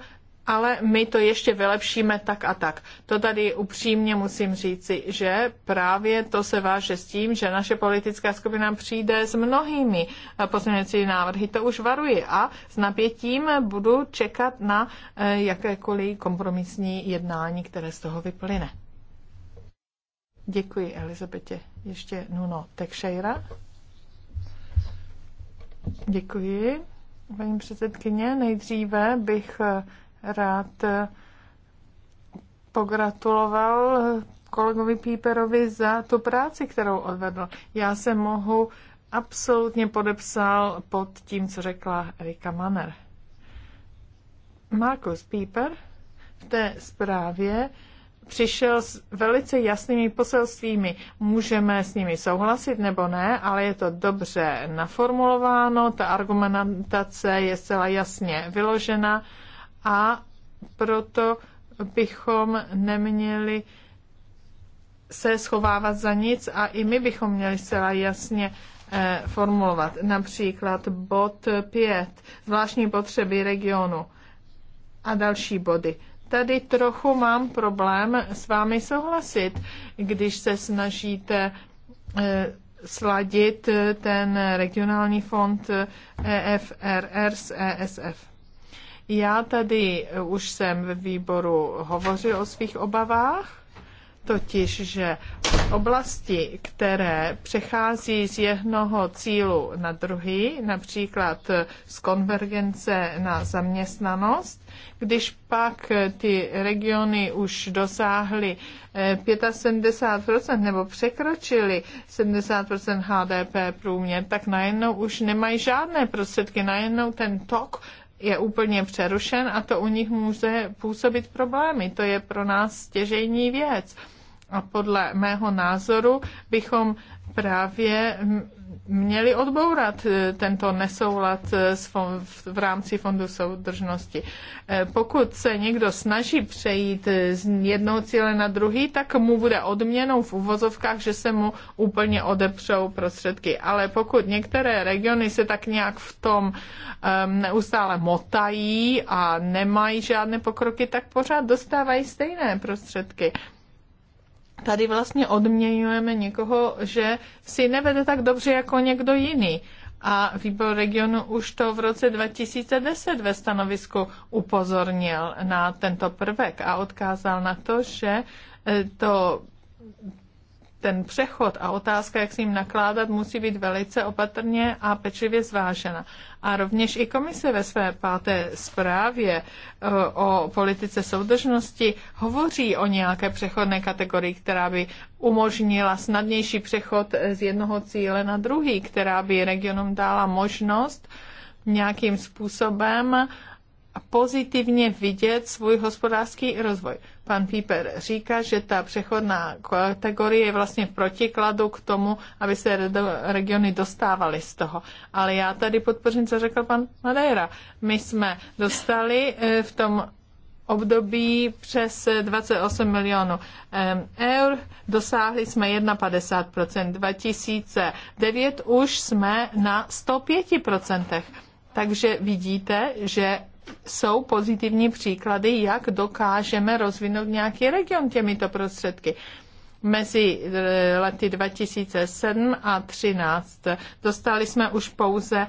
ale my to ještě vylepšíme tak a tak. To tady upřímně musím říci, že právě to se váže s tím, že naše politická skupina přijde s mnohými eh, pozměňovací návrhy. To už varuji a s napětím budu čekat na eh, jakékoliv kompromisní jednání, které z toho vyplyne. Děkuji, Elizabetě. Ještě Nuno Tekšejra. Děkuji, paní předsedkyně. Nejdříve bych eh, rád pogratuloval kolegovi Píperovi za tu práci, kterou odvedl. Já se mohu absolutně podepsal pod tím, co řekla Erika Manner. Markus Píper v té zprávě přišel s velice jasnými poselstvími. Můžeme s nimi souhlasit nebo ne, ale je to dobře naformulováno, ta argumentace je zcela jasně vyložena a proto bychom neměli se schovávat za nic a i my bychom měli zcela jasně eh, formulovat. Například bod 5, zvláštní potřeby regionu a další body. Tady trochu mám problém s vámi souhlasit, když se snažíte eh, sladit ten regionální fond EFRR s ESF. Já tady už jsem ve výboru hovořil o svých obavách, totiž, že oblasti, které přechází z jednoho cílu na druhý, například z konvergence na zaměstnanost, když pak ty regiony už dosáhly 75% eh, nebo překročily 70% HDP průměr, tak najednou už nemají žádné prostředky, najednou ten tok je úplně přerušen a to u nich může působit problémy. To je pro nás stěžejní věc. A podle mého názoru bychom právě měli odbourat eh, tento nesoulad eh, v rámci Fondu soudržnosti. Eh, pokud se někdo snaží přejít z jednoho cíle na druhý, tak mu bude odměnou v uvozovkách, že se mu úplně odepřou prostředky. Ale pokud některé regiony se tak nějak v tom ehm, neustále motají a nemají žádné pokroky, tak pořád dostávají stejné prostředky tady vlastně odměňujeme někoho, že si nevede tak dobře jako někdo jiný. A výbor regionu už to v roce 2010 ve stanovisku upozornil na tento prvek a odkázal na to, že eh, to ten přechod a otázka, jak s ním nakládat, musí být velice opatrně a pečlivě zvážena. A rovněž i komise ve své páté zprávě eh, o politice soudržnosti hovoří o nějaké přechodné kategorii, která by umožnila snadnější přechod z jednoho cíle na druhý, která by regionům dala možnost nějakým způsobem uh, pozitivně vidět svůj hospodářský rozvoj. Pan Píper říká, že ta přechodná kategorie je vlastně v protikladu k tomu, aby se regiony dostávaly z toho. Ale já tady podpořím, co řekl pan Madeira. My jsme dostali eh, v tom období přes 28 milionů ehm, eur. Dosáhli jsme 51%. 2009 už jsme na 105%. Takže vidíte, že jsou pozitivní příklady, jak dokážeme rozvinout nějaký region těmito prostředky mezi eh, lety 2007 a 2013. Dostali jsme už pouze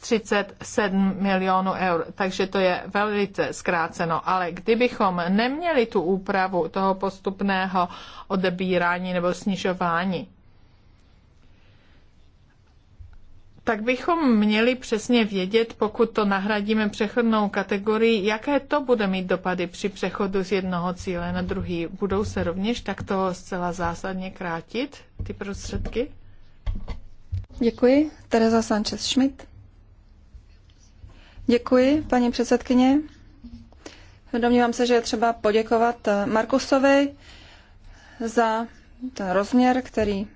37 eh, milionů eur, takže to je velice zkráceno. Ale kdybychom neměli tu úpravu toho postupného odebírání nebo snižování, tak bychom měli přesně vědět, pokud to nahradíme přechodnou kategorii, jaké to bude mít dopady při přechodu z jednoho cíle na druhý. Budou se rovněž takto zcela zásadně krátit ty prostředky? Děkuji. Tereza Sanchez Schmidt. Děkuji, paní předsedkyně. Domnívám se, že je třeba poděkovat Markusovi za ten rozměr, který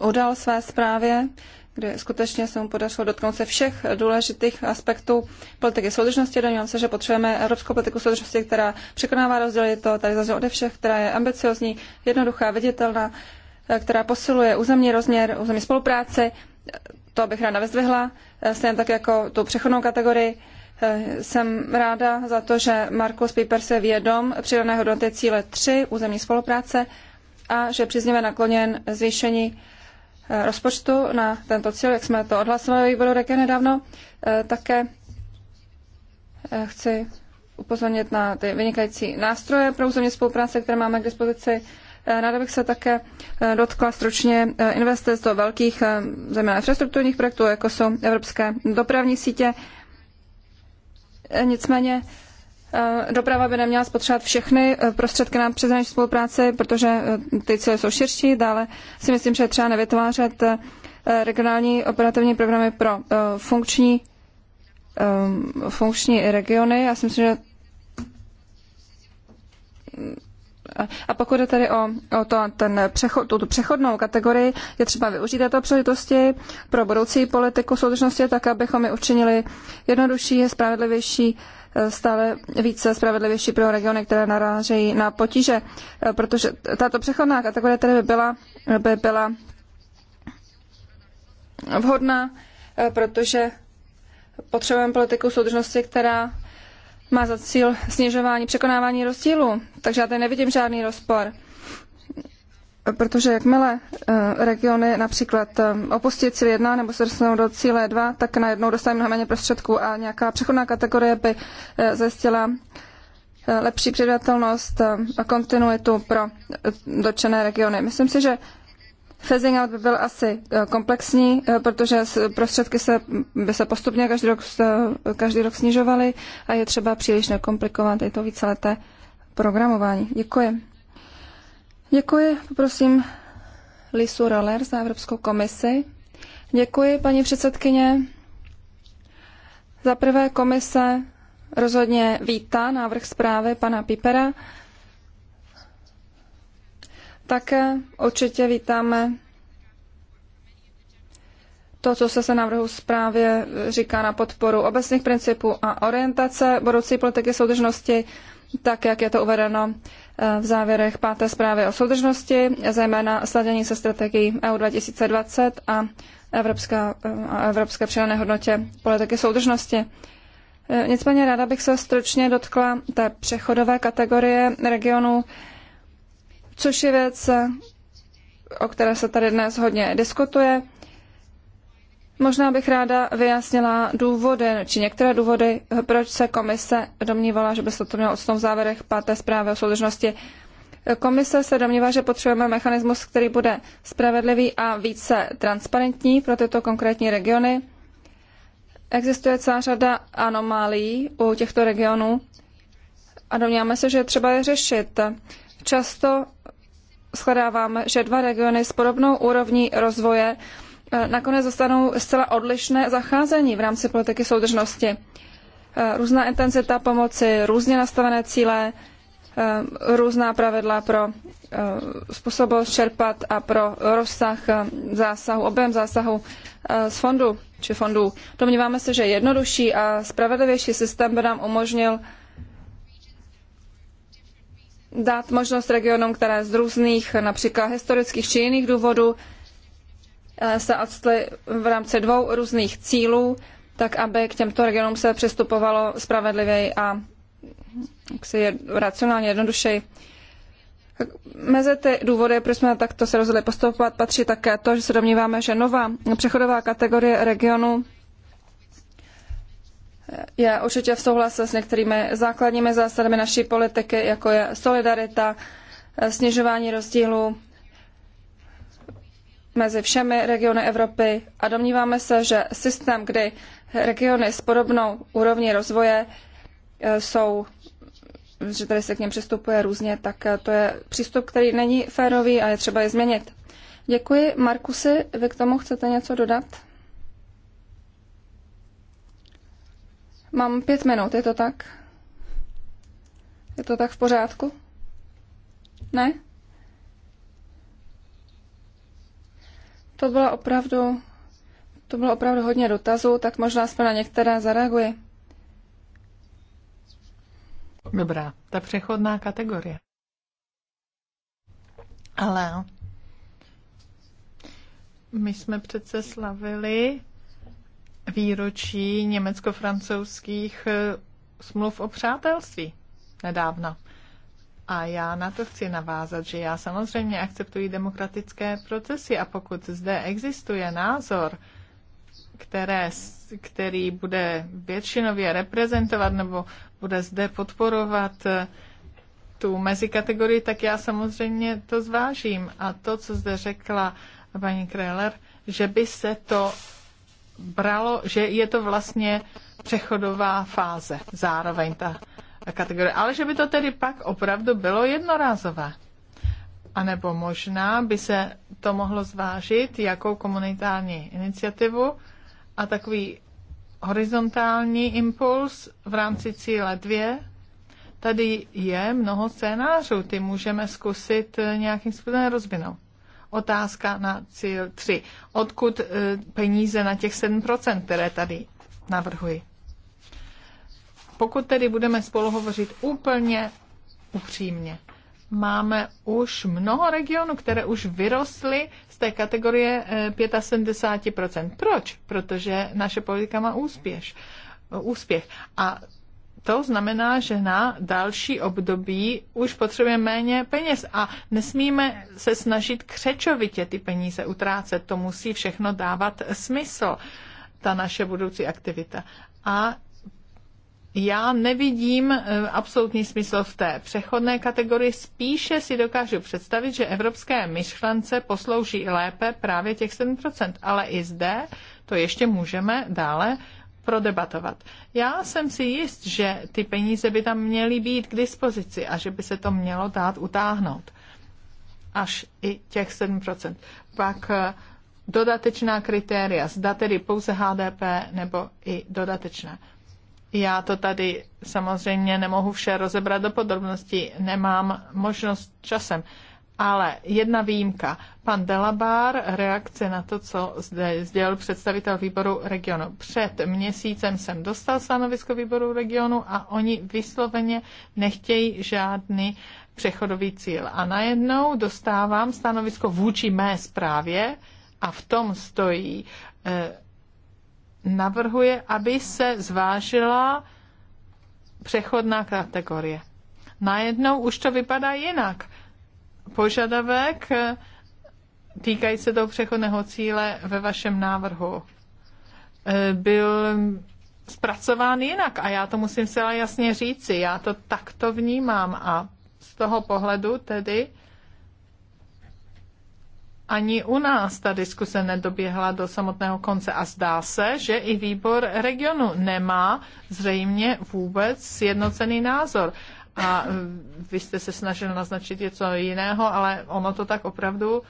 udal své zprávě kde skutečně se mu podařilo dotknout se všech důležitých aspektů politiky soudržnosti. Domnívám se, že potřebujeme evropskou politiku soudržnosti, která překonává rozdíly, to tady zase ode všech, která je ambiciozní, jednoduchá, viditelná, eh, která posiluje územní rozměr, územní spolupráci, to bych ráda vyzdvihla, eh, stejně tak jako tu přechodnou kategorii. Eh, jsem ráda za to, že Markus Piper se vědom přidané hodnoty cíle 3 územní spolupráce a že přizněme nakloněn zvýšení Eh, rozpočtu na tento cíl, jak jsme to odhlasovali výboru Reke nedávno. Eh, také eh, chci upozornit na ty vynikající nástroje pro územní spolupráce, které máme k dispozici. Ráda bych se také dotkla stručně investic do velkých zejména infrastrukturních projektů, jako jsou evropské dopravní sítě. Nicméně Eh, doprava by neměla spotřebovat všechny eh, prostředky na přeshraniční spolupráci, protože eh, ty cíle jsou širší. Dále si myslím, že je třeba nevytvářet regionální operativní programy pro funkční, funkční regiony. Já si myslím, že a pokud je tady o, o to, ten přechod, přechodnou kategorii, je třeba využít této příležitosti pro budoucí politiku soudržnosti, tak abychom ji učinili jednodušší, spravedlivější, uh, stále více spravedlivější pro regiony, které narážejí na potíže, protože tato přechodná kategorie tedy by byla, by byla vhodná, protože potřebujeme politiku soudržnosti, která má za cíl snižování, překonávání rozdílu. Takže já tady nevidím žádný rozpor protože jakmile eh, regiony například eh, opustí cíl 1 nebo se dostanou do cíle 2, tak najednou dostanou mnohem méně prostředků a nějaká přechodná kategorie by eh, zajistila lepší předvatelnost a kontinuitu pro dotčené regiony. Myslím si, že phasing out by byl asi komplexní, protože prostředky se, by se postupně každý rok, každý rok snižovaly a je třeba příliš nekomplikovat i to víceleté programování. Děkuji. Děkuji, poprosím Lisu Roller za Evropskou komisi. Děkuji, paní předsedkyně. Za prvé komise rozhodně vítá návrh zprávy pana Pipera. Také určitě vítáme to, co se se návrhu zprávě říká na podporu obecných principů a orientace budoucí politiky soudržnosti, tak jak je to uvedeno Eh, v závěrech páté zprávy o soudržnosti, zejména sladění se strategií EU 2020 a Evropská, eh, a Evropské přidané hodnotě politiky soudržnosti. Eh, nicméně ráda bych se stručně dotkla té přechodové kategorie regionů, což je věc, o které se tady dnes hodně diskutuje. Možná bych ráda vyjasnila důvody, či některé důvody, proč se komise domnívala, že by se to mělo odstnout v závěrech páté zprávy o soudržnosti. Komise se domnívá, že potřebujeme mechanismus, který bude spravedlivý a více transparentní pro tyto konkrétní regiony. Existuje celá řada anomálií u těchto regionů a domníváme se, že je třeba je řešit. Často shledáváme, že dva regiony s podobnou úrovní rozvoje Eh, nakonec dostanou zcela odlišné zacházení v rámci politiky soudržnosti. Eh, různá intenzita pomoci, různě nastavené cíle, eh, různá pravidla pro způsobost čerpat a pro rozsah zásahu, objem zásahu z fondu či fondů. Domníváme se, že jednodušší a spravedlivější systém by nám umožnil dát možnost regionům, které z různých, například historických či jiných důvodů, Eh, se odstly v rámci dvou různých cílů, tak aby k těmto regionům se přistupovalo spravedlivěji a jaksi racionálně jednodušeji. Mezi ty důvody, proč jsme takto se rozhodli postupovat, patří také to, že se domníváme, že nová přechodová kategorie regionu je určitě v souhlasu s některými základními zásadami naší politiky, jako je solidarita, snižování rozdílů, mezi všemi regiony Evropy a domníváme se, že systém, kdy regiony s podobnou úrovní rozvoje e, jsou, že tady se k něm přistupuje různě, tak e, to je přístup, který není férový a je třeba je změnit. Děkuji. Markusy, vy k tomu chcete něco dodat? Mám pět minut, je to tak? Je to tak v pořádku? Ne? To bylo opravdu, to bylo opravdu hodně dotazů, tak možná jsme na některé zareaguje. Dobrá, ta přechodná kategorie. Ale my jsme přece slavili výročí německo-francouzských eh, smluv o přátelství nedávno. A já na to chci navázat, že já samozřejmě akceptuji demokratické procesy a pokud zde existuje názor, které, který bude většinově reprezentovat nebo bude zde podporovat eh, tu mezikategorii, tak já samozřejmě to zvážím. A to, co zde řekla paní Kreller, že by se to bralo, že je to vlastně přechodová fáze zároveň ta kategorie, ale že by to tedy pak opravdu bylo jednorázové. A nebo možná by se to mohlo zvážit jako komunitární iniciativu a takový horizontální impuls v rámci cíle dvě. Tady je mnoho scénářů, ty můžeme zkusit nějakým způsobem rozvinout. Otázka na cíl 3. Odkud eh, peníze na těch 7%, které tady navrhuji? pokud tedy budeme spolu hovořit úplně upřímně, máme už mnoho regionů, které už vyrostly z té kategorie 75%. Eh, Proč? Protože naše politika má úspěš, eh, úspěch. A to znamená, že na další období už potřebujeme méně peněz a nesmíme se snažit křečovitě ty peníze utrácet. To musí všechno dávat smysl, ta naše budoucí aktivita. A já nevidím eh, absolutní smysl v té přechodné kategorii. Spíše si dokážu představit, že evropské myšlence poslouží lépe právě těch 7%, ale i zde to ještě můžeme dále prodebatovat. Já jsem si jist, že ty peníze by tam měly být k dispozici a že by se to mělo dát utáhnout. Až i těch 7%. Pak eh, dodatečná kritéria, zda tedy pouze HDP nebo i dodatečné já to tady samozřejmě nemohu vše rozebrat do podrobností, nemám možnost časem. Ale jedna výjimka. Pan Delabár, reakce na to, co zde sdělil představitel výboru regionu. Před měsícem jsem dostal stanovisko výboru regionu a oni vysloveně nechtějí žádný přechodový cíl. A najednou dostávám stanovisko vůči mé zprávě a v tom stojí eh, navrhuje, aby se zvážila přechodná kategorie. Najednou už to vypadá jinak. Požadavek eh, týkají se toho přechodného cíle ve vašem návrhu. Eh, byl zpracován jinak a já to musím zcela jasně říci. Já to takto vnímám a z toho pohledu tedy ani u nás ta diskuse nedoběhla do samotného konce a zdá se, že i výbor regionu nemá zřejmě vůbec sjednocený názor. A e, vy jste se snažil naznačit něco jiného, ale ono to tak opravdu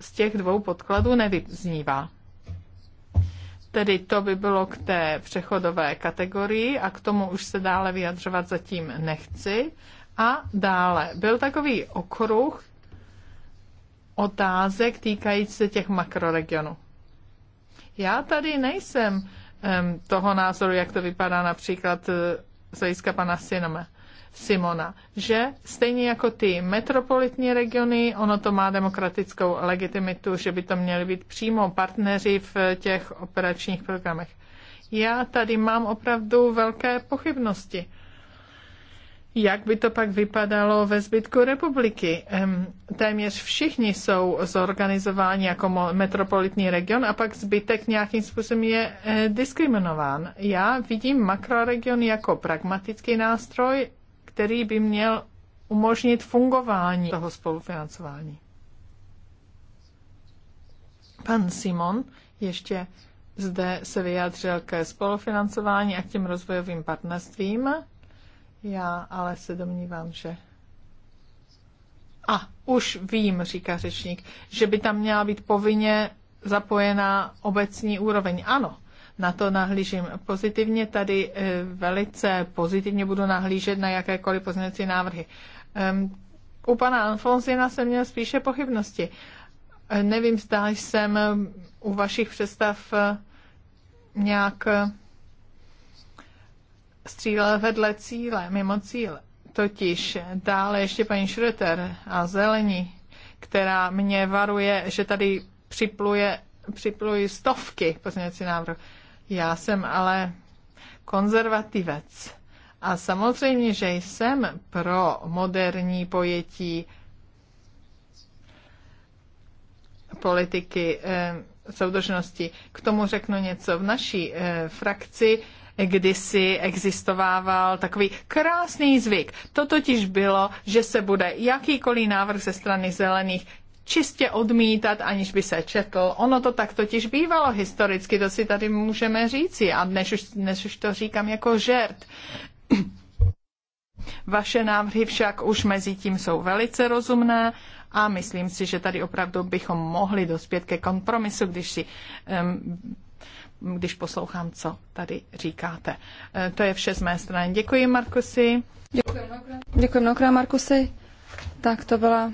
z těch dvou podkladů nevyznívá. Tedy to by bylo k té přechodové kategorii a k tomu už se dále vyjadřovat zatím nechci. A dále byl takový okruh, otázek týkající se těch makroregionů. Já tady nejsem um, toho názoru, jak to vypadá například uh, z hlediska pana Sinome. Simona, že stejně jako ty metropolitní regiony, ono to má demokratickou legitimitu, že by to měli být přímo partneři v těch operačních programech. Já tady mám opravdu velké pochybnosti jak by to pak vypadalo ve zbytku republiky? Téměř všichni jsou zorganizováni jako metropolitní region a pak zbytek nějakým způsobem je eh, diskriminován. Já vidím makroregion jako pragmatický nástroj, který by měl umožnit fungování toho spolufinancování. Pan Simon ještě zde se vyjádřil ke spolufinancování a k těm rozvojovým partnerstvím. Já ale se domnívám, že... A, už vím, říká řečník, že by tam měla být povinně zapojená obecní úroveň. Ano, na to nahlížím pozitivně. Tady eh, velice pozitivně budu nahlížet na jakékoliv pozměnící návrhy. Ehm, u pana Alfonsina jsem měl spíše pochybnosti. Eh, nevím, zda jsem eh, u vašich představ nějak střílel vedle cíle, mimo cíl. Totiž dále ještě paní Schröter a zelení, která mě varuje, že tady připluje, připluje stovky pozměňovací návrh. Já jsem ale konzervativec. A samozřejmě, že jsem pro moderní pojetí politiky e, soudržnosti. K tomu řeknu něco. V naší e, frakci e, kdysi existovával takový krásný zvyk. To totiž bylo, že se bude jakýkoliv návrh ze strany zelených čistě odmítat, aniž by se četl. Ono to tak totiž bývalo historicky, to si tady můžeme říci a dnes už, dnes už to říkám jako žert. Vaše návrhy však už mezi tím jsou velice rozumné a myslím si, že tady opravdu bychom mohli dospět ke kompromisu, když si um, když poslouchám, co tady říkáte. Eh, to je vše z mé strany. Děkuji, Markusy. Děkuji mnohokrát, Děkuji Tak to byla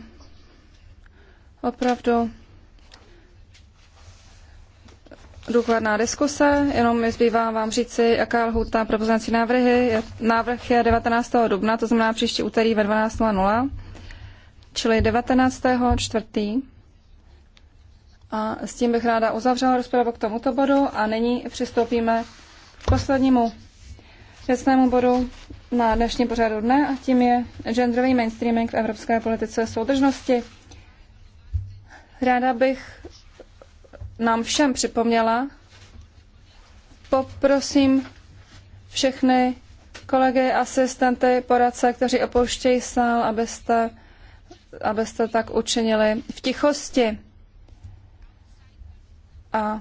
opravdu důkladná diskuse, jenom mi zbývá vám říci, jaká lhůta pro poznací návrhy. Návrh je 19. dubna, to znamená příští úterý ve 12.00, čili 19. čtvrtý. A s tím bych ráda uzavřela rozpravu k tomuto bodu a nyní přistoupíme k poslednímu věcnému bodu na dnešní pořadu dne a tím je genderový mainstreaming v evropské politice soudržnosti. Ráda bych nám všem připomněla, poprosím všechny kolegy, asistenty, poradce, kteří opouštějí sál, abyste, abyste tak učinili v tichosti a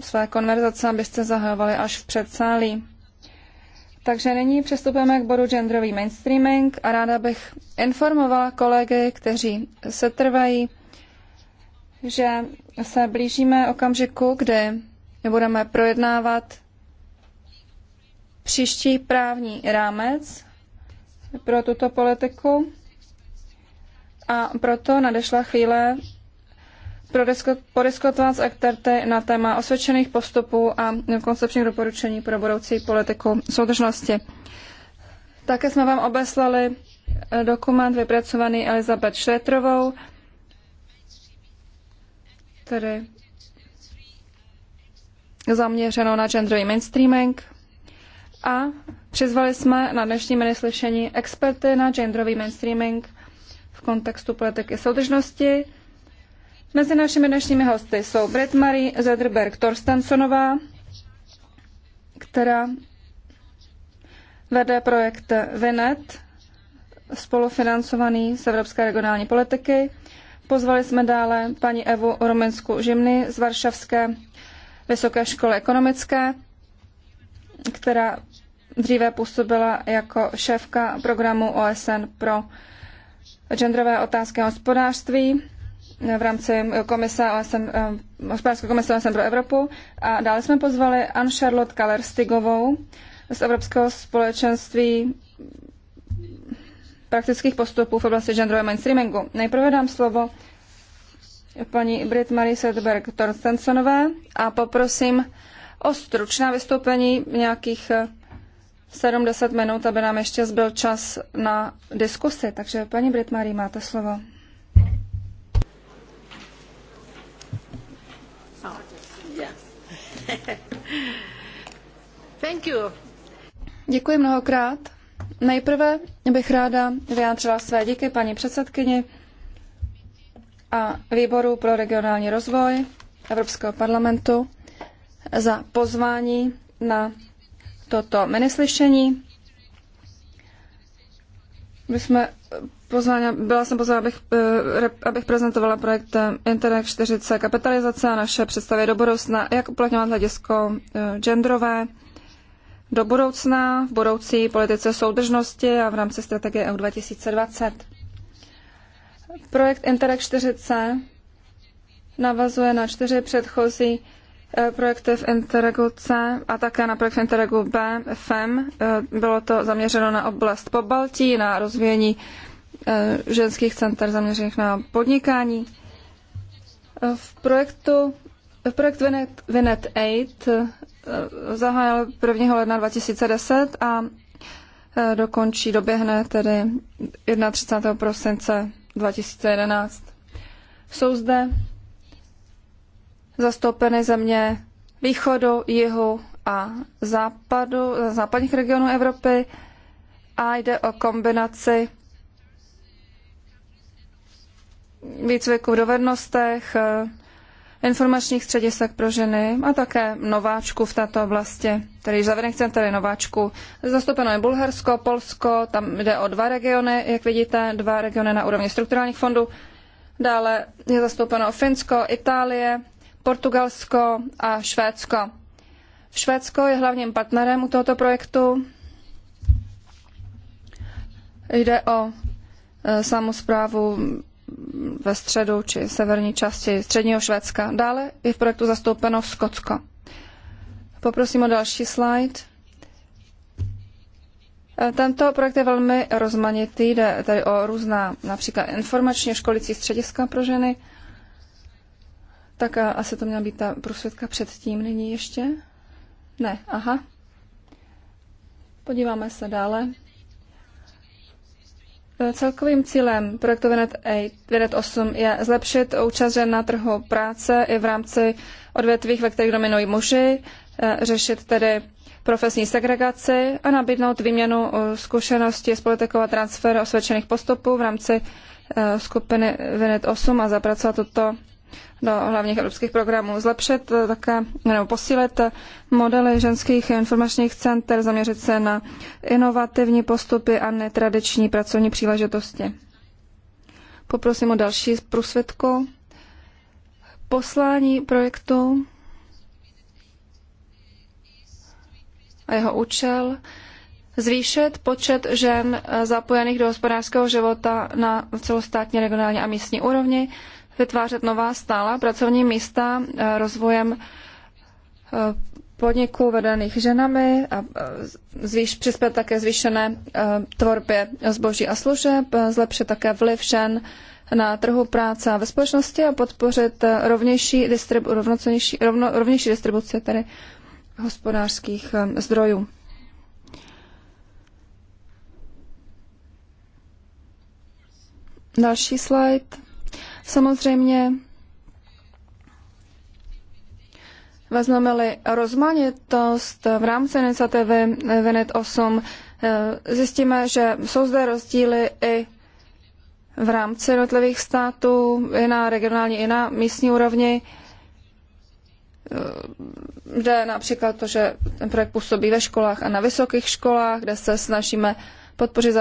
své konverzace abyste zahajovali až v předsálí. Takže nyní přistupujeme k bodu genderový mainstreaming a ráda bych informovala kolegy, kteří se trvají, že se blížíme okamžiku, kdy budeme projednávat příští právní rámec pro tuto politiku a proto nadešla chvíle diskutovat s experty na téma osvědčených postupů a koncepčních doporučení pro budoucí politiku soudržnosti. Také jsme vám obeslali eh, dokument vypracovaný Elizabeth Šetrovou, tedy zaměřenou na genderový mainstreaming. A přizvali jsme na dnešní minislyšení experty na genderový mainstreaming v kontextu politiky soudržnosti Mezi našimi dnešními hosty jsou Brett Marie Zederberg Torstensonová, která vede projekt Vinet, spolufinancovaný z Evropské regionální politiky. Pozvali jsme dále paní Evu Rumensku Žimny z Varšavské vysoké školy ekonomické, která dříve působila jako šéfka programu OSN pro genderové otázky a hospodářství Eh, v rámci eh, komise OSN, eh, hospodářské komise OSN pro Evropu. A dále jsme pozvali Anne Charlotte Kalerstigovou z Evropského společenství praktických postupů v oblasti genderového mainstreamingu. Nejprve dám slovo paní Brit Marie Sedberg Torstensonové a poprosím o stručné vystoupení nějakých 70 minut, aby nám ještě zbyl čas na diskusi. Takže paní Brit Marie, máte slovo. Děkuji mnohokrát. Nejprve bych ráda vyjádřila své díky paní předsedkyni a Výboru pro regionální rozvoj Evropského parlamentu za pozvání na toto minislyšení my jsme pozvána, byla jsem pozvána, abych, eh, abych prezentovala projekt eh, Internet 40 kapitalizace a naše představy do budoucna, jak uplatňovat hledisko eh, genderové do budoucna, v budoucí politice soudržnosti a v rámci strategie EU 2020. Projekt Interreg 4C navazuje na čtyři předchozí Eh, projekty v Interregu C a také na projekt v Interregu B, FEM. Eh, bylo to zaměřeno na oblast Pobaltí, na rozvíjení eh, ženských center zaměřených na podnikání. V projektu v projekt Vinet, Vinet 8 zahájil 1. ledna 2010 a dokončí, doběhne tedy 31. prosince 2011. Jsou zde zastoupeny země východu, jihu a západu, západních regionů Evropy a jde o kombinaci výcviku v dovednostech, informačních středisek pro ženy a také nováčku v této oblasti, tedy zavedených center je nováčku. Zastoupeno je Bulharsko, Polsko, tam jde o dva regiony, jak vidíte, dva regiony na úrovni strukturálních fondů. Dále je zastoupeno Finsko, Itálie, Portugalsko a Švédsko. Švédsko je hlavním partnerem u tohoto projektu. Jde o e, samozprávu ve středu či severní části středního Švédska. Dále je v projektu zastoupeno Skotsko. Poprosím o další slide. E, tento projekt je velmi rozmanitý, jde tady o různá například informačně školicí střediska pro ženy, tak a asi to měla být ta prosvědka předtím, není ještě? Ne, aha. Podíváme se dále. E, celkovým cílem projektu Venet 8 je zlepšit účast žen na trhu práce i v rámci odvětvích, ve kterých dominují muži, e, řešit tedy profesní segregaci a nabídnout výměnu e, zkušeností s politikou a transfer osvědčených postupů v rámci skupiny Venet 8 a zapracovat toto do hlavních evropských programů, zlepšit eh, také nebo posílit eh, modely ženských informačních center, zaměřit se na inovativní postupy a netradiční pracovní příležitosti. Poprosím o další průsvědku. Poslání projektu a jeho účel zvýšit počet žen eh, zapojených do hospodářského života na celostátní, regionální a místní úrovni, vytvářet nová stála pracovní místa eh, rozvojem eh, podniků vedených ženami a eh, zvýš, přispět také zvýšené tvorbě zboží a služeb, zlepšit také vliv žen na trhu práce a ve společnosti a podpořit rovnější, distribu, rovnocenější, rovno, rovnější distribuci tedy hospodářských zdrojů. Další slide. Samozřejmě Vezmeme-li rozmanitost v rámci iniciativy Vinit 8, eh, zjistíme, že jsou zde rozdíly i v rámci jednotlivých států, i na regionální, i na místní úrovni, kde eh, například to, že ten projekt působí ve školách a na vysokých školách, kde se snažíme podpořit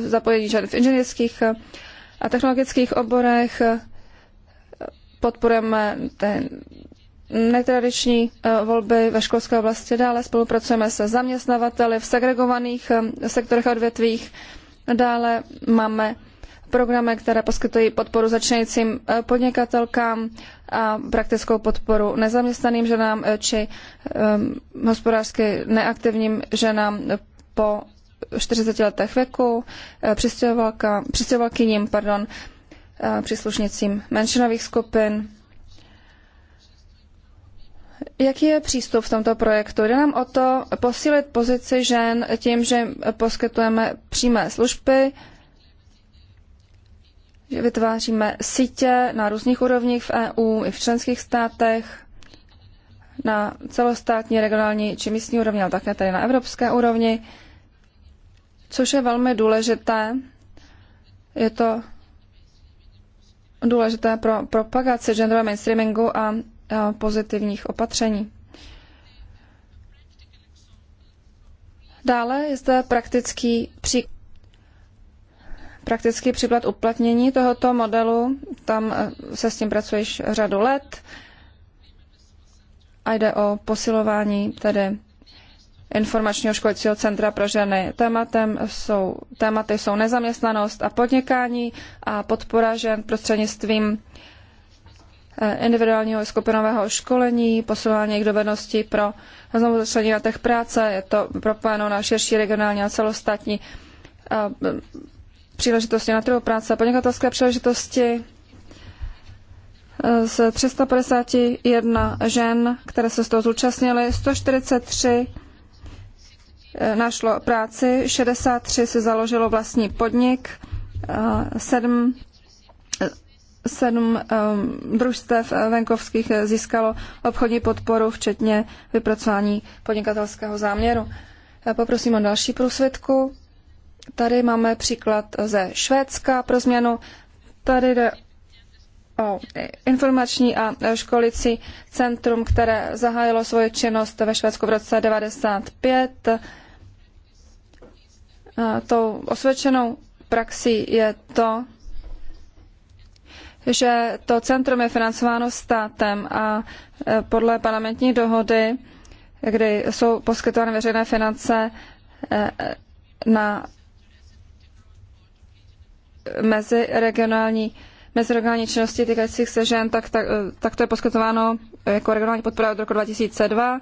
zapojení žen v inženýrských eh, a technologických oborech. Eh, podporujeme ten netradiční eh, volby ve školské oblasti dále, spolupracujeme se zaměstnavateli v segregovaných eh, sektorech a odvětvích. Dále máme programy, které poskytují podporu začínajícím podnikatelkám a praktickou podporu nezaměstnaným ženám či hospodářsky neaktivním ženám po 40 letech věku, eh, přistěhovalkyním, pardon, eh, příslušnicím menšinových skupin. Jaký je přístup v tomto projektu? Jde nám o to posílit pozici žen tím, že poskytujeme přímé služby, že vytváříme sítě na různých úrovních v EU i v členských státech, na celostátní, regionální či místní úrovni, ale také tady na evropské úrovni což je velmi důležité. Je to důležité pro propagaci genderového mainstreamingu a pozitivních opatření. Dále je zde praktický, pří... praktický příklad uplatnění tohoto modelu. Tam e, se s tím pracuješ řadu let a jde o posilování tedy informačního školícího centra pro ženy. Tématem jsou, tématy jsou nezaměstnanost a podnikání a podpora žen prostřednictvím eh, individuálního skupinového školení, posilování jejich dovedností pro znovu začlení na trh práce, je to propojeno na širší regionální a celostatní eh, příležitosti na trhu práce, podnikatelské příležitosti eh, z 351 žen, které se z toho zúčastnily, 143 Eh, našlo práci, 63 si založilo vlastní podnik, 7 eh, 7 eh, družstev venkovských získalo obchodní podporu, včetně vypracování podnikatelského záměru. Poprosím o další průsvědku. Tady máme příklad ze Švédska pro změnu. Tady jde o informační a školicí centrum, které zahájilo svoji činnost ve Švédsku v roce 95 tou osvědčenou praxí je to, že to centrum je financováno státem a e, podle parlamentní dohody, kdy jsou poskytovány veřejné finance e, na meziregionální meziregionální činnosti týkajících se žen, tak, tak, e, tak to je poskytováno jako regionální podpora od roku 2002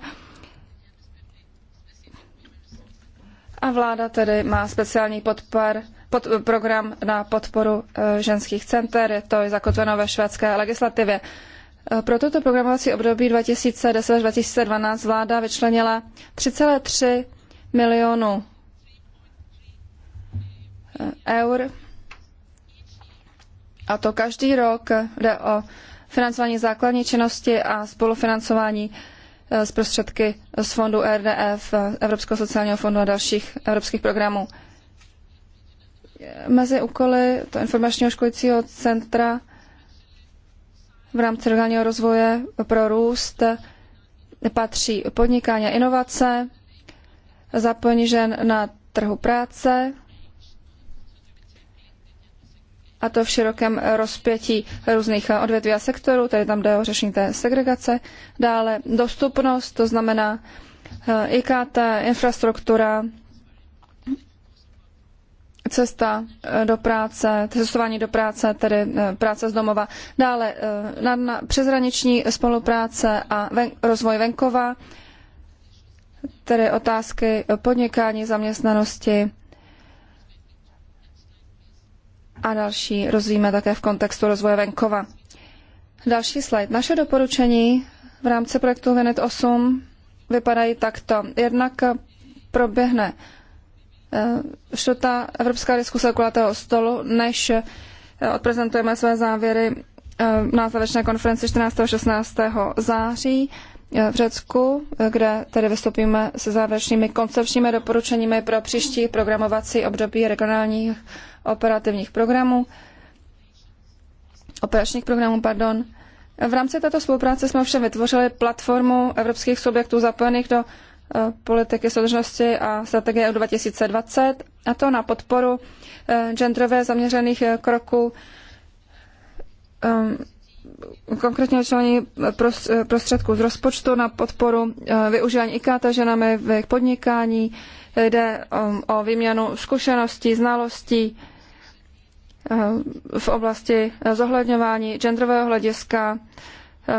a vláda tedy má speciální podpor, pod, program na podporu e, ženských center, to je zakotveno ve švédské legislativě. E, pro toto programovací období 2010 až 2012 vláda vyčlenila 3,3 milionu e, eur a to každý rok jde o financování základní činnosti a spolufinancování Eh, z prostředky z fondu RDF, eh, Evropského sociálního fondu a dalších evropských programů. Eh, mezi úkoly to informačního školicího centra v rámci regionálního rozvoje pro růst patří podnikání a inovace, zapojení žen na trhu práce, a to v širokém rozpětí různých eh, odvětví a sektorů, tedy tam jde o řešení té segregace. Dále dostupnost, to znamená eh, IKT, infrastruktura, cesta eh, do práce, cestování do práce, tedy práce z domova. Dále na, na přezraniční spolupráce a ven, rozvoj venkova, tedy otázky podnikání, zaměstnanosti, a další rozvíjíme také v kontextu rozvoje venkova. Další slide. Naše doporučení v rámci projektu Vinet 8 vypadají takto. Jednak proběhne eh, ta Evropská diskuse kulatého stolu, než eh, odprezentujeme své závěry eh, na závěrečné konferenci 14. a 16. září. Eh, v Řecku, eh, kde tedy vystoupíme se závěrečnými koncepčními doporučeními pro příští programovací období regionálních operativních programů, operačních programů, pardon. V rámci této spolupráce jsme ovšem vytvořili platformu evropských subjektů zapojených do eh, politiky soudržnosti a strategie EU 2020, a to na podporu genderově zaměřených kroků ehm, konkrétně člení prostředků z rozpočtu na podporu eh, využívání IKT ženami v jejich podnikání. Jde um, o výměnu zkušeností, znalostí eh, v oblasti eh, zohledňování genderového hlediska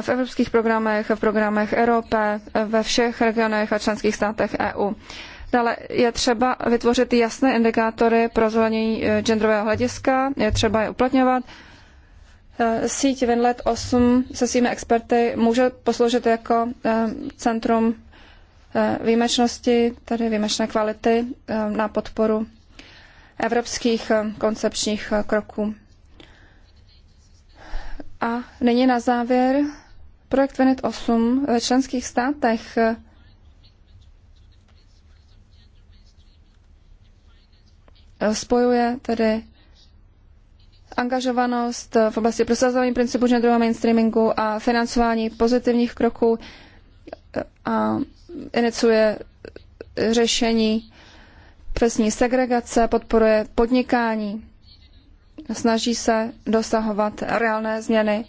v evropských programech, v programech Europe, ve všech regionech a členských státech EU. Dále je třeba vytvořit jasné indikátory pro zohlednění genderového hlediska, je třeba je uplatňovat Eh, síť Vinlet 8 se svými experty může posloužit jako eh, centrum eh, výjimečnosti, tedy výjimečné kvality na podporu evropských koncepčních kroků. A nyní na závěr projekt Vinit 8 ve členských státech spojuje tedy angažovanost v oblasti prosazování principu genderového mainstreamingu a financování pozitivních kroků a iniciuje řešení přesní segregace, podporuje podnikání, snaží se dosahovat reálné změny.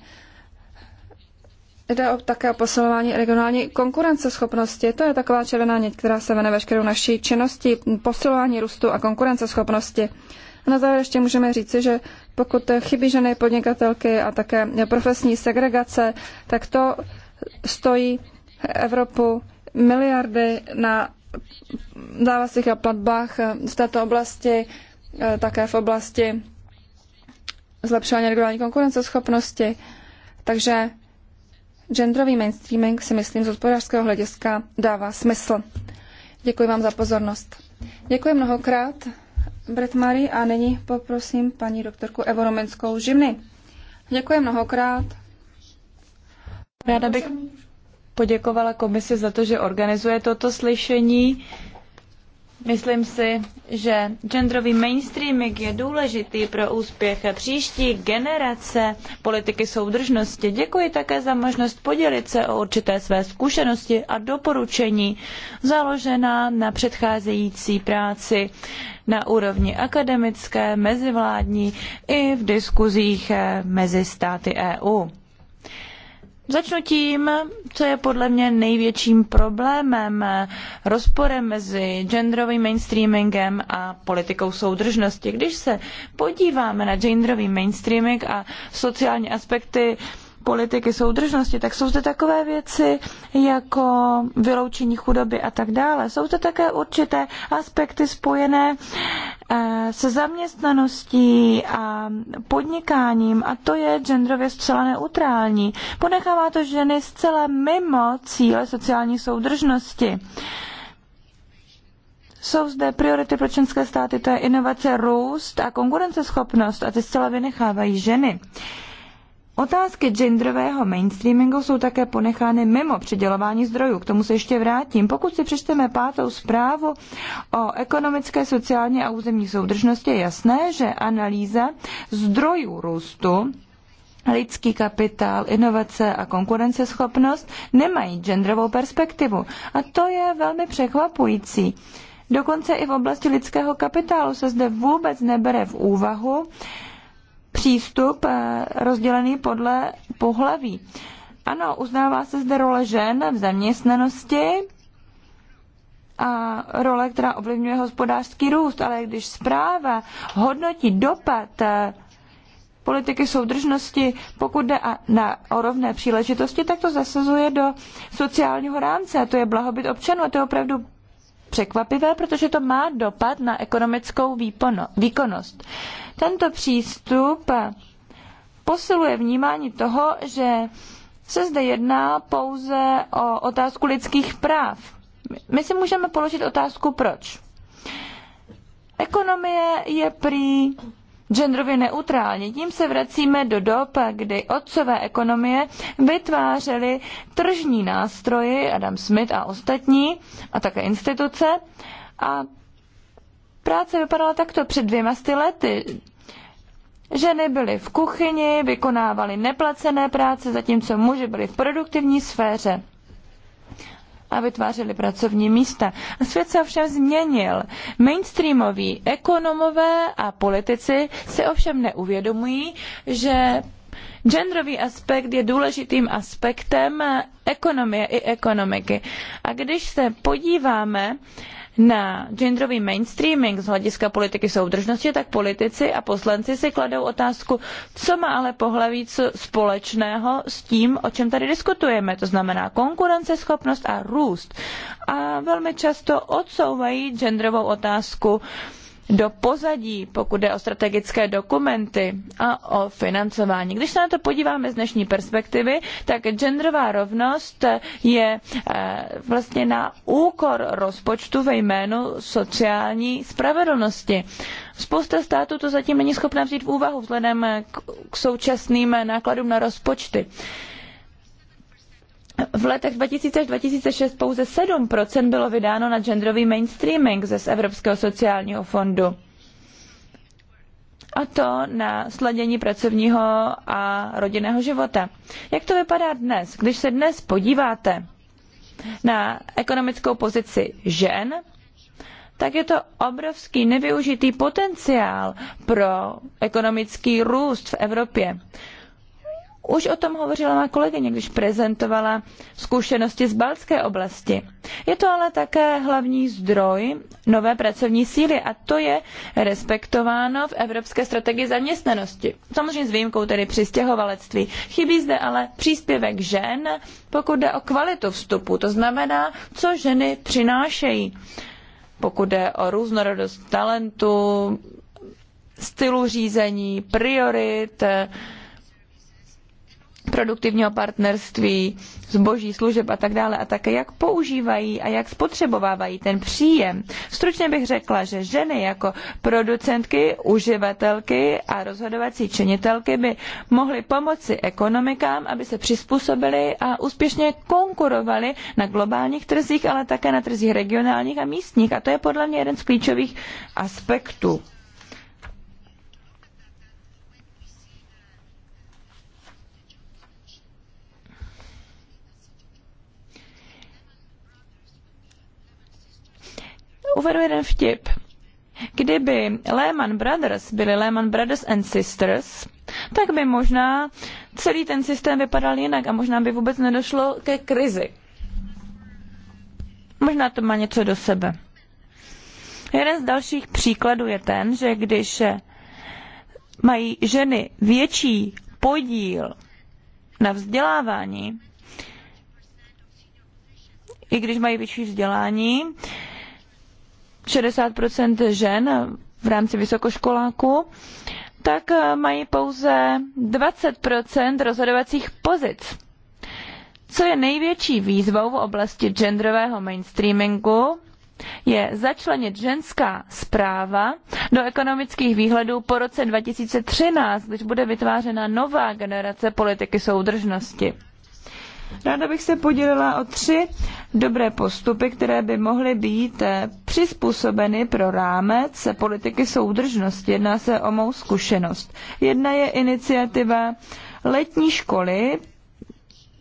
Jde o také o posilování regionální konkurenceschopnosti. To je taková červená nit, která se vene veškerou naší činností, posilování růstu a konkurenceschopnosti. A na závěr ještě můžeme říci, že pokud chybí ženy podnikatelky a také profesní segregace, tak to stojí Evropu miliardy na závazcích a platbách v této oblasti, eh, také v oblasti zlepšování regionální konkurenceschopnosti. Takže genderový mainstreaming si myslím z hospodářského hlediska dává smysl. Děkuji vám za pozornost. Děkuji mnohokrát. Bretmary a nyní poprosím paní doktorku Evo Romenskou Žimny. Děkuji mnohokrát. Ráda bych poděkovala komisi za to, že organizuje toto slyšení. Myslím si, že genderový mainstreaming je důležitý pro úspěch příští generace politiky soudržnosti. Děkuji také za možnost podělit se o určité své zkušenosti a doporučení založená na předcházející práci na úrovni akademické, mezivládní i v diskuzích eh, mezi státy EU. Začnu tím, co je podle mě největším problémem, eh, rozporem mezi genderovým mainstreamingem a politikou soudržnosti. Když se podíváme na genderový mainstreaming a sociální aspekty politiky soudržnosti, tak jsou zde takové věci jako vyloučení chudoby a tak dále. Jsou zde také určité aspekty spojené eh, se zaměstnaností a podnikáním a to je genderově zcela neutrální. Ponechává to ženy zcela mimo cíle sociální soudržnosti. Jsou zde priority pro členské státy, to je inovace, růst a konkurenceschopnost a ty zcela vynechávají ženy. Uh, Otázky genderového mainstreamingu jsou také ponechány mimo přidělování zdrojů. K tomu se ještě vrátím. Pokud si přečteme pátou zprávu o ekonomické, sociální a územní soudržnosti, je jasné, že analýza zdrojů růstu lidský kapitál, inovace a konkurenceschopnost nemají genderovou perspektivu. A to je velmi překvapující. Dokonce i v oblasti lidského kapitálu se zde vůbec nebere v úvahu, přístup eh, rozdělený podle pohlaví. Ano, uznává se zde role žen v zaměstnanosti a role, která ovlivňuje hospodářský růst, ale když zpráva hodnotí dopad eh, politiky soudržnosti, pokud jde na, o rovné příležitosti, tak to zasazuje do sociálního rámce. A to je blahobyt občanů a to je opravdu překvapivé, protože to má dopad na ekonomickou výpono, výkonnost. Tento přístup posiluje vnímání toho, že se zde jedná pouze o otázku lidských práv. My si můžeme položit otázku, proč. Ekonomie je prý genderově neutrálně. Tím se vracíme do dob, kdy otcové ekonomie vytvářely tržní nástroje, Adam Smith a ostatní, a také instituce. A práce vypadala takto před dvěma sty lety. Ženy byly v kuchyni, vykonávaly neplacené práce, zatímco muži byli v produktivní sféře a vytvářeli pracovní místa. A svět se ovšem změnil. Mainstreamoví ekonomové a politici si ovšem neuvědomují, že Genderový aspekt je důležitým aspektem ekonomie i ekonomiky. A když se podíváme na genderový mainstreaming z hlediska politiky soudržnosti, tak politici a poslanci si kladou otázku, co má ale pohlaví společného s tím, o čem tady diskutujeme, to znamená konkurenceschopnost a růst. A velmi často odsouvají genderovou otázku do pozadí, pokud jde o strategické dokumenty a o financování. Když se na to podíváme z dnešní perspektivy, tak genderová rovnost je eh, vlastně na úkor rozpočtu ve jménu sociální spravedlnosti. Spousta států to zatím není schopna vzít v úvahu vzhledem k současným nákladům na rozpočty v letech 2000 až 2006 pouze 7% bylo vydáno na genderový mainstreaming ze z Evropského sociálního fondu. A to na sladění pracovního a rodinného života. Jak to vypadá dnes? Když se dnes podíváte na ekonomickou pozici žen, tak je to obrovský nevyužitý potenciál pro ekonomický růst v Evropě. Už o tom hovořila má kolegyně, když prezentovala zkušenosti z Balské oblasti. Je to ale také hlavní zdroj nové pracovní síly a to je respektováno v Evropské strategii zaměstnanosti. Samozřejmě s výjimkou tedy přistěhovalectví. Chybí zde ale příspěvek žen, pokud jde o kvalitu vstupu, to znamená, co ženy přinášejí. Pokud jde o různorodost talentu, stylu řízení, priorit, produktivního partnerství, zboží, služeb a tak dále a také jak používají a jak spotřebovávají ten příjem. Stručně bych řekla, že ženy jako producentky, uživatelky a rozhodovací činitelky by mohly pomoci ekonomikám, aby se přizpůsobily a úspěšně konkurovaly na globálních trzích, ale také na trzích regionálních a místních. A to je podle mě jeden z klíčových aspektů. Uvedu jeden vtip. Kdyby Lehman Brothers byli Lehman Brothers and Sisters, tak by možná celý ten systém vypadal jinak a možná by vůbec nedošlo ke krizi. Možná to má něco do sebe. Jeden z dalších příkladů je ten, že když mají ženy větší podíl na vzdělávání, i když mají větší vzdělání, 60 žen v rámci vysokoškoláků, tak eh, mají pouze 20 rozhodovacích pozic. Co je největší výzvou v oblasti genderového mainstreamingu, je začlenit ženská zpráva do ekonomických výhledů po roce 2013, když bude vytvářena nová generace politiky soudržnosti. Ráda bych se podělila o tři dobré postupy, které by mohly být eh, přizpůsobeny pro rámec politiky soudržnosti. Jedná se o mou zkušenost. Jedna je iniciativa letní školy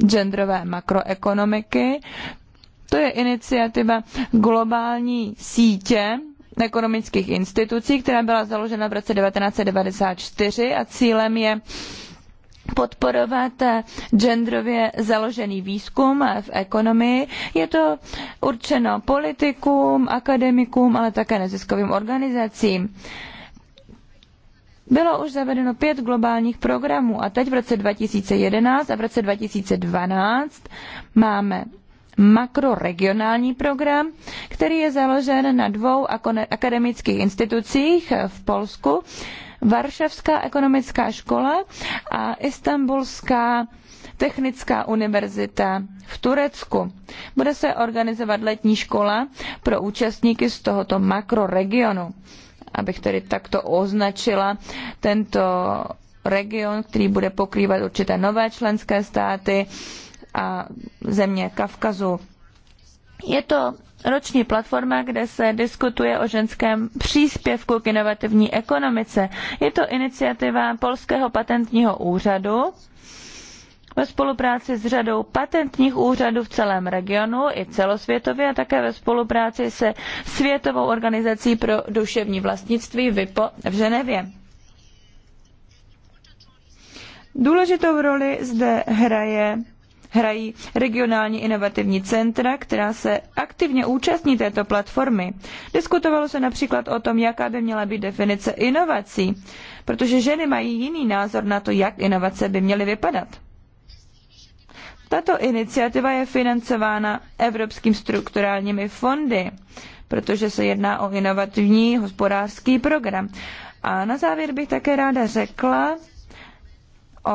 genderové makroekonomiky. To je iniciativa globální sítě ekonomických institucí, která byla založena v roce 1994 a cílem je podporovat genderově založený výzkum v ekonomii. Je to určeno politikům, akademikům, ale také neziskovým organizacím. Bylo už zavedeno pět globálních programů a teď v roce 2011 a v roce 2012 máme makroregionální program, který je založen na dvou akademických institucích v Polsku, Varšavská ekonomická škola a Istanbulská Technická univerzita v Turecku. Bude se organizovat letní škola pro účastníky z tohoto makroregionu, abych tedy takto označila tento region, který bude pokrývat určité nové členské státy a země Kavkazu. Je to roční platforma, kde se diskutuje o ženském příspěvku k inovativní ekonomice. Je to iniciativa Polského patentního úřadu ve spolupráci s řadou patentních úřadů v celém regionu i celosvětově a také ve spolupráci se Světovou organizací pro duševní vlastnictví VIPO v Ženevě. Důležitou roli zde hraje hrají regionální inovativní centra, která se aktivně účastní této platformy. Diskutovalo se například o tom, jaká by měla být definice inovací, protože ženy mají jiný názor na to, jak inovace by měly vypadat. Tato iniciativa je financována Evropským strukturálními fondy, protože se jedná o inovativní hospodářský program. A na závěr bych také ráda řekla o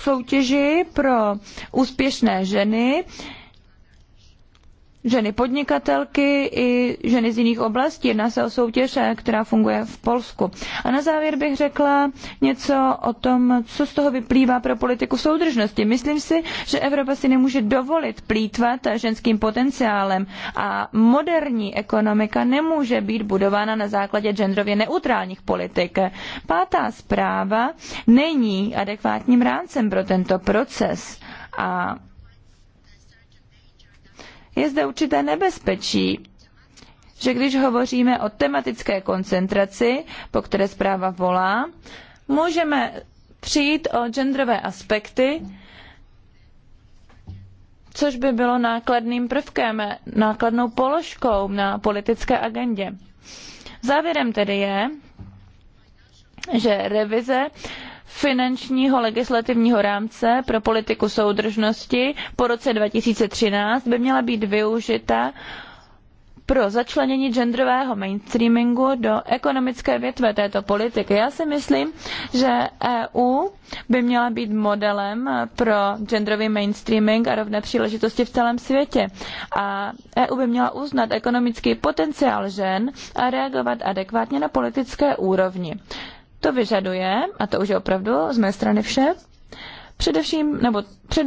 soutěži pro úspěšné ženy ženy podnikatelky i ženy z jiných oblastí. Jedná se o soutěž, eh, která funguje v Polsku. A na závěr bych řekla něco o tom, co z toho vyplývá pro politiku soudržnosti. Myslím si, že Evropa si nemůže dovolit plítvat ženským potenciálem a moderní ekonomika nemůže být budována na základě genderově neutrálních politik. Pátá zpráva není adekvátním rámcem pro tento proces. A je zde určité nebezpečí, že když hovoříme o tematické koncentraci, po které zpráva volá, můžeme přijít o genderové aspekty, což by bylo nákladným prvkem, nákladnou položkou na politické agendě. Závěrem tedy je, že revize finančního legislativního rámce pro politiku soudržnosti po roce 2013 by měla být využita pro začlenění genderového mainstreamingu do ekonomické větve této politiky. Já si myslím, že EU by měla být modelem pro genderový mainstreaming a rovné příležitosti v celém světě. A EU by měla uznat ekonomický potenciál žen a reagovat adekvátně na politické úrovni. To vyžaduje, a to už je opravdu z mé strany vše, především, nebo při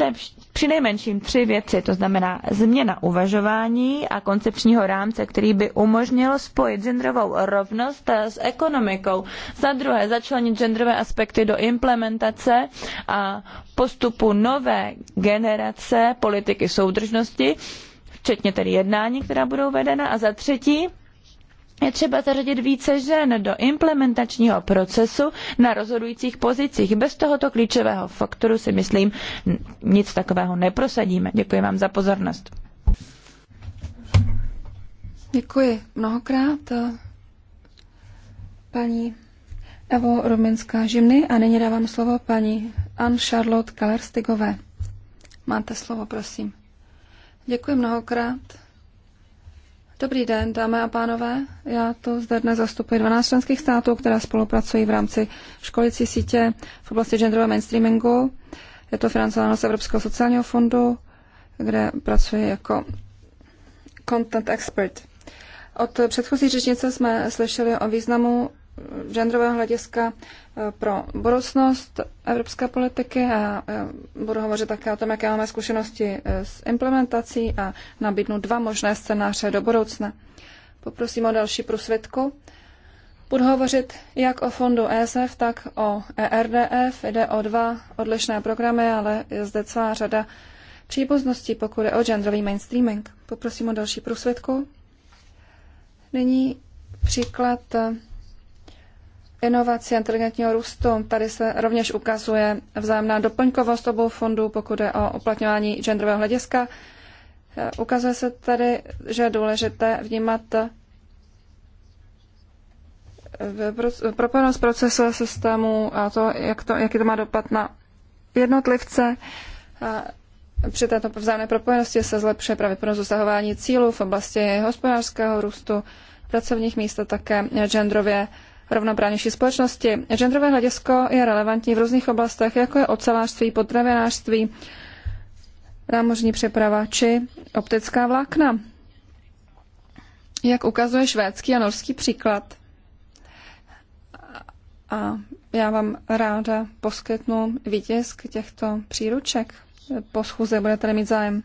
přinejmenším tři věci, to znamená změna uvažování a koncepčního rámce, který by umožnil spojit genderovou rovnost s ekonomikou. Za druhé, začlenit genderové aspekty do implementace a postupu nové generace politiky soudržnosti, včetně tedy jednání, která budou vedena. A za třetí, je třeba zařadit více žen do implementačního procesu na rozhodujících pozicích. Bez tohoto klíčového faktoru si myslím, nic takového neprosadíme. Děkuji vám za pozornost. Děkuji mnohokrát eh, paní Evo Rominská Žimny a nyní dávám slovo paní Anne Charlotte Kalerstigové. Máte slovo, prosím. Děkuji mnohokrát. Dobrý den, dámy a pánové. Já to zde dnes zastupuji 12 členských států, které spolupracují v rámci školicí sítě v oblasti genderového mainstreamingu. Je to financováno z Evropského sociálního fondu, kde pracuji jako content expert. Od předchozí řečnice jsme slyšeli o významu genderového hlediska eh, pro budoucnost evropské politiky a eh, budu hovořit také o tom, jaké máme zkušenosti eh, s implementací a nabídnu dva možné scénáře do budoucna. Poprosím o další prosvědku. Budu hovořit jak o fondu ESF, tak o ERDF. Jde o dva odlišné programy, ale je zde celá řada příbuzností, pokud je o genderový mainstreaming. Poprosím o další prosvědku. Nyní příklad inovací a inteligentního růstu. Tady se rovněž ukazuje vzájemná doplňkovost obou fondů, pokud je o uplatňování genderového hlediska. Ukazuje se tady, že je důležité vnímat eh, propojenost procesu a systému a to, jak to, jaký to má dopad na jednotlivce. A při této vzájemné propojenosti se zlepšuje pravděpodobnost dosahování cílů v oblasti hospodářského růstu, pracovních míst a také genderově rovnoprávnější společnosti. Genderové hledisko je relevantní v různých oblastech, jako je ocelářství, potravinářství, námořní přeprava či optická vlákna. Jak ukazuje švédský a norský příklad, a já vám ráda poskytnu výtisk těchto příruček. Po schůze budete mít zájem.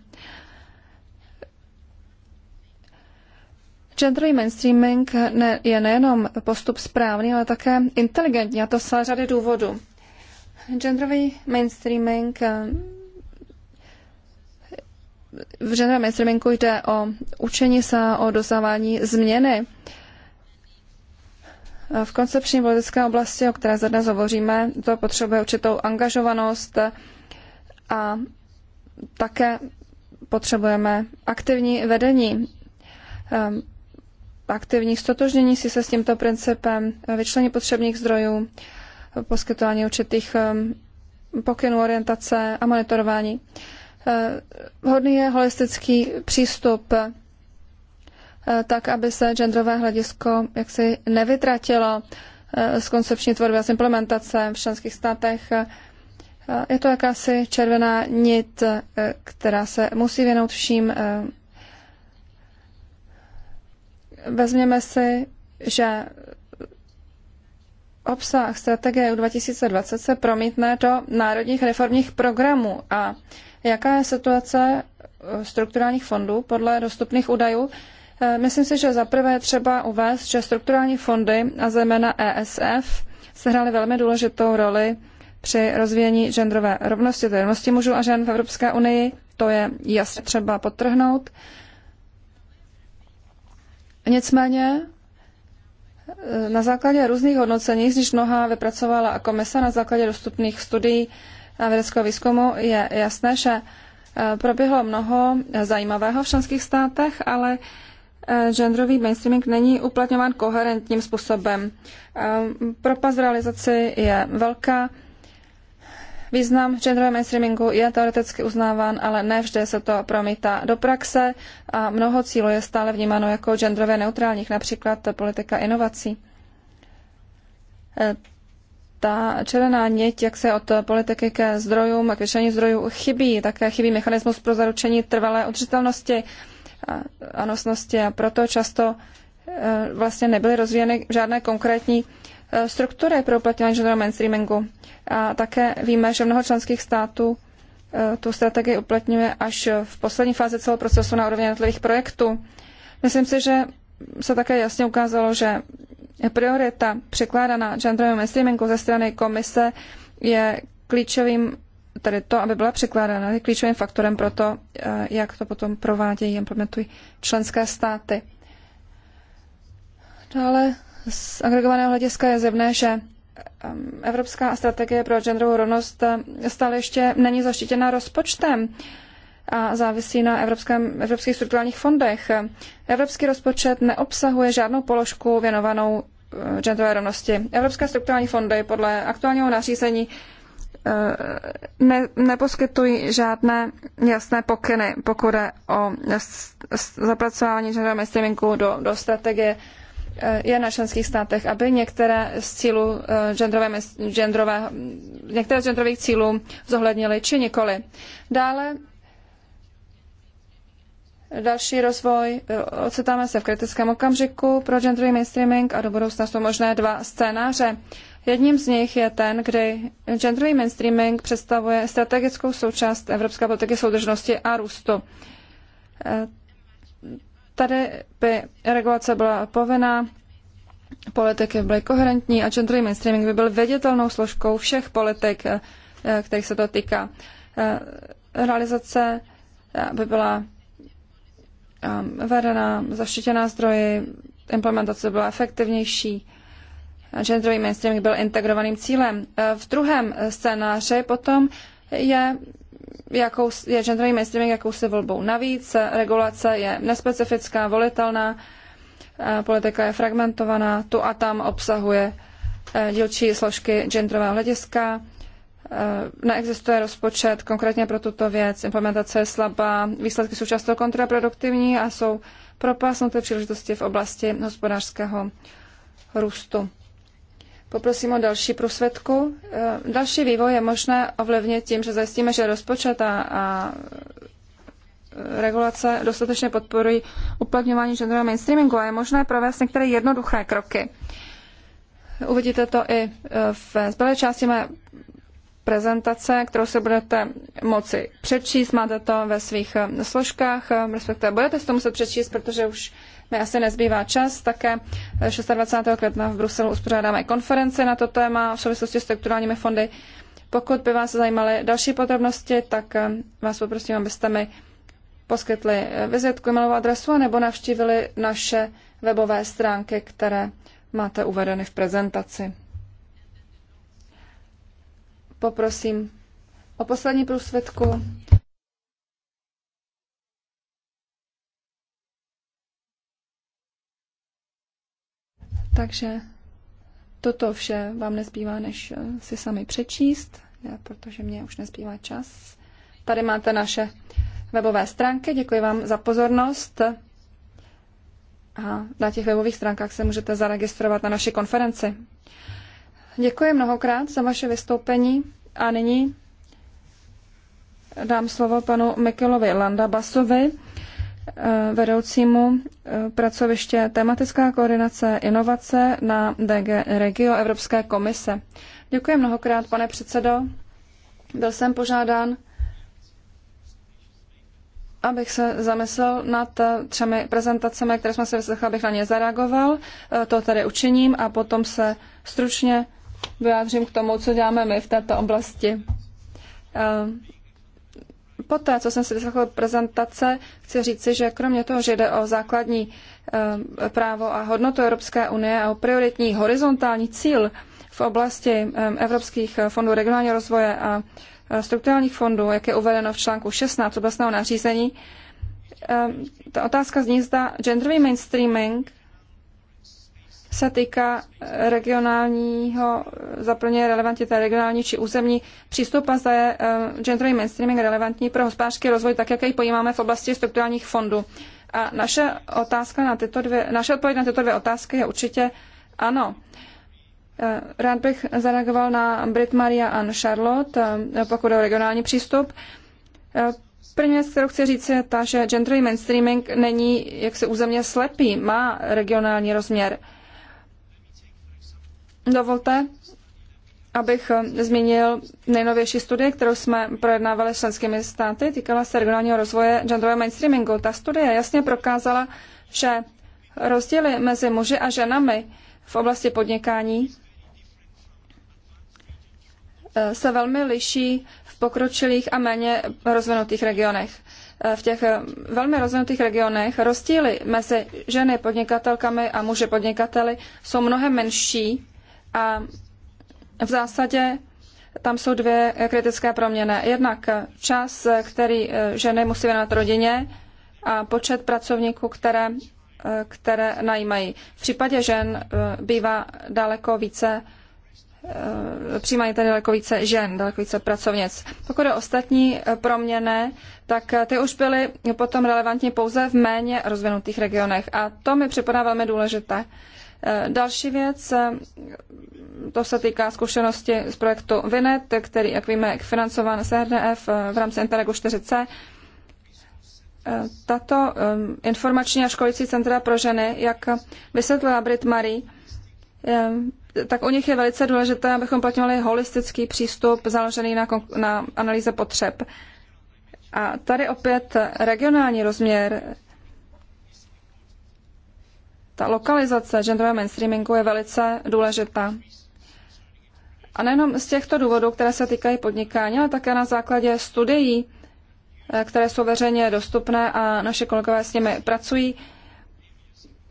Genderový mainstreaming ne, je nejenom postup správný, ale také inteligentní, a to z celé řady důvodů. Genderový mainstreaming eh, v genderovém mainstreamingu jde o učení se, o dosávání změny. Eh, v koncepční politické oblasti, o které zde dnes hovoříme, to potřebuje určitou angažovanost a také potřebujeme aktivní vedení. Eh, aktivní stotožnění si se s tímto principem, vyčlení potřebných zdrojů, poskytování určitých um, pokynů orientace a monitorování. Uh, Hodný je holistický přístup uh, tak, aby se genderové hledisko jaksi nevytratilo uh, z koncepční tvorby a z implementace v členských státech. Je to jakási červená nit, která se musí věnout vším Vezměme si, že obsah strategie 2020 se promítne do národních reformních programů a jaká je situace eh, strukturálních fondů podle dostupných údajů. Eh, myslím si, že zaprvé je třeba uvést, že strukturální fondy a zejména ESF sehrály velmi důležitou roli při rozvíjení genderové rovnosti, tedy rovnosti mužů a žen v Evropské unii. To je jasně třeba potrhnout. Nicméně eh, na základě různých hodnocení, z nich mnoha vypracovala komise na základě dostupných studií a vědeckého výzkumu, je jasné, že eh, proběhlo mnoho zajímavého v členských státech, ale eh, genderový mainstreaming není uplatňován koherentním způsobem. Propast realizaci je velká Význam genderového mainstreamingu je teoreticky uznáván, ale ne vždy se to promítá do praxe a mnoho cílů je stále vnímáno jako genderově neutrálních, například politika inovací. E, ta červená nit, jak se od politiky ke zdrojům, k většině zdrojů chybí, také chybí mechanismus pro zaručení trvalé udržitelnosti a nosnosti a proto často e, vlastně nebyly rozvíjeny žádné konkrétní Eh, struktury pro uplatňování genderového mainstreamingu. A také víme, že mnoho členských států eh, tu strategii uplatňuje až v poslední fázi celého procesu na úrovni jednotlivých projektů. Myslím si, že se také jasně ukázalo, že priorita překládaná genderovým mainstreamingu ze strany komise je klíčovým, tedy to, aby byla překládána, je klíčovým faktorem pro to, eh, jak to potom provádějí, implementují členské státy. Dále z agregovaného hlediska je zjevné, že um, Evropská strategie pro genderovou rovnost eh, stále ještě není zaštítěna rozpočtem a závisí na evropském, evropských strukturálních fondech. Evropský rozpočet neobsahuje žádnou položku věnovanou eh, genderové rovnosti. Evropské strukturální fondy podle aktuálního nařízení eh, ne, neposkytují žádné jasné pokyny, pokud je o zapracování genderového mainstreamingu do, do strategie je na členských státech, aby některé z cílů eh, genderové, genderové, některé z genderových cílů zohlednili či nikoli. Dále další rozvoj. Eh, ocitáme se v kritickém okamžiku pro genderový mainstreaming a do budoucna jsou možné dva scénáře. Jedním z nich je ten, kdy genderový mainstreaming představuje strategickou součást evropské politiky soudržnosti a růstu. Eh, Tady by regulace byla povinná, politiky byly koherentní a genderový mainstreaming by byl vědětelnou složkou všech politik, eh, kterých se to týká. Eh, realizace eh, by byla vedena, zaštětěná zdroji, implementace byla efektivnější, genderový mainstreaming byl integrovaným cílem. V druhém scénáři potom je jakou, je genderový mainstreaming jakousi volbou. Navíc regulace je nespecifická, volitelná, politika je fragmentovaná, tu a tam obsahuje e, dílčí složky genderového hlediska, e, neexistuje rozpočet konkrétně pro tuto věc, implementace je slabá, výsledky jsou často kontraproduktivní a jsou propásnuté příležitosti v oblasti hospodářského růstu. Poprosím o další prosvědku. Eh, další vývoj je možné ovlivnit tím, že zajistíme, že rozpočet a, a eh, regulace dostatečně podporují uplatňování genderového mainstreamingu a je možné provést některé jednoduché kroky. Uvidíte to i eh, v zbylé části mé prezentace, kterou se budete moci přečíst. Máte to ve svých složkách, respektive budete s to muset přečíst, protože už mi asi nezbývá čas. Také eh, 26. května v Bruselu uspořádáme konference na to téma v souvislosti s strukturálními fondy. Pokud by vás zajímaly další podrobnosti, tak eh, vás poprosím, abyste mi poskytli eh, vizitku, mailovou adresu nebo navštívili naše webové stránky, které máte uvedeny v prezentaci. Poprosím o poslední průsvědku. Takže toto vše vám nezbývá, než eh, si sami přečíst, protože mě už nezbývá čas. Tady máte naše webové stránky. Děkuji vám za pozornost. A na těch webových stránkách se můžete zaregistrovat na naši konferenci. Děkuji mnohokrát za vaše vystoupení a nyní dám slovo panu Mikilovi Landabasovi. Eh, vedoucímu eh, pracoviště tematická koordinace inovace na DG Regio Evropské komise. Děkuji mnohokrát, pane předsedo. Byl jsem požádán, abych se zamyslel nad eh, třemi prezentacemi, které jsme si vyslechli, abych na ně zareagoval. To tady učiním a potom se stručně vyjádřím k tomu, co děláme my v této oblasti. Poté, co jsem si vyslechl prezentace, chci říci, že kromě toho, že jde o základní eh, právo a hodnotu Evropské unie a o prioritní horizontální cíl v oblasti eh, evropských eh, fondů regionálního rozvoje a strukturálních fondů, jak je uvedeno v článku 16 oblastného nařízení, ta otázka zní, zda genderový mainstreaming se týká eh, regionálního, eh, zaplně relevantní té regionální či územní přístup a zda je uh, genderový mainstreaming relevantní pro hospodářský rozvoj, tak jak jej pojímáme v oblasti strukturálních fondů. A naše, otázka na tyto dvě, naše odpověď na tyto dvě otázky je určitě ano. Rád bych zareagoval na Brit Maria a Charlotte, pokud o regionální přístup. První věc, kterou chci říct, je ta, že genderový mainstreaming není jak se územně slepý, má regionální rozměr. Dovolte, abych eh, zmínil nejnovější studii, kterou jsme projednávali s členskými státy, týkala se regionálního rozvoje genderového mainstreamingu. Ta studie jasně prokázala, že rozdíly mezi muži a ženami v oblasti podnikání eh, se velmi liší v pokročilých a méně rozvinutých regionech. Eh, v těch velmi rozvinutých regionech rozdíly mezi ženy podnikatelkami a muži podnikateli jsou mnohem menší a v zásadě tam jsou dvě kritické proměny. Jednak čas, který eh, ženy musí věnovat rodině a počet pracovníků, které, eh, které najímají. V případě žen eh, bývá daleko více přijímají tady daleko více žen, daleko více pracovnic. Pokud je ostatní proměny, tak ty už byly potom relevantní pouze v méně rozvinutých regionech a to mi připadá velmi důležité. Eh, další věc, eh, to se týká zkušenosti z projektu Vinet, který, jak víme, je financován z RDF eh, v rámci Interregu 4C. Tato ehm, informační a školící centra pro ženy, jak vysvětlila Brit Marie, ehm, tak u nich je velice důležité, abychom platňovali holistický přístup založený na, na analýze potřeb. A tady opět regionální rozměr ta lokalizace genderového mainstreamingu je velice důležitá. A nejenom z těchto důvodů, které se týkají podnikání, ale také na základě studií, eh, které jsou veřejně dostupné a naše kolegové s nimi pracují,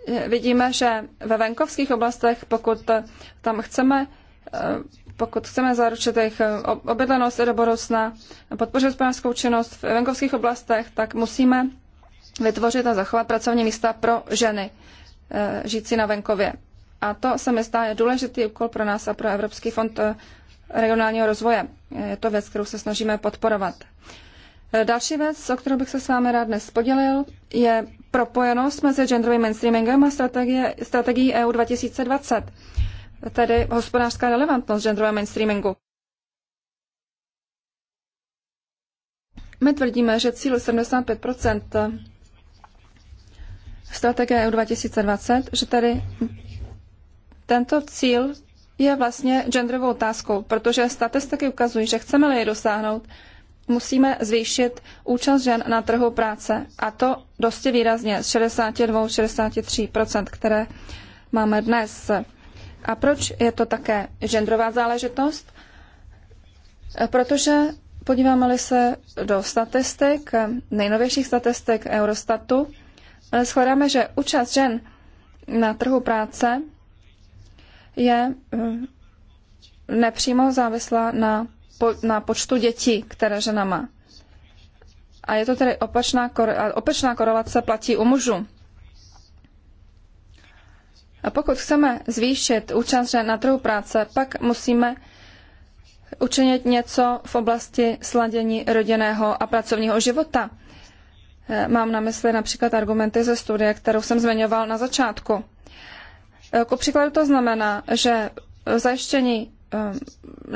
eh, vidíme, že ve venkovských oblastech, pokud tam chceme, eh, pokud chceme zaručit jejich obydlenost i do budoucna, podpořit hospodářskou činnost v venkovských oblastech, tak musíme vytvořit a zachovat pracovní místa pro ženy. Eh, žijící na venkově. A to se mi zdá důležitý úkol pro nás a pro Evropský fond eh, regionálního rozvoje. Je to věc, kterou se snažíme podporovat. Eh, další věc, o kterou bych se s vámi rád dnes podělil, je propojenost mezi genderovým mainstreamingem a strategie, strategií EU 2020, tedy hospodářská relevantnost genderového mainstreamingu. My tvrdíme, že cíl 75 strategie EU 2020, že tady tento cíl je vlastně genderovou otázkou, protože statistiky ukazují, že chceme-li je dosáhnout, musíme zvýšit účast žen na trhu práce a to dosti výrazně z 62-63%, které máme dnes. A proč je to také genderová záležitost? Protože podíváme-li se do statistik, nejnovějších statistik Eurostatu, Eh, shledáme, že účast žen na trhu práce je eh, nepřímo závislá na, po, na počtu dětí, které žena má. A je to tedy opačná, opačná korelace platí u mužů. A pokud chceme zvýšit účast žen na trhu práce, pak musíme učinit něco v oblasti sladění rodinného a pracovního života. Eh, mám na mysli například argumenty ze studie, kterou jsem zmiňoval na začátku. Eh, ku příkladu to znamená, že zajištění eh,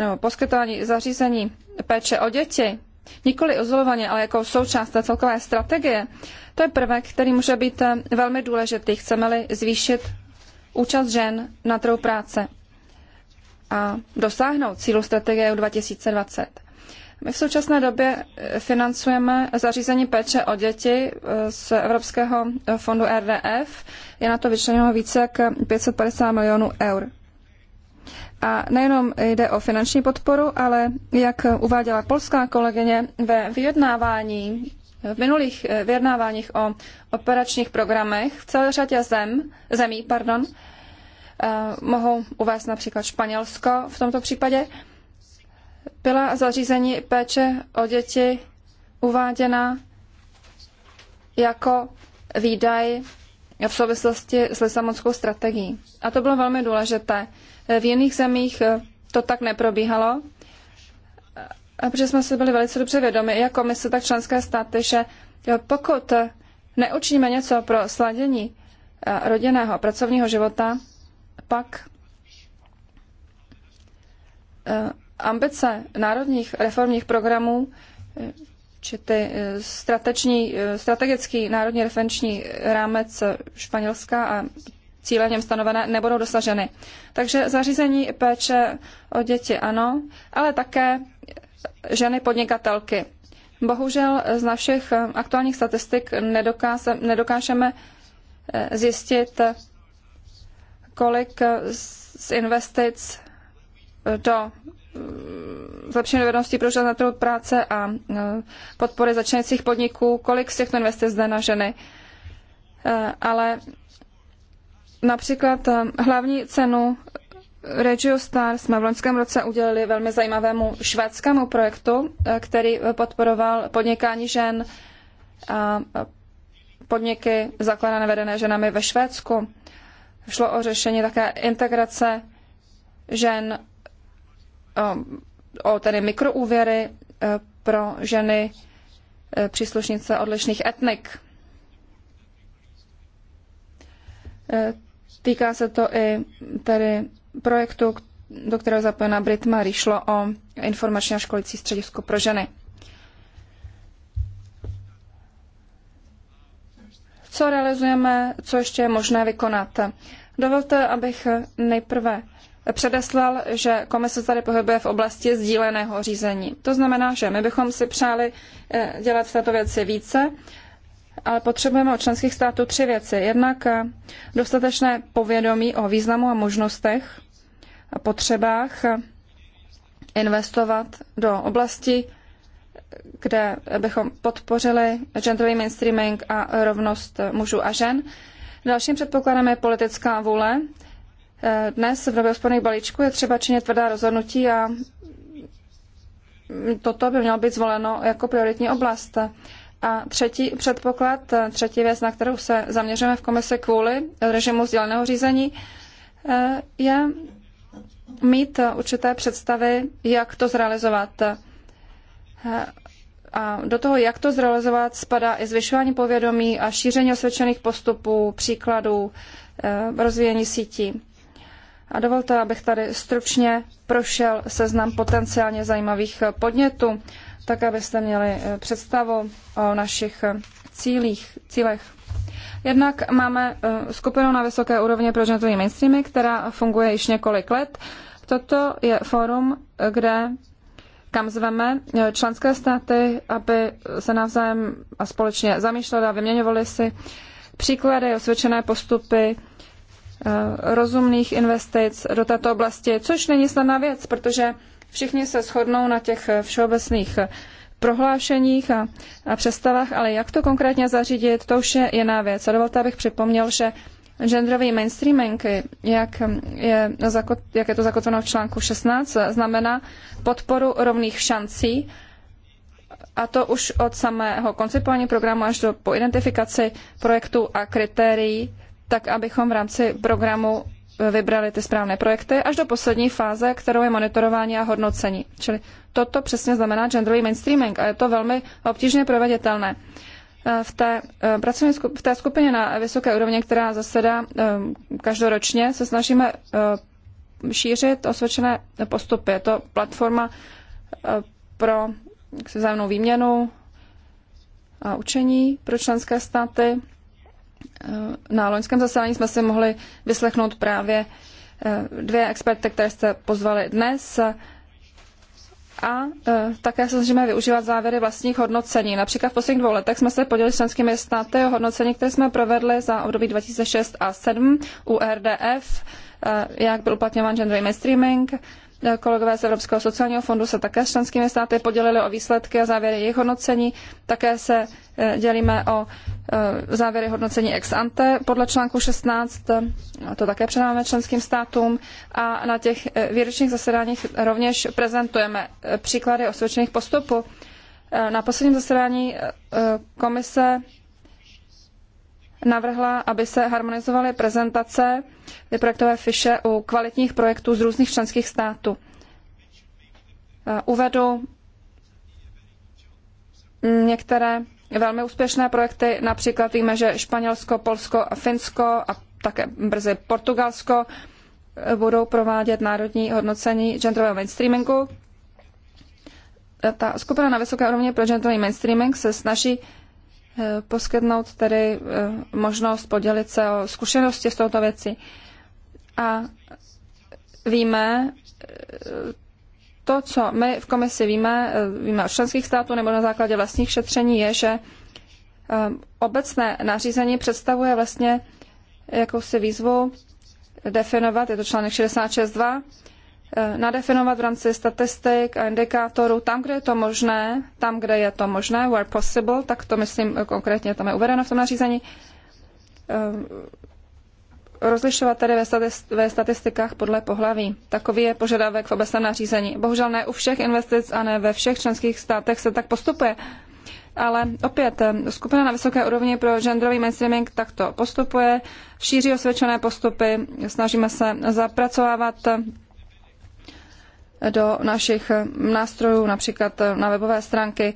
nebo poskytování zařízení péče o děti, nikoli izolovaně, ale jako součást té celkové strategie, to je prvek, který může být velmi důležitý. Chceme-li zvýšit účast žen na trhu práce a dosáhnout cílu strategie 2020. My v současné době eh, financujeme zařízení péče o děti eh, z Evropského eh, fondu RDF. Je na to vyčleněno více jak 550 milionů eur. A nejenom jde o finanční podporu, ale jak uváděla polská kolegyně ve vyjednávání, v minulých vyjednáváních o operačních programech v celé řadě zem, zemí, pardon, mohou uvést například Španělsko v tomto případě, byla zařízení péče o děti uváděna jako výdaj v souvislosti s Lisabonskou strategií. A to bylo velmi důležité. V jiných zemích to tak neprobíhalo, protože jsme si byli velice dobře vědomi, jak komise, tak členské státy, že pokud neučiníme něco pro sladění eh, rodinného pracovního života, pak eh, ambice národních reformních programů či ty eh, strateční, eh, strategický národní referenční rámec Španělska a cíle v něm stanovené nebudou dosaženy. Takže zařízení péče o děti ano, ale také ženy podnikatelky. Bohužel z našich eh, aktuálních statistik nedokážeme zjistit, kolik z investic do zlepšení eh, dovedností pro na trhu práce a eh, podpory začínajících podniků, kolik z těchto investic zde na ženy. Eh, ale například hlavní cenu Regio Star jsme v loňském roce udělili velmi zajímavému švédskému projektu, který podporoval podnikání žen a podniky zakladané vedené ženami ve Švédsku. Šlo o řešení také integrace žen Eh, o tedy mikroúvěry eh, pro ženy eh, příslušnice odlišných etnik. Týká se to i tedy projektu, do kterého zapojená Brit Marie šlo o informační a školicí středisko pro ženy. Co realizujeme, co ještě je možné vykonat? Dovolte, abych nejprve předeslal, že komise tady pohybuje v oblasti sdíleného řízení. To znamená, že my bychom si přáli eh, dělat v této věci více, ale potřebujeme od členských států tři věci. Jednak eh, dostatečné povědomí o významu a možnostech a potřebách eh, investovat do oblasti, kde bychom podpořili genderový mainstreaming a rovnost mužů a žen. Dalším předpokladem je politická vůle dnes v době úsporných balíčků je třeba činit tvrdá rozhodnutí a toto by mělo být zvoleno jako prioritní oblast. A třetí předpoklad, třetí věc, na kterou se zaměřujeme v komise kvůli režimu sděleného řízení, je mít určité představy, jak to zrealizovat. A do toho, jak to zrealizovat, spadá i zvyšování povědomí a šíření osvědčených postupů, příkladů, rozvíjení sítí. A dovolte, abych tady stručně prošel seznam potenciálně zajímavých podnětů, tak abyste měli eh, představu o našich eh, cílích, cílech. Jednak máme eh, skupinu na vysoké úrovni pro genderový mainstreamy, která funguje již několik let. Toto je fórum, kde kam zveme členské státy, aby se navzájem a společně zamýšleli a vyměňovali si příklady, osvědčené postupy, Eh, rozumných investic do této oblasti, což není snadná věc, protože všichni se shodnou na těch všeobecných prohlášeních a, a představách, ale jak to konkrétně zařídit, to už je jiná věc. A dovolte, abych připomněl, že genderový mainstreaming, jak je, jak je to zakotveno v článku 16, znamená podporu rovných šancí, a to už od samého koncipování programu až do, po identifikaci projektů a kritérií tak abychom v rámci programu vybrali ty správné projekty, až do poslední fáze, kterou je monitorování a hodnocení. Čili toto přesně znamená genderový mainstreaming a je to velmi obtížně proveditelné. Eh, v té, eh, pracovní, v té skupině na vysoké úrovni, která zasedá eh, každoročně, se snažíme šířit osvědčené postupy. Je to platforma pro vzájemnou výměnu a učení pro členské státy. Eh, na loňském zasedání jsme si mohli vyslechnout právě eh, dvě experty, které jste pozvali dnes a eh, také samozřejmě využívat závěry vlastních hodnocení. Například v posledních dvou letech jsme se podělili s členskými státy o hodnocení, které jsme provedli za období 2006 a 2007 u RDF, jak byl uplatňován genderový mainstreaming, Kolegové z Evropského sociálního fondu se také s členskými státy podělili o výsledky a závěry jejich hodnocení. Také se eh, dělíme o eh, závěry hodnocení ex ante podle článku 16. To také předáváme členským státům. A na těch eh, výročních zasedáních rovněž prezentujeme příklady osvědčených postupů. Na posledním zasedání komise navrhla, aby se harmonizovaly prezentace projektové fiše u kvalitních projektů z různých členských států. Eh, uvedu některé velmi úspěšné projekty, například víme, že Španělsko, Polsko a Finsko a také brzy Portugalsko eh, budou provádět národní hodnocení genderového mainstreamingu. Eh, ta skupina na vysoké úrovni pro genderový mainstreaming se snaží Eh, poskytnout tedy eh, možnost podělit se o zkušenosti s touto věcí. A víme, eh, to, co my v komisi víme, víme od členských států nebo na základě vlastních šetření, je, že obecné nařízení představuje vlastně jakousi výzvu definovat, je to článek 66.2, Eh, nadefinovat v rámci statistik a indikátorů tam, kde je to možné, tam, kde je to možné, where possible, tak to myslím eh, konkrétně tam je uvedeno v tom nařízení, eh, rozlišovat tedy ve, statist, ve statistikách podle pohlaví. Takový je požadavek v obecném nařízení. Bohužel ne u všech investic a ne ve všech členských státech se tak postupuje. Ale opět, skupina na vysoké úrovni pro genderový mainstreaming takto postupuje, šíří osvědčené postupy, snažíme se zapracovávat do našich nástrojů, například na webové stránky,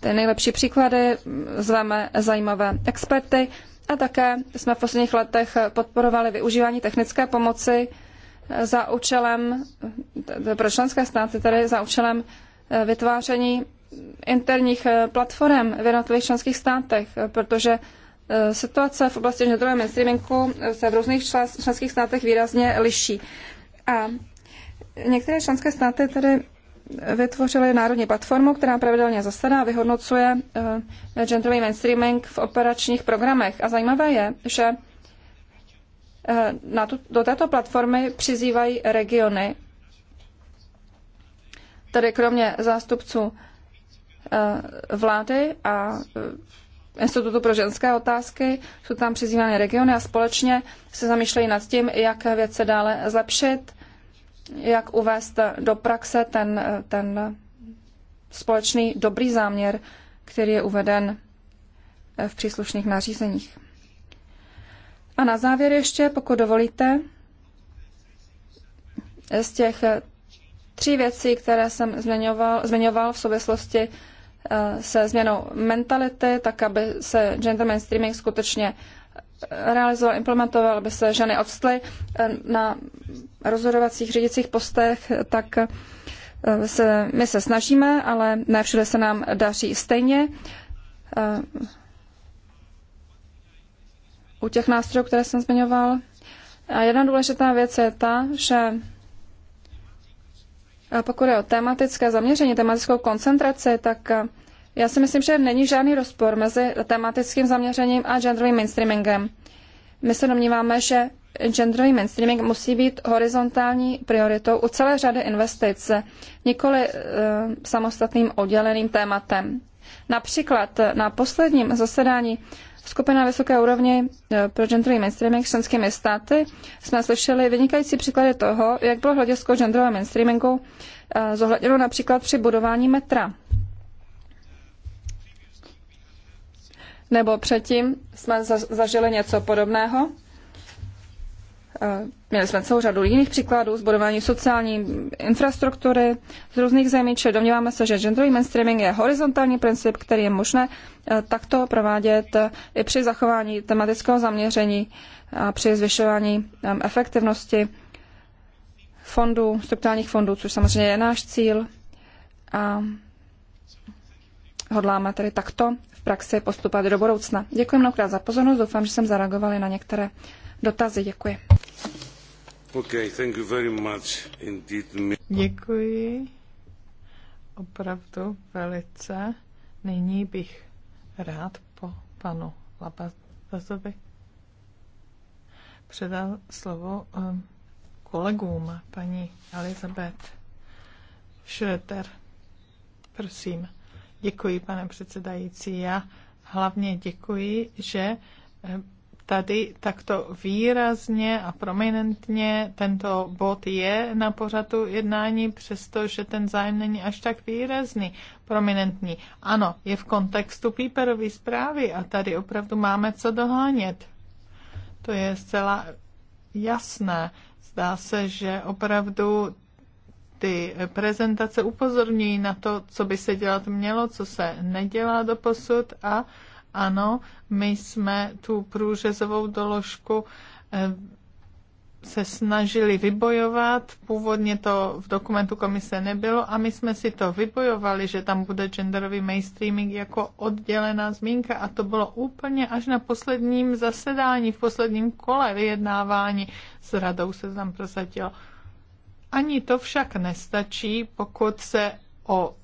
ty nejlepší příklady, zveme zajímavé experty a také jsme v posledních letech podporovali využívání technické pomoci za účelem, pro členské státy tedy za účelem vytváření interních platform v jednotlivých členských státech, protože eh, situace v oblasti genderového mainstreamingu se v různých členských státech výrazně liší. A Některé členské státy tedy vytvořily národní platformu, která pravidelně zasedá a vyhodnocuje uh, genderový mainstreaming v operačních programech. A zajímavé je, že uh, na tu, do této platformy přizývají regiony, tedy kromě zástupců uh, vlády a Institutu pro ženské otázky, jsou tam přizývány regiony a společně se zamýšlejí nad tím, jak věce dále zlepšit jak uvést do praxe ten, ten společný dobrý záměr, který je uveden v příslušných nařízeních. A na závěr ještě, pokud dovolíte, z těch tří věcí, které jsem zmiňoval, zmiňoval v souvislosti eh, se změnou mentality, tak aby se gender mainstreaming skutečně realizoval, implementoval, aby se ženy odstly eh, na rozhodovacích řídicích postech, tak eh, se, my se snažíme, ale ne všude se nám daří stejně. Eh, u těch nástrojů, které jsem zmiňoval. A jedna důležitá věc je ta, že pokud je o tematické zaměření, tematickou koncentraci, tak já si myslím, že není žádný rozpor mezi tematickým zaměřením a genderovým mainstreamingem. My se domníváme, že genderový mainstreaming musí být horizontální prioritou u celé řady investic, nikoli eh, samostatným odděleným tématem. Například na posledním zasedání skupina vysoké úrovni eh, pro genderový mainstreaming s členskými státy jsme slyšeli vynikající příklady toho, jak bylo hledisko genderového mainstreamingu eh, zohledněno například při budování metra. nebo předtím jsme zažili něco podobného. Eh, měli jsme celou řadu jiných příkladů zbudování sociální infrastruktury z různých zemí, čili domníváme se, že genderový mainstreaming je horizontální princip, který je možné eh, takto provádět eh, i při zachování tematického zaměření a při zvyšování efektivnosti fondů, strukturálních fondů, což samozřejmě je náš cíl. A hodláme tedy takto praxi postupovat do budoucna. Děkuji mnohokrát za pozornost, doufám, že jsem zareagovala na některé dotazy. Děkuji. Okay, thank you very much indeed. Děkuji opravdu velice. Nyní bych rád po panu Labazovi předal slovo um, kolegům, paní Elizabeth Schröter. Prosím. Děkuji, pane předsedající. Já hlavně děkuji, že eh, tady takto výrazně a prominentně tento bod je na pořadu jednání, přestože ten zájem není až tak výrazný, prominentní. Ano, je v kontextu Píperové zprávy a tady opravdu máme co dohánět. To je zcela jasné. Zdá se, že opravdu ty prezentace upozorňují na to, co by se dělat mělo, co se nedělá do posud a ano, my jsme tu průřezovou doložku eh, se snažili vybojovat. Původně to v dokumentu komise nebylo a my jsme si to vybojovali, že tam bude genderový mainstreaming jako oddělená zmínka a to bylo úplně až na posledním zasedání, v posledním kole vyjednávání s radou se tam prosadilo. Ani to však nestačí, pokud se o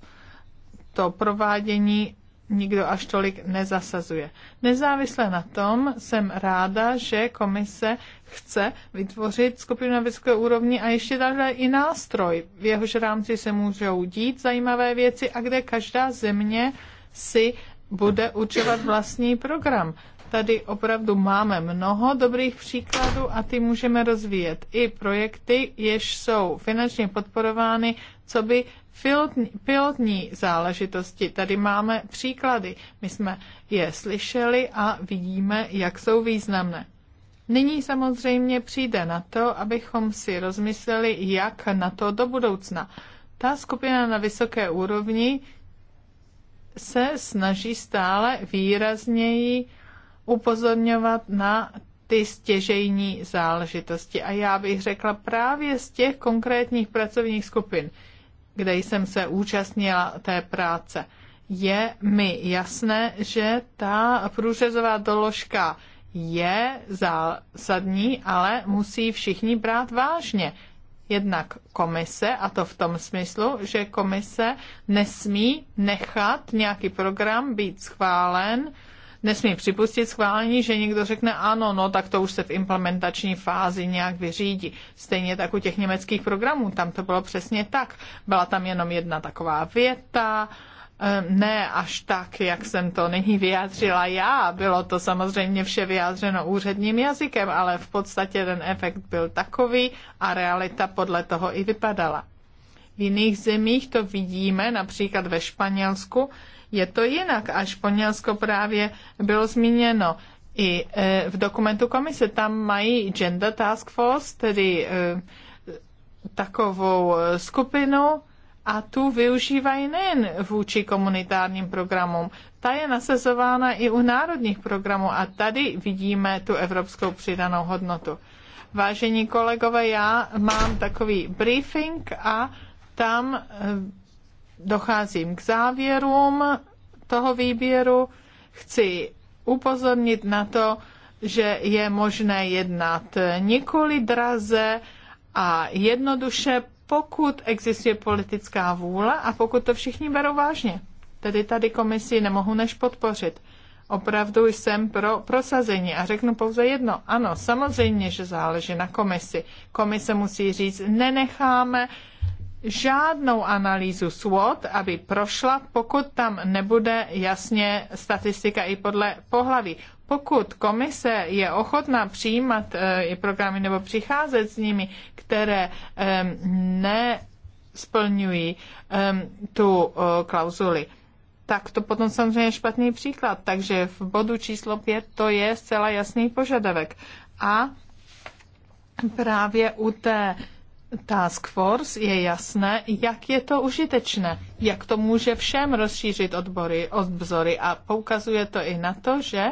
to provádění nikdo až tolik nezasazuje. Nezávisle na tom jsem ráda, že komise chce vytvořit skupinu na vysoké úrovni a ještě dále i nástroj, v jehož rámci se můžou dít zajímavé věci a kde každá země si bude určovat vlastní program tady opravdu máme mnoho dobrých příkladů a ty můžeme rozvíjet. I projekty, jež jsou finančně podporovány, co by pilotní, pilotní záležitosti. Tady máme příklady. My jsme je slyšeli a vidíme, jak jsou významné. Nyní samozřejmě přijde na to, abychom si rozmysleli, jak na to do budoucna. Ta skupina na vysoké úrovni se snaží stále výrazněji upozorňovat na ty stěžejní záležitosti. A já bych řekla právě z těch konkrétních pracovních skupin, kde jsem se účastnila té práce, je mi jasné, že ta průřezová doložka je zásadní, ale musí všichni brát vážně. Jednak komise, a to v tom smyslu, že komise nesmí nechat nějaký program být schválen, nesmí připustit schválení, že někdo řekne ano, no tak to už se v implementační fázi nějak vyřídí. Stejně tak u těch německých programů, tam to bylo přesně tak. Byla tam jenom jedna taková věta, eh, ne až tak, jak jsem to nyní vyjádřila já. Bylo to samozřejmě vše vyjádřeno úředním jazykem, ale v podstatě ten efekt byl takový a realita podle toho i vypadala. V jiných zemích to vidíme, například ve Španělsku, je to jinak a Španělsko právě bylo zmíněno i e, v dokumentu komise. Tam mají Gender Task Force, tedy e, takovou e, skupinu, a tu využívají nejen vůči komunitárním programům, ta je nasazována i u národních programů a tady vidíme tu evropskou přidanou hodnotu. Vážení kolegové, já mám takový briefing a tam docházím k závěrům toho výběru. Chci upozornit na to, že je možné jednat nikoli draze a jednoduše, pokud existuje politická vůle a pokud to všichni berou vážně. Tedy tady komisi nemohu než podpořit. Opravdu jsem pro prosazení a řeknu pouze jedno. Ano, samozřejmě, že záleží na komisi. Komise musí říct, nenecháme žádnou analýzu SWOT, aby prošla, pokud tam nebude jasně statistika i podle pohlaví. Pokud komise je ochotná přijímat e, programy nebo přicházet s nimi, které e, nesplňují e, tu e, klauzuli, tak to potom samozřejmě je špatný příklad. Takže v bodu číslo 5 to je zcela jasný požadavek. A právě u té Task Force je jasné, jak je to užitečné, jak to může všem rozšířit odbory, obzory a poukazuje to i na to, že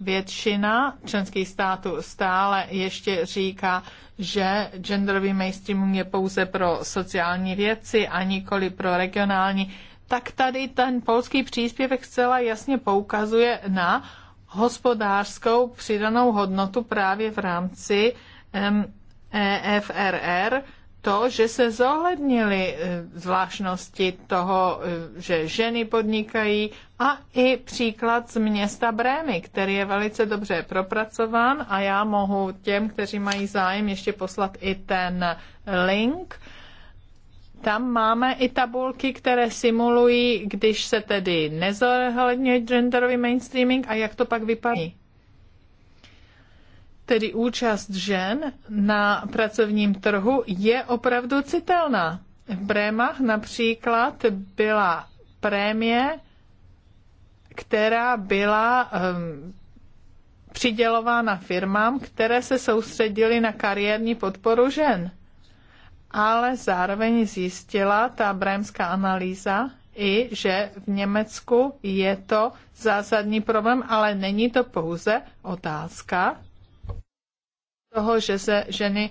většina členských států stále ještě říká, že genderový mainstreaming je pouze pro sociální věci a nikoli pro regionální, tak tady ten polský příspěvek zcela jasně poukazuje na hospodářskou přidanou hodnotu právě v rámci EFRR to, že se zohlednily e, zvláštnosti toho, e, že ženy podnikají a i příklad z města Brémy, který je velice dobře propracován a já mohu těm, kteří mají zájem, ještě poslat i ten link. Tam máme i tabulky, které simulují, když se tedy nezohledňuje genderový mainstreaming a jak to pak vypadá. Tedy účast žen na pracovním trhu je opravdu citelná. V Brémach například byla prémie, která byla um, přidělována firmám, které se soustředily na kariérní podporu žen. Ale zároveň zjistila ta brémská analýza i, že v Německu je to zásadní problém, ale není to pouze otázka toho, že se ženy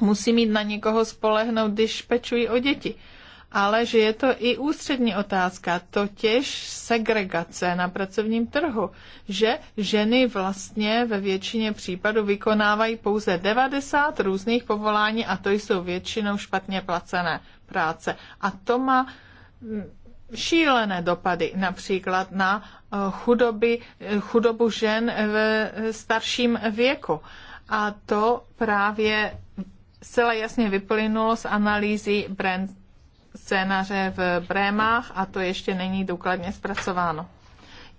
musí mít na někoho spolehnout, když pečují o děti. Ale že je to i ústřední otázka, totiž segregace na pracovním trhu, že ženy vlastně ve většině případů vykonávají pouze 90 různých povolání a to jsou většinou špatně placené práce. A to má mm, šílené dopady například na eh, chudoby, eh, chudobu žen v eh, starším věku. A to právě zcela jasně vyplynulo z analýzy brand scénáře v Brémách a to ještě není důkladně zpracováno.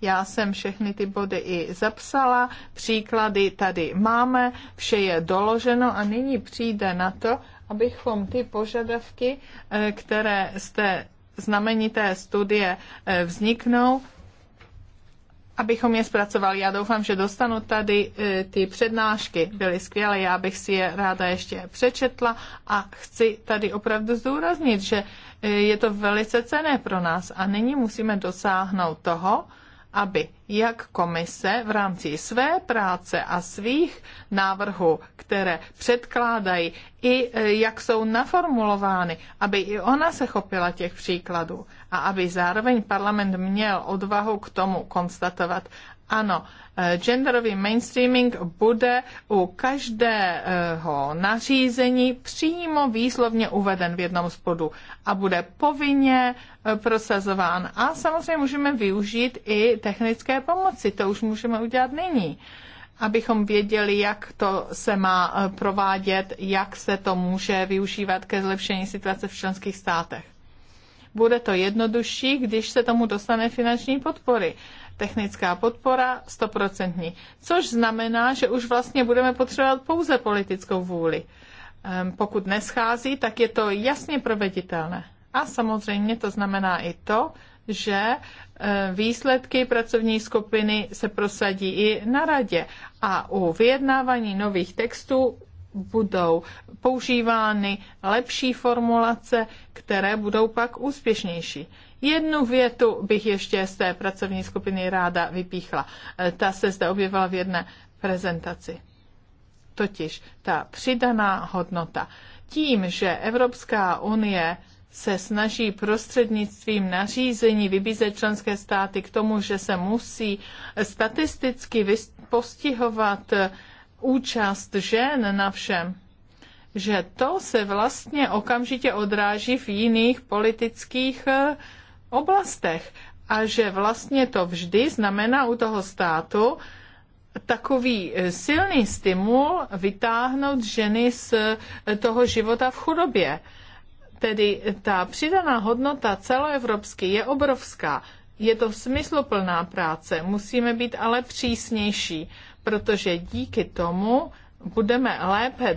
Já jsem všechny ty body i zapsala, příklady tady máme, vše je doloženo a nyní přijde na to, abychom ty požadavky, eh, které z té znamenité studie eh, vzniknou, abychom je zpracovali. Já doufám, že dostanu tady e, ty přednášky. Byly skvělé, já bych si je ráda ještě přečetla a chci tady opravdu zdůraznit, že e, je to velice cené pro nás a nyní musíme dosáhnout toho, aby jak komise v rámci své práce a svých návrhů, které předkládají, i e, jak jsou naformulovány, aby i ona se chopila těch příkladů a aby zároveň parlament měl odvahu k tomu konstatovat, ano, eh, genderový mainstreaming bude u každého nařízení přímo výslovně uveden v jednom z bodů a bude povinně eh, prosazován. A samozřejmě můžeme využít i technické pomoci, to už můžeme udělat nyní abychom věděli, jak to se má eh, provádět, jak se to může využívat ke zlepšení situace v členských státech. Bude to jednodušší, když se tomu dostane finanční podpory technická podpora 100%. Což znamená, že už vlastně budeme potřebovat pouze politickou vůli. Ehm, pokud neschází, tak je to jasně proveditelné. A samozřejmě to znamená i to, že eh, výsledky pracovní skupiny se prosadí i na radě a u vyjednávání nových textů budou používány lepší formulace, které budou pak úspěšnější. Jednu větu bych ještě z té pracovní skupiny ráda vypíchla. Eh, ta se zde objevila v jedné prezentaci. Totiž ta přidaná hodnota. Tím, že Evropská unie se snaží prostřednictvím nařízení vybízet členské státy k tomu, že se musí statisticky postihovat eh, účast žen na všem, že to se vlastně okamžitě odráží v jiných politických eh, oblastech a že vlastně to vždy znamená u toho státu takový e, silný stimul vytáhnout ženy z e, toho života v chudobě. Tedy ta přidaná hodnota celoevropsky je obrovská. Je to smysluplná práce, musíme být ale přísnější, protože díky tomu budeme lépe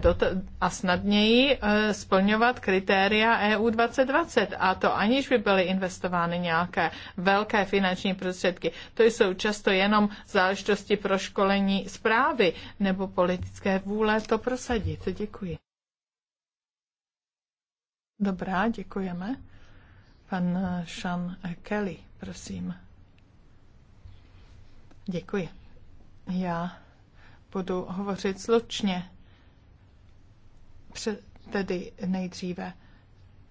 a snadněji e, splňovat kritéria EU 2020 a to aniž by byly investovány nějaké velké finanční prostředky. To jsou často jenom záležitosti pro školení zprávy nebo politické vůle to prosadit. Děkuji. Dobrá, děkujeme. Pan e, Sean Kelly, prosím. Děkuji. Já budu hovořit slučně. Pře- tedy nejdříve.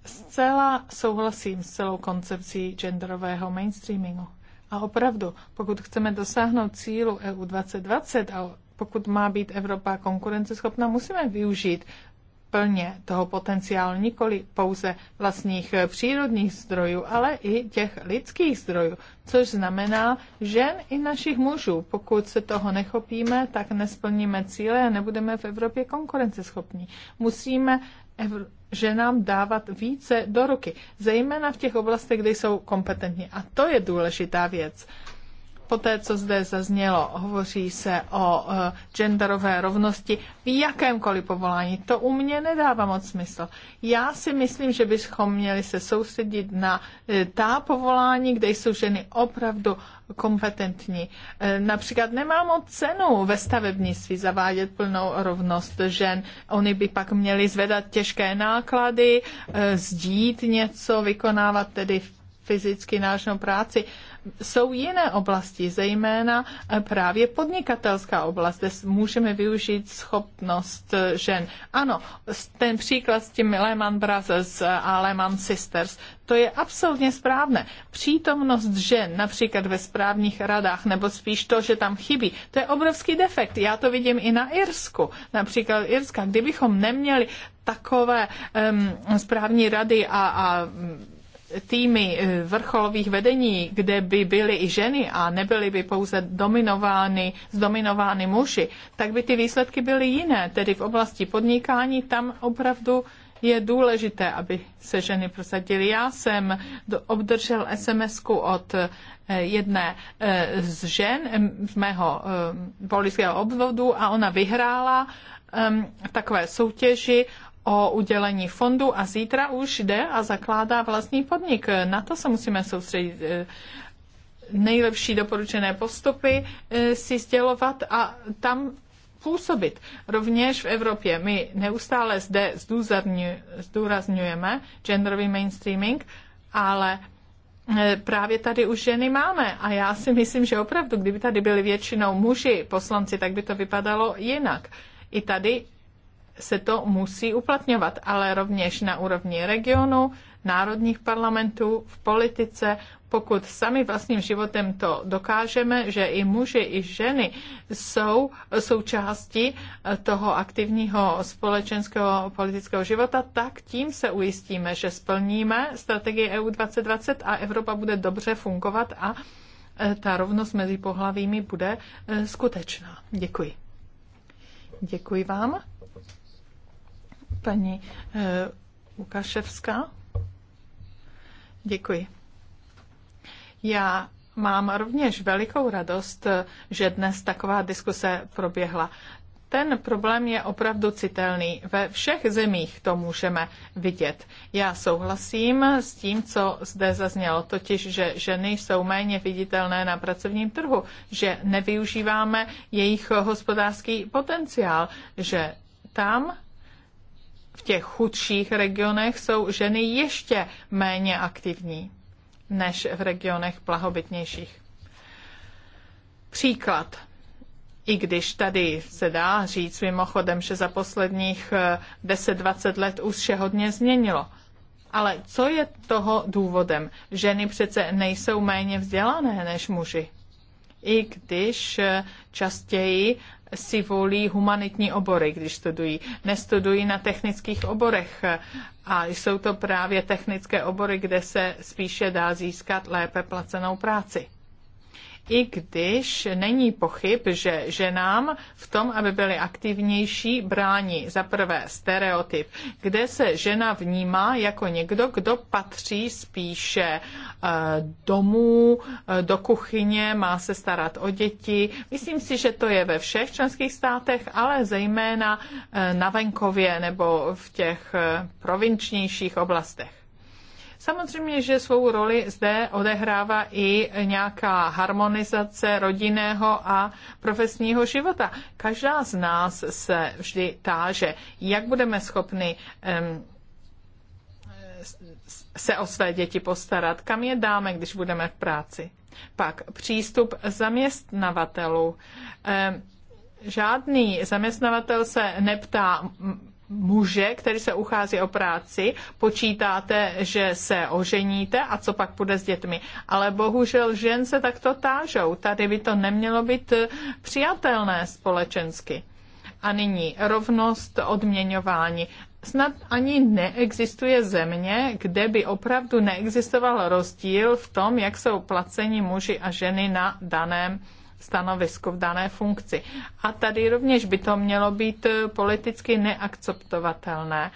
Zcela souhlasím s celou koncepcí genderového mainstreamingu. A opravdu, pokud chceme dosáhnout cílu EU 2020 a pokud má být Evropa konkurenceschopná, musíme využít plně toho potenciálu nikoli pouze vlastních přírodních zdrojů, ale i těch lidských zdrojů, což znamená žen i našich mužů. Pokud se toho nechopíme, tak nesplníme cíle a nebudeme v Evropě konkurenceschopní. Musíme Evro- ženám dávat více do ruky, zejména v těch oblastech, kde jsou kompetentní. A to je důležitá věc po té, co zde zaznělo, hovoří se o e, genderové rovnosti v jakémkoliv povolání. To u mě nedává moc smysl. Já si myslím, že bychom měli se soustředit na e, ta povolání, kde jsou ženy opravdu kompetentní. E, například nemá moc cenu ve stavebnictví zavádět plnou rovnost žen. Oni by pak měli zvedat těžké náklady, zdít něco, vykonávat tedy fyzicky nážnou práci jsou jiné oblasti, zejména právě podnikatelská oblast, kde můžeme využít schopnost žen. Ano, ten příklad s tím Lehman Brothers a Lehman Sisters, to je absolutně správné. Přítomnost žen například ve správních radách, nebo spíš to, že tam chybí, to je obrovský defekt. Já to vidím i na Irsku, například Irska. Kdybychom neměli takové um, správní rady a, a týmy eh, vrcholových vedení, kde by byly i ženy a nebyly by pouze dominovány, zdominovány muži, tak by ty výsledky byly jiné. Tedy v oblasti podnikání tam opravdu je důležité, aby se ženy prosadily. Já jsem obdržel sms od eh, jedné eh, z žen z mého volického obvodu a ona vyhrála v takové soutěži o udělení fondu a zítra už jde a zakládá vlastní podnik. Na to se musíme soustředit. E, nejlepší doporučené postupy e, si sdělovat a tam působit. Rovněž v Evropě my neustále zde zdůrazňujeme genderový mainstreaming, ale e, právě tady už ženy máme a já si myslím, že opravdu, kdyby tady byli většinou muži poslanci, tak by to vypadalo jinak. I tady se to musí uplatňovat, ale rovněž na úrovni regionu, národních parlamentů, v politice, pokud sami vlastním životem to dokážeme, že i muži, i ženy jsou součástí eh, toho aktivního společenského politického života, tak tím se ujistíme, že splníme strategii EU 2020 a Evropa bude dobře fungovat a eh, ta rovnost mezi pohlavími bude eh, skutečná. Děkuji. Děkuji vám. Paní e, eh, Ukaševská. Děkuji. Já mám rovněž velikou radost, že dnes taková diskuse proběhla. Ten problém je opravdu citelný. Ve všech zemích to můžeme vidět. Já souhlasím s tím, co zde zaznělo, totiž, že ženy jsou méně viditelné na pracovním trhu, že nevyužíváme jejich hospodářský potenciál, že tam v těch chudších regionech jsou ženy ještě méně aktivní než v regionech blahobytnějších. Příklad. I když tady se dá říct mimochodem, že za posledních 10-20 eh, let už se hodně změnilo. Ale co je toho důvodem? Ženy přece nejsou méně vzdělané než muži i když častěji si volí humanitní obory, když studují. Nestudují na technických oborech a jsou to právě technické obory, kde se spíše dá získat lépe placenou práci i když není pochyb, že ženám v tom, aby byly aktivnější, brání za prvé stereotyp, kde se žena vnímá jako někdo, kdo patří spíše eh, domů, eh, do kuchyně, má se starat o děti. Myslím si, že to je ve všech členských státech, ale zejména eh, na venkově nebo v těch provinčnějších oblastech. Samozřejmě, že svou roli zde odehrává i nějaká harmonizace rodinného a profesního života. Každá z nás se vždy táže, jak budeme schopni um, se o své děti postarat, kam je dáme, když budeme v práci. Pak přístup zaměstnavatelů. Um, Žádný zaměstnavatel se neptá, muže, který se uchází o práci, počítáte, že se oženíte a co pak bude s dětmi. Ale bohužel žen se takto tážou. Tady by to nemělo být eh, přijatelné společensky. A nyní rovnost odměňování. Snad ani neexistuje země, kde by opravdu neexistoval rozdíl v tom, jak jsou placeni muži a ženy na daném stanovisko v dané funkci. A tady rovněž by to mělo být eh, politicky neakceptovatelné.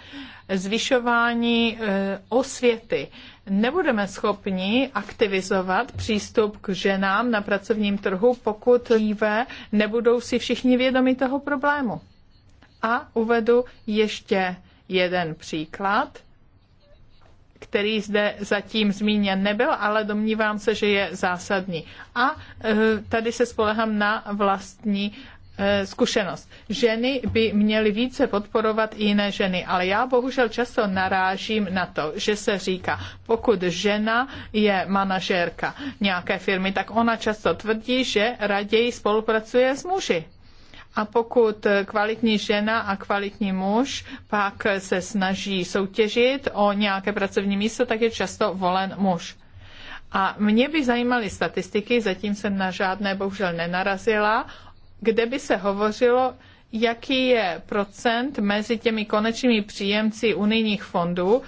Zvyšování eh, osvěty. Nebudeme schopni aktivizovat přístup k ženám na pracovním trhu, pokud jíve nebudou si všichni vědomi toho problému. A uvedu ještě jeden příklad který zde zatím zmíněn nebyl, ale domnívám se, že je zásadní. A eh, tady se spolehám na vlastní eh, zkušenost. Ženy by měly více podporovat i jiné ženy, ale já bohužel často narážím na to, že se říká, pokud žena je manažérka nějaké firmy, tak ona často tvrdí, že raději spolupracuje s muži a pokud kvalitní žena a kvalitní muž pak se snaží soutěžit o nějaké pracovní místo, tak je často volen muž. A mě by zajímaly statistiky, zatím jsem na žádné bohužel nenarazila, kde by se hovořilo, jaký je procent mezi těmi konečnými příjemci unijních fondů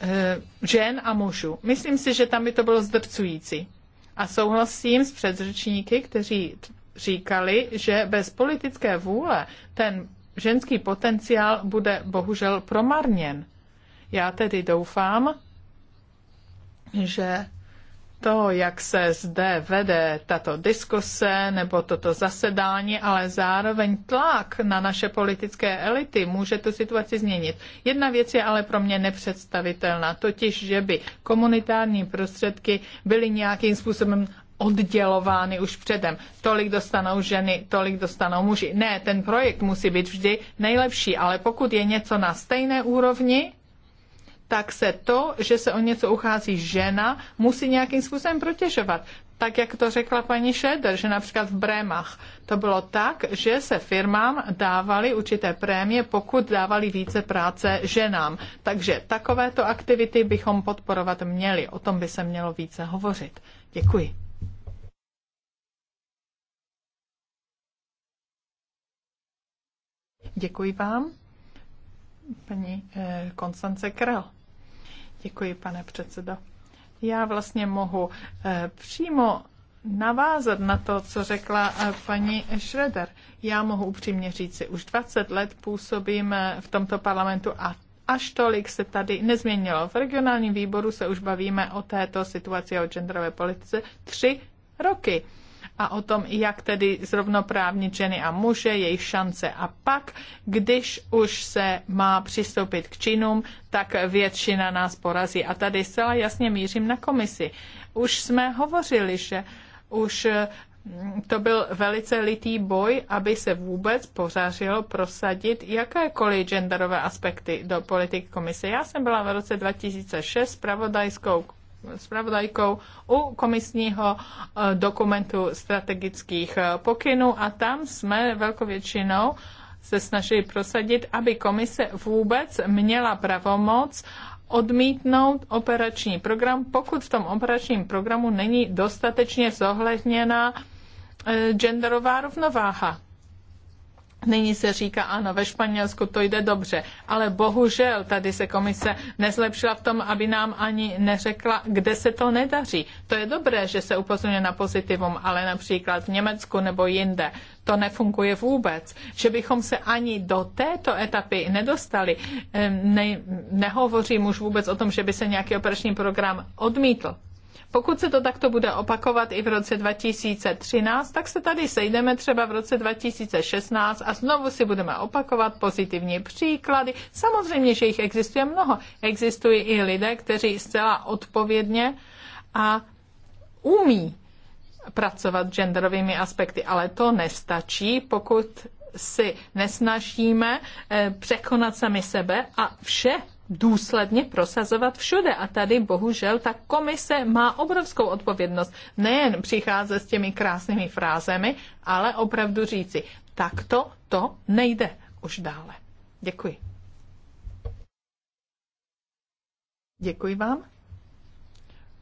eh, žen a mužů. Myslím si, že tam by to bylo zdrcující. A souhlasím s předřečníky, kteří říkali, že bez politické vůle ten ženský potenciál bude bohužel promarněn. Já tedy doufám, že to, jak se zde vede tato diskuse nebo toto zasedání, ale zároveň tlak na naše politické elity může tu situaci změnit. Jedna věc je ale pro mě nepředstavitelná, totiž, že by komunitární prostředky byly nějakým způsobem oddělovány už předem. Tolik dostanou ženy, tolik dostanou muži. Ne, ten projekt musí být vždy nejlepší, ale pokud je něco na stejné úrovni, tak se to, že se o něco uchází žena, musí nějakým způsobem protěžovat. Tak, jak to řekla paní Šeder, že například v Brémach to bylo tak, že se firmám dávaly určité prémie, pokud dávali více práce ženám. Takže takovéto aktivity bychom podporovat měli. O tom by se mělo více hovořit. Děkuji. Děkuji vám. Paní eh, Konstance Král. Děkuji, pane předsedo. Já vlastně mohu eh, přímo navázat na to, co řekla eh, paní Schroeder. Já mohu upřímně říci, už 20 let působím v tomto parlamentu a až tolik se tady nezměnilo. V regionálním výboru se už bavíme o této situaci, o genderové politice, tři roky a o tom, jak tedy zrovnoprávnit ženy a muže, jejich šance. A pak, když už se má přistoupit k činům, tak většina nás porazí. A tady zcela jasně mířím na komisi. Už jsme hovořili, že už mm, to byl velice litý boj, aby se vůbec pořařilo prosadit jakékoliv genderové aspekty do politik komise. Já jsem byla v roce 2006 pravodajskou spravodajkou u komisního eh, dokumentu strategických eh, pokynů a tam jsme velkou většinou se snažili prosadit, aby komise vůbec měla pravomoc odmítnout operační program, pokud v tom operačním programu není dostatečně zohledněna eh, genderová rovnováha. Nyní se říká, ano, ve Španělsku to jde dobře, ale bohužel tady se komise nezlepšila v tom, aby nám ani neřekla, kde se to nedaří. To je dobré, že se upozorňuje na pozitivum, ale například v Německu nebo jinde to nefunguje vůbec. Že bychom se ani do této etapy nedostali, ne, nehovořím už vůbec o tom, že by se nějaký operační program odmítl pokud se to takto bude opakovat i v roce 2013, tak se tady sejdeme třeba v roce 2016 a znovu si budeme opakovat pozitivní příklady. Samozřejmě, že jich existuje mnoho. Existují i lidé, kteří zcela odpovědně a umí pracovat s genderovými aspekty, ale to nestačí, pokud si nesnažíme eh, překonat sami sebe a vše důsledně prosazovat všude. A tady bohužel ta komise má obrovskou odpovědnost. Nejen přicházet s těmi krásnými frázemi, ale opravdu říci, takto to nejde už dále. Děkuji. Děkuji vám.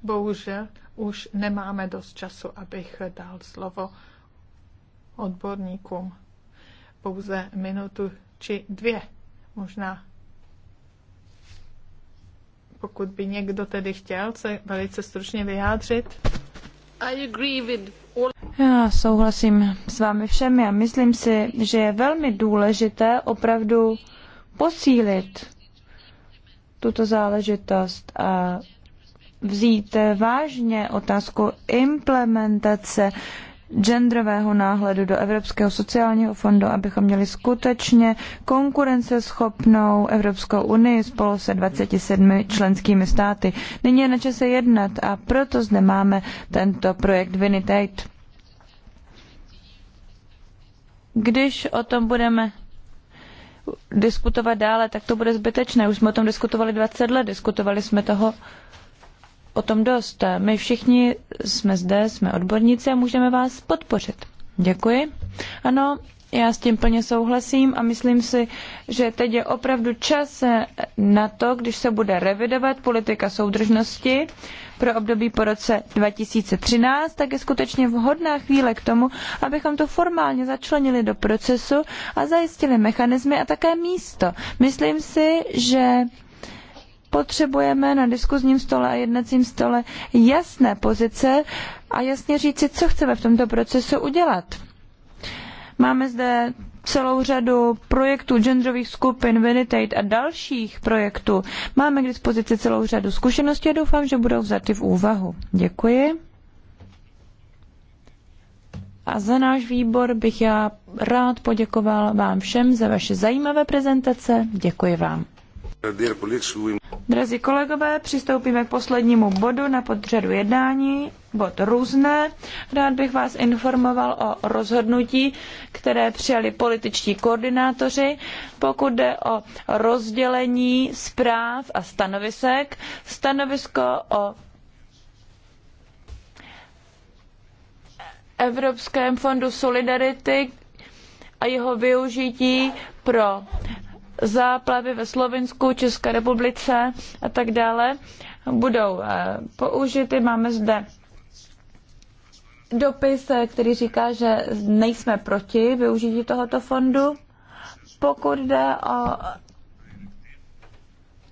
Bohužel už nemáme dost času, abych dal slovo odborníkům. Pouze minutu či dvě, možná pokud by někdo tedy chtěl se velice stručně vyjádřit. I agree with all... Já souhlasím s vámi všemi a myslím si, že je velmi důležité opravdu posílit tuto záležitost a vzít vážně otázku implementace genderového náhledu do Evropského sociálního fondu, abychom měli skutečně konkurenceschopnou Evropskou unii spolu se 27 členskými státy. Nyní je na čase jednat a proto zde máme tento projekt Vinitate. Když o tom budeme diskutovat dále, tak to bude zbytečné. Už jsme o tom diskutovali 20 let, diskutovali jsme toho o tom dost. My všichni jsme zde, jsme odborníci a můžeme vás podpořit. Děkuji. Ano, já s tím plně souhlasím a myslím si, že teď je opravdu čas na to, když se bude revidovat politika soudržnosti pro období po roce 2013, tak je skutečně vhodná chvíle k tomu, abychom to formálně začlenili do procesu a zajistili mechanismy a také místo. Myslím si, že potřebujeme na diskuzním stole a jednacím stole jasné pozice a jasně říci, co chceme v tomto procesu udělat. Máme zde celou řadu projektů genderových skupin, Venitate a dalších projektů. Máme k dispozici celou řadu zkušeností a doufám, že budou vzaty v úvahu. Děkuji. A za náš výbor bych já rád poděkoval vám všem za vaše zajímavé prezentace. Děkuji vám. Drazí kolegové, přistoupíme k poslednímu bodu na podřadu jednání, bod různé. Rád bych vás informoval o rozhodnutí, které přijali političtí koordinátoři, pokud jde o rozdělení zpráv a stanovisek. Stanovisko o Evropském fondu Solidarity a jeho využití pro záplavy ve Slovinsku, České republice a tak dále budou eh, použity. Máme zde dopis, eh, který říká, že nejsme proti využití tohoto fondu. Pokud jde o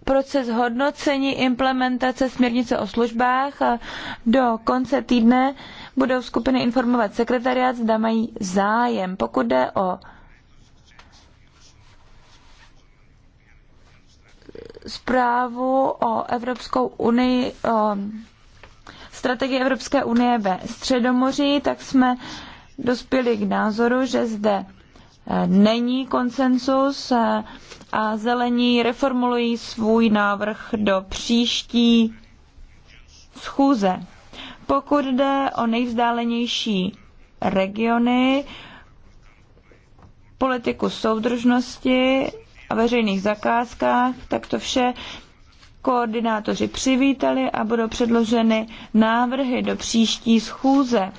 proces hodnocení implementace směrnice o službách, eh, do konce týdne budou skupiny informovat sekretariát, zda mají zájem. Pokud jde o zprávu o Evropskou unii, o strategii Evropské unie ve Středomoří, tak jsme dospěli k názoru, že zde eh, není konsensus eh, a zelení reformulují svůj návrh do příští schůze. Pokud jde o nejvzdálenější regiony, politiku soudržnosti veřejných zakázkách, tak to vše koordinátoři přivítali a budou předloženy návrhy do příští schůze.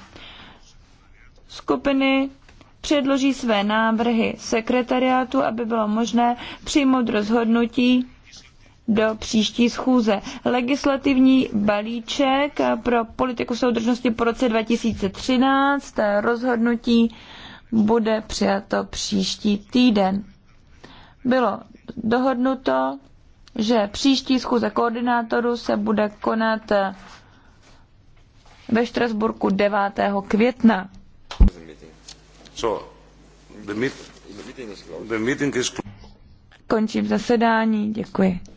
Skupiny předloží své návrhy sekretariátu, aby bylo možné přijmout rozhodnutí do příští schůze. Legislativní balíček pro politiku soudržnosti po roce 2013 rozhodnutí bude přijato příští týden bylo dohodnuto, že příští schůze koordinátorů se bude konat eh, ve Štrasburku 9. května. Končím zasedání, děkuji.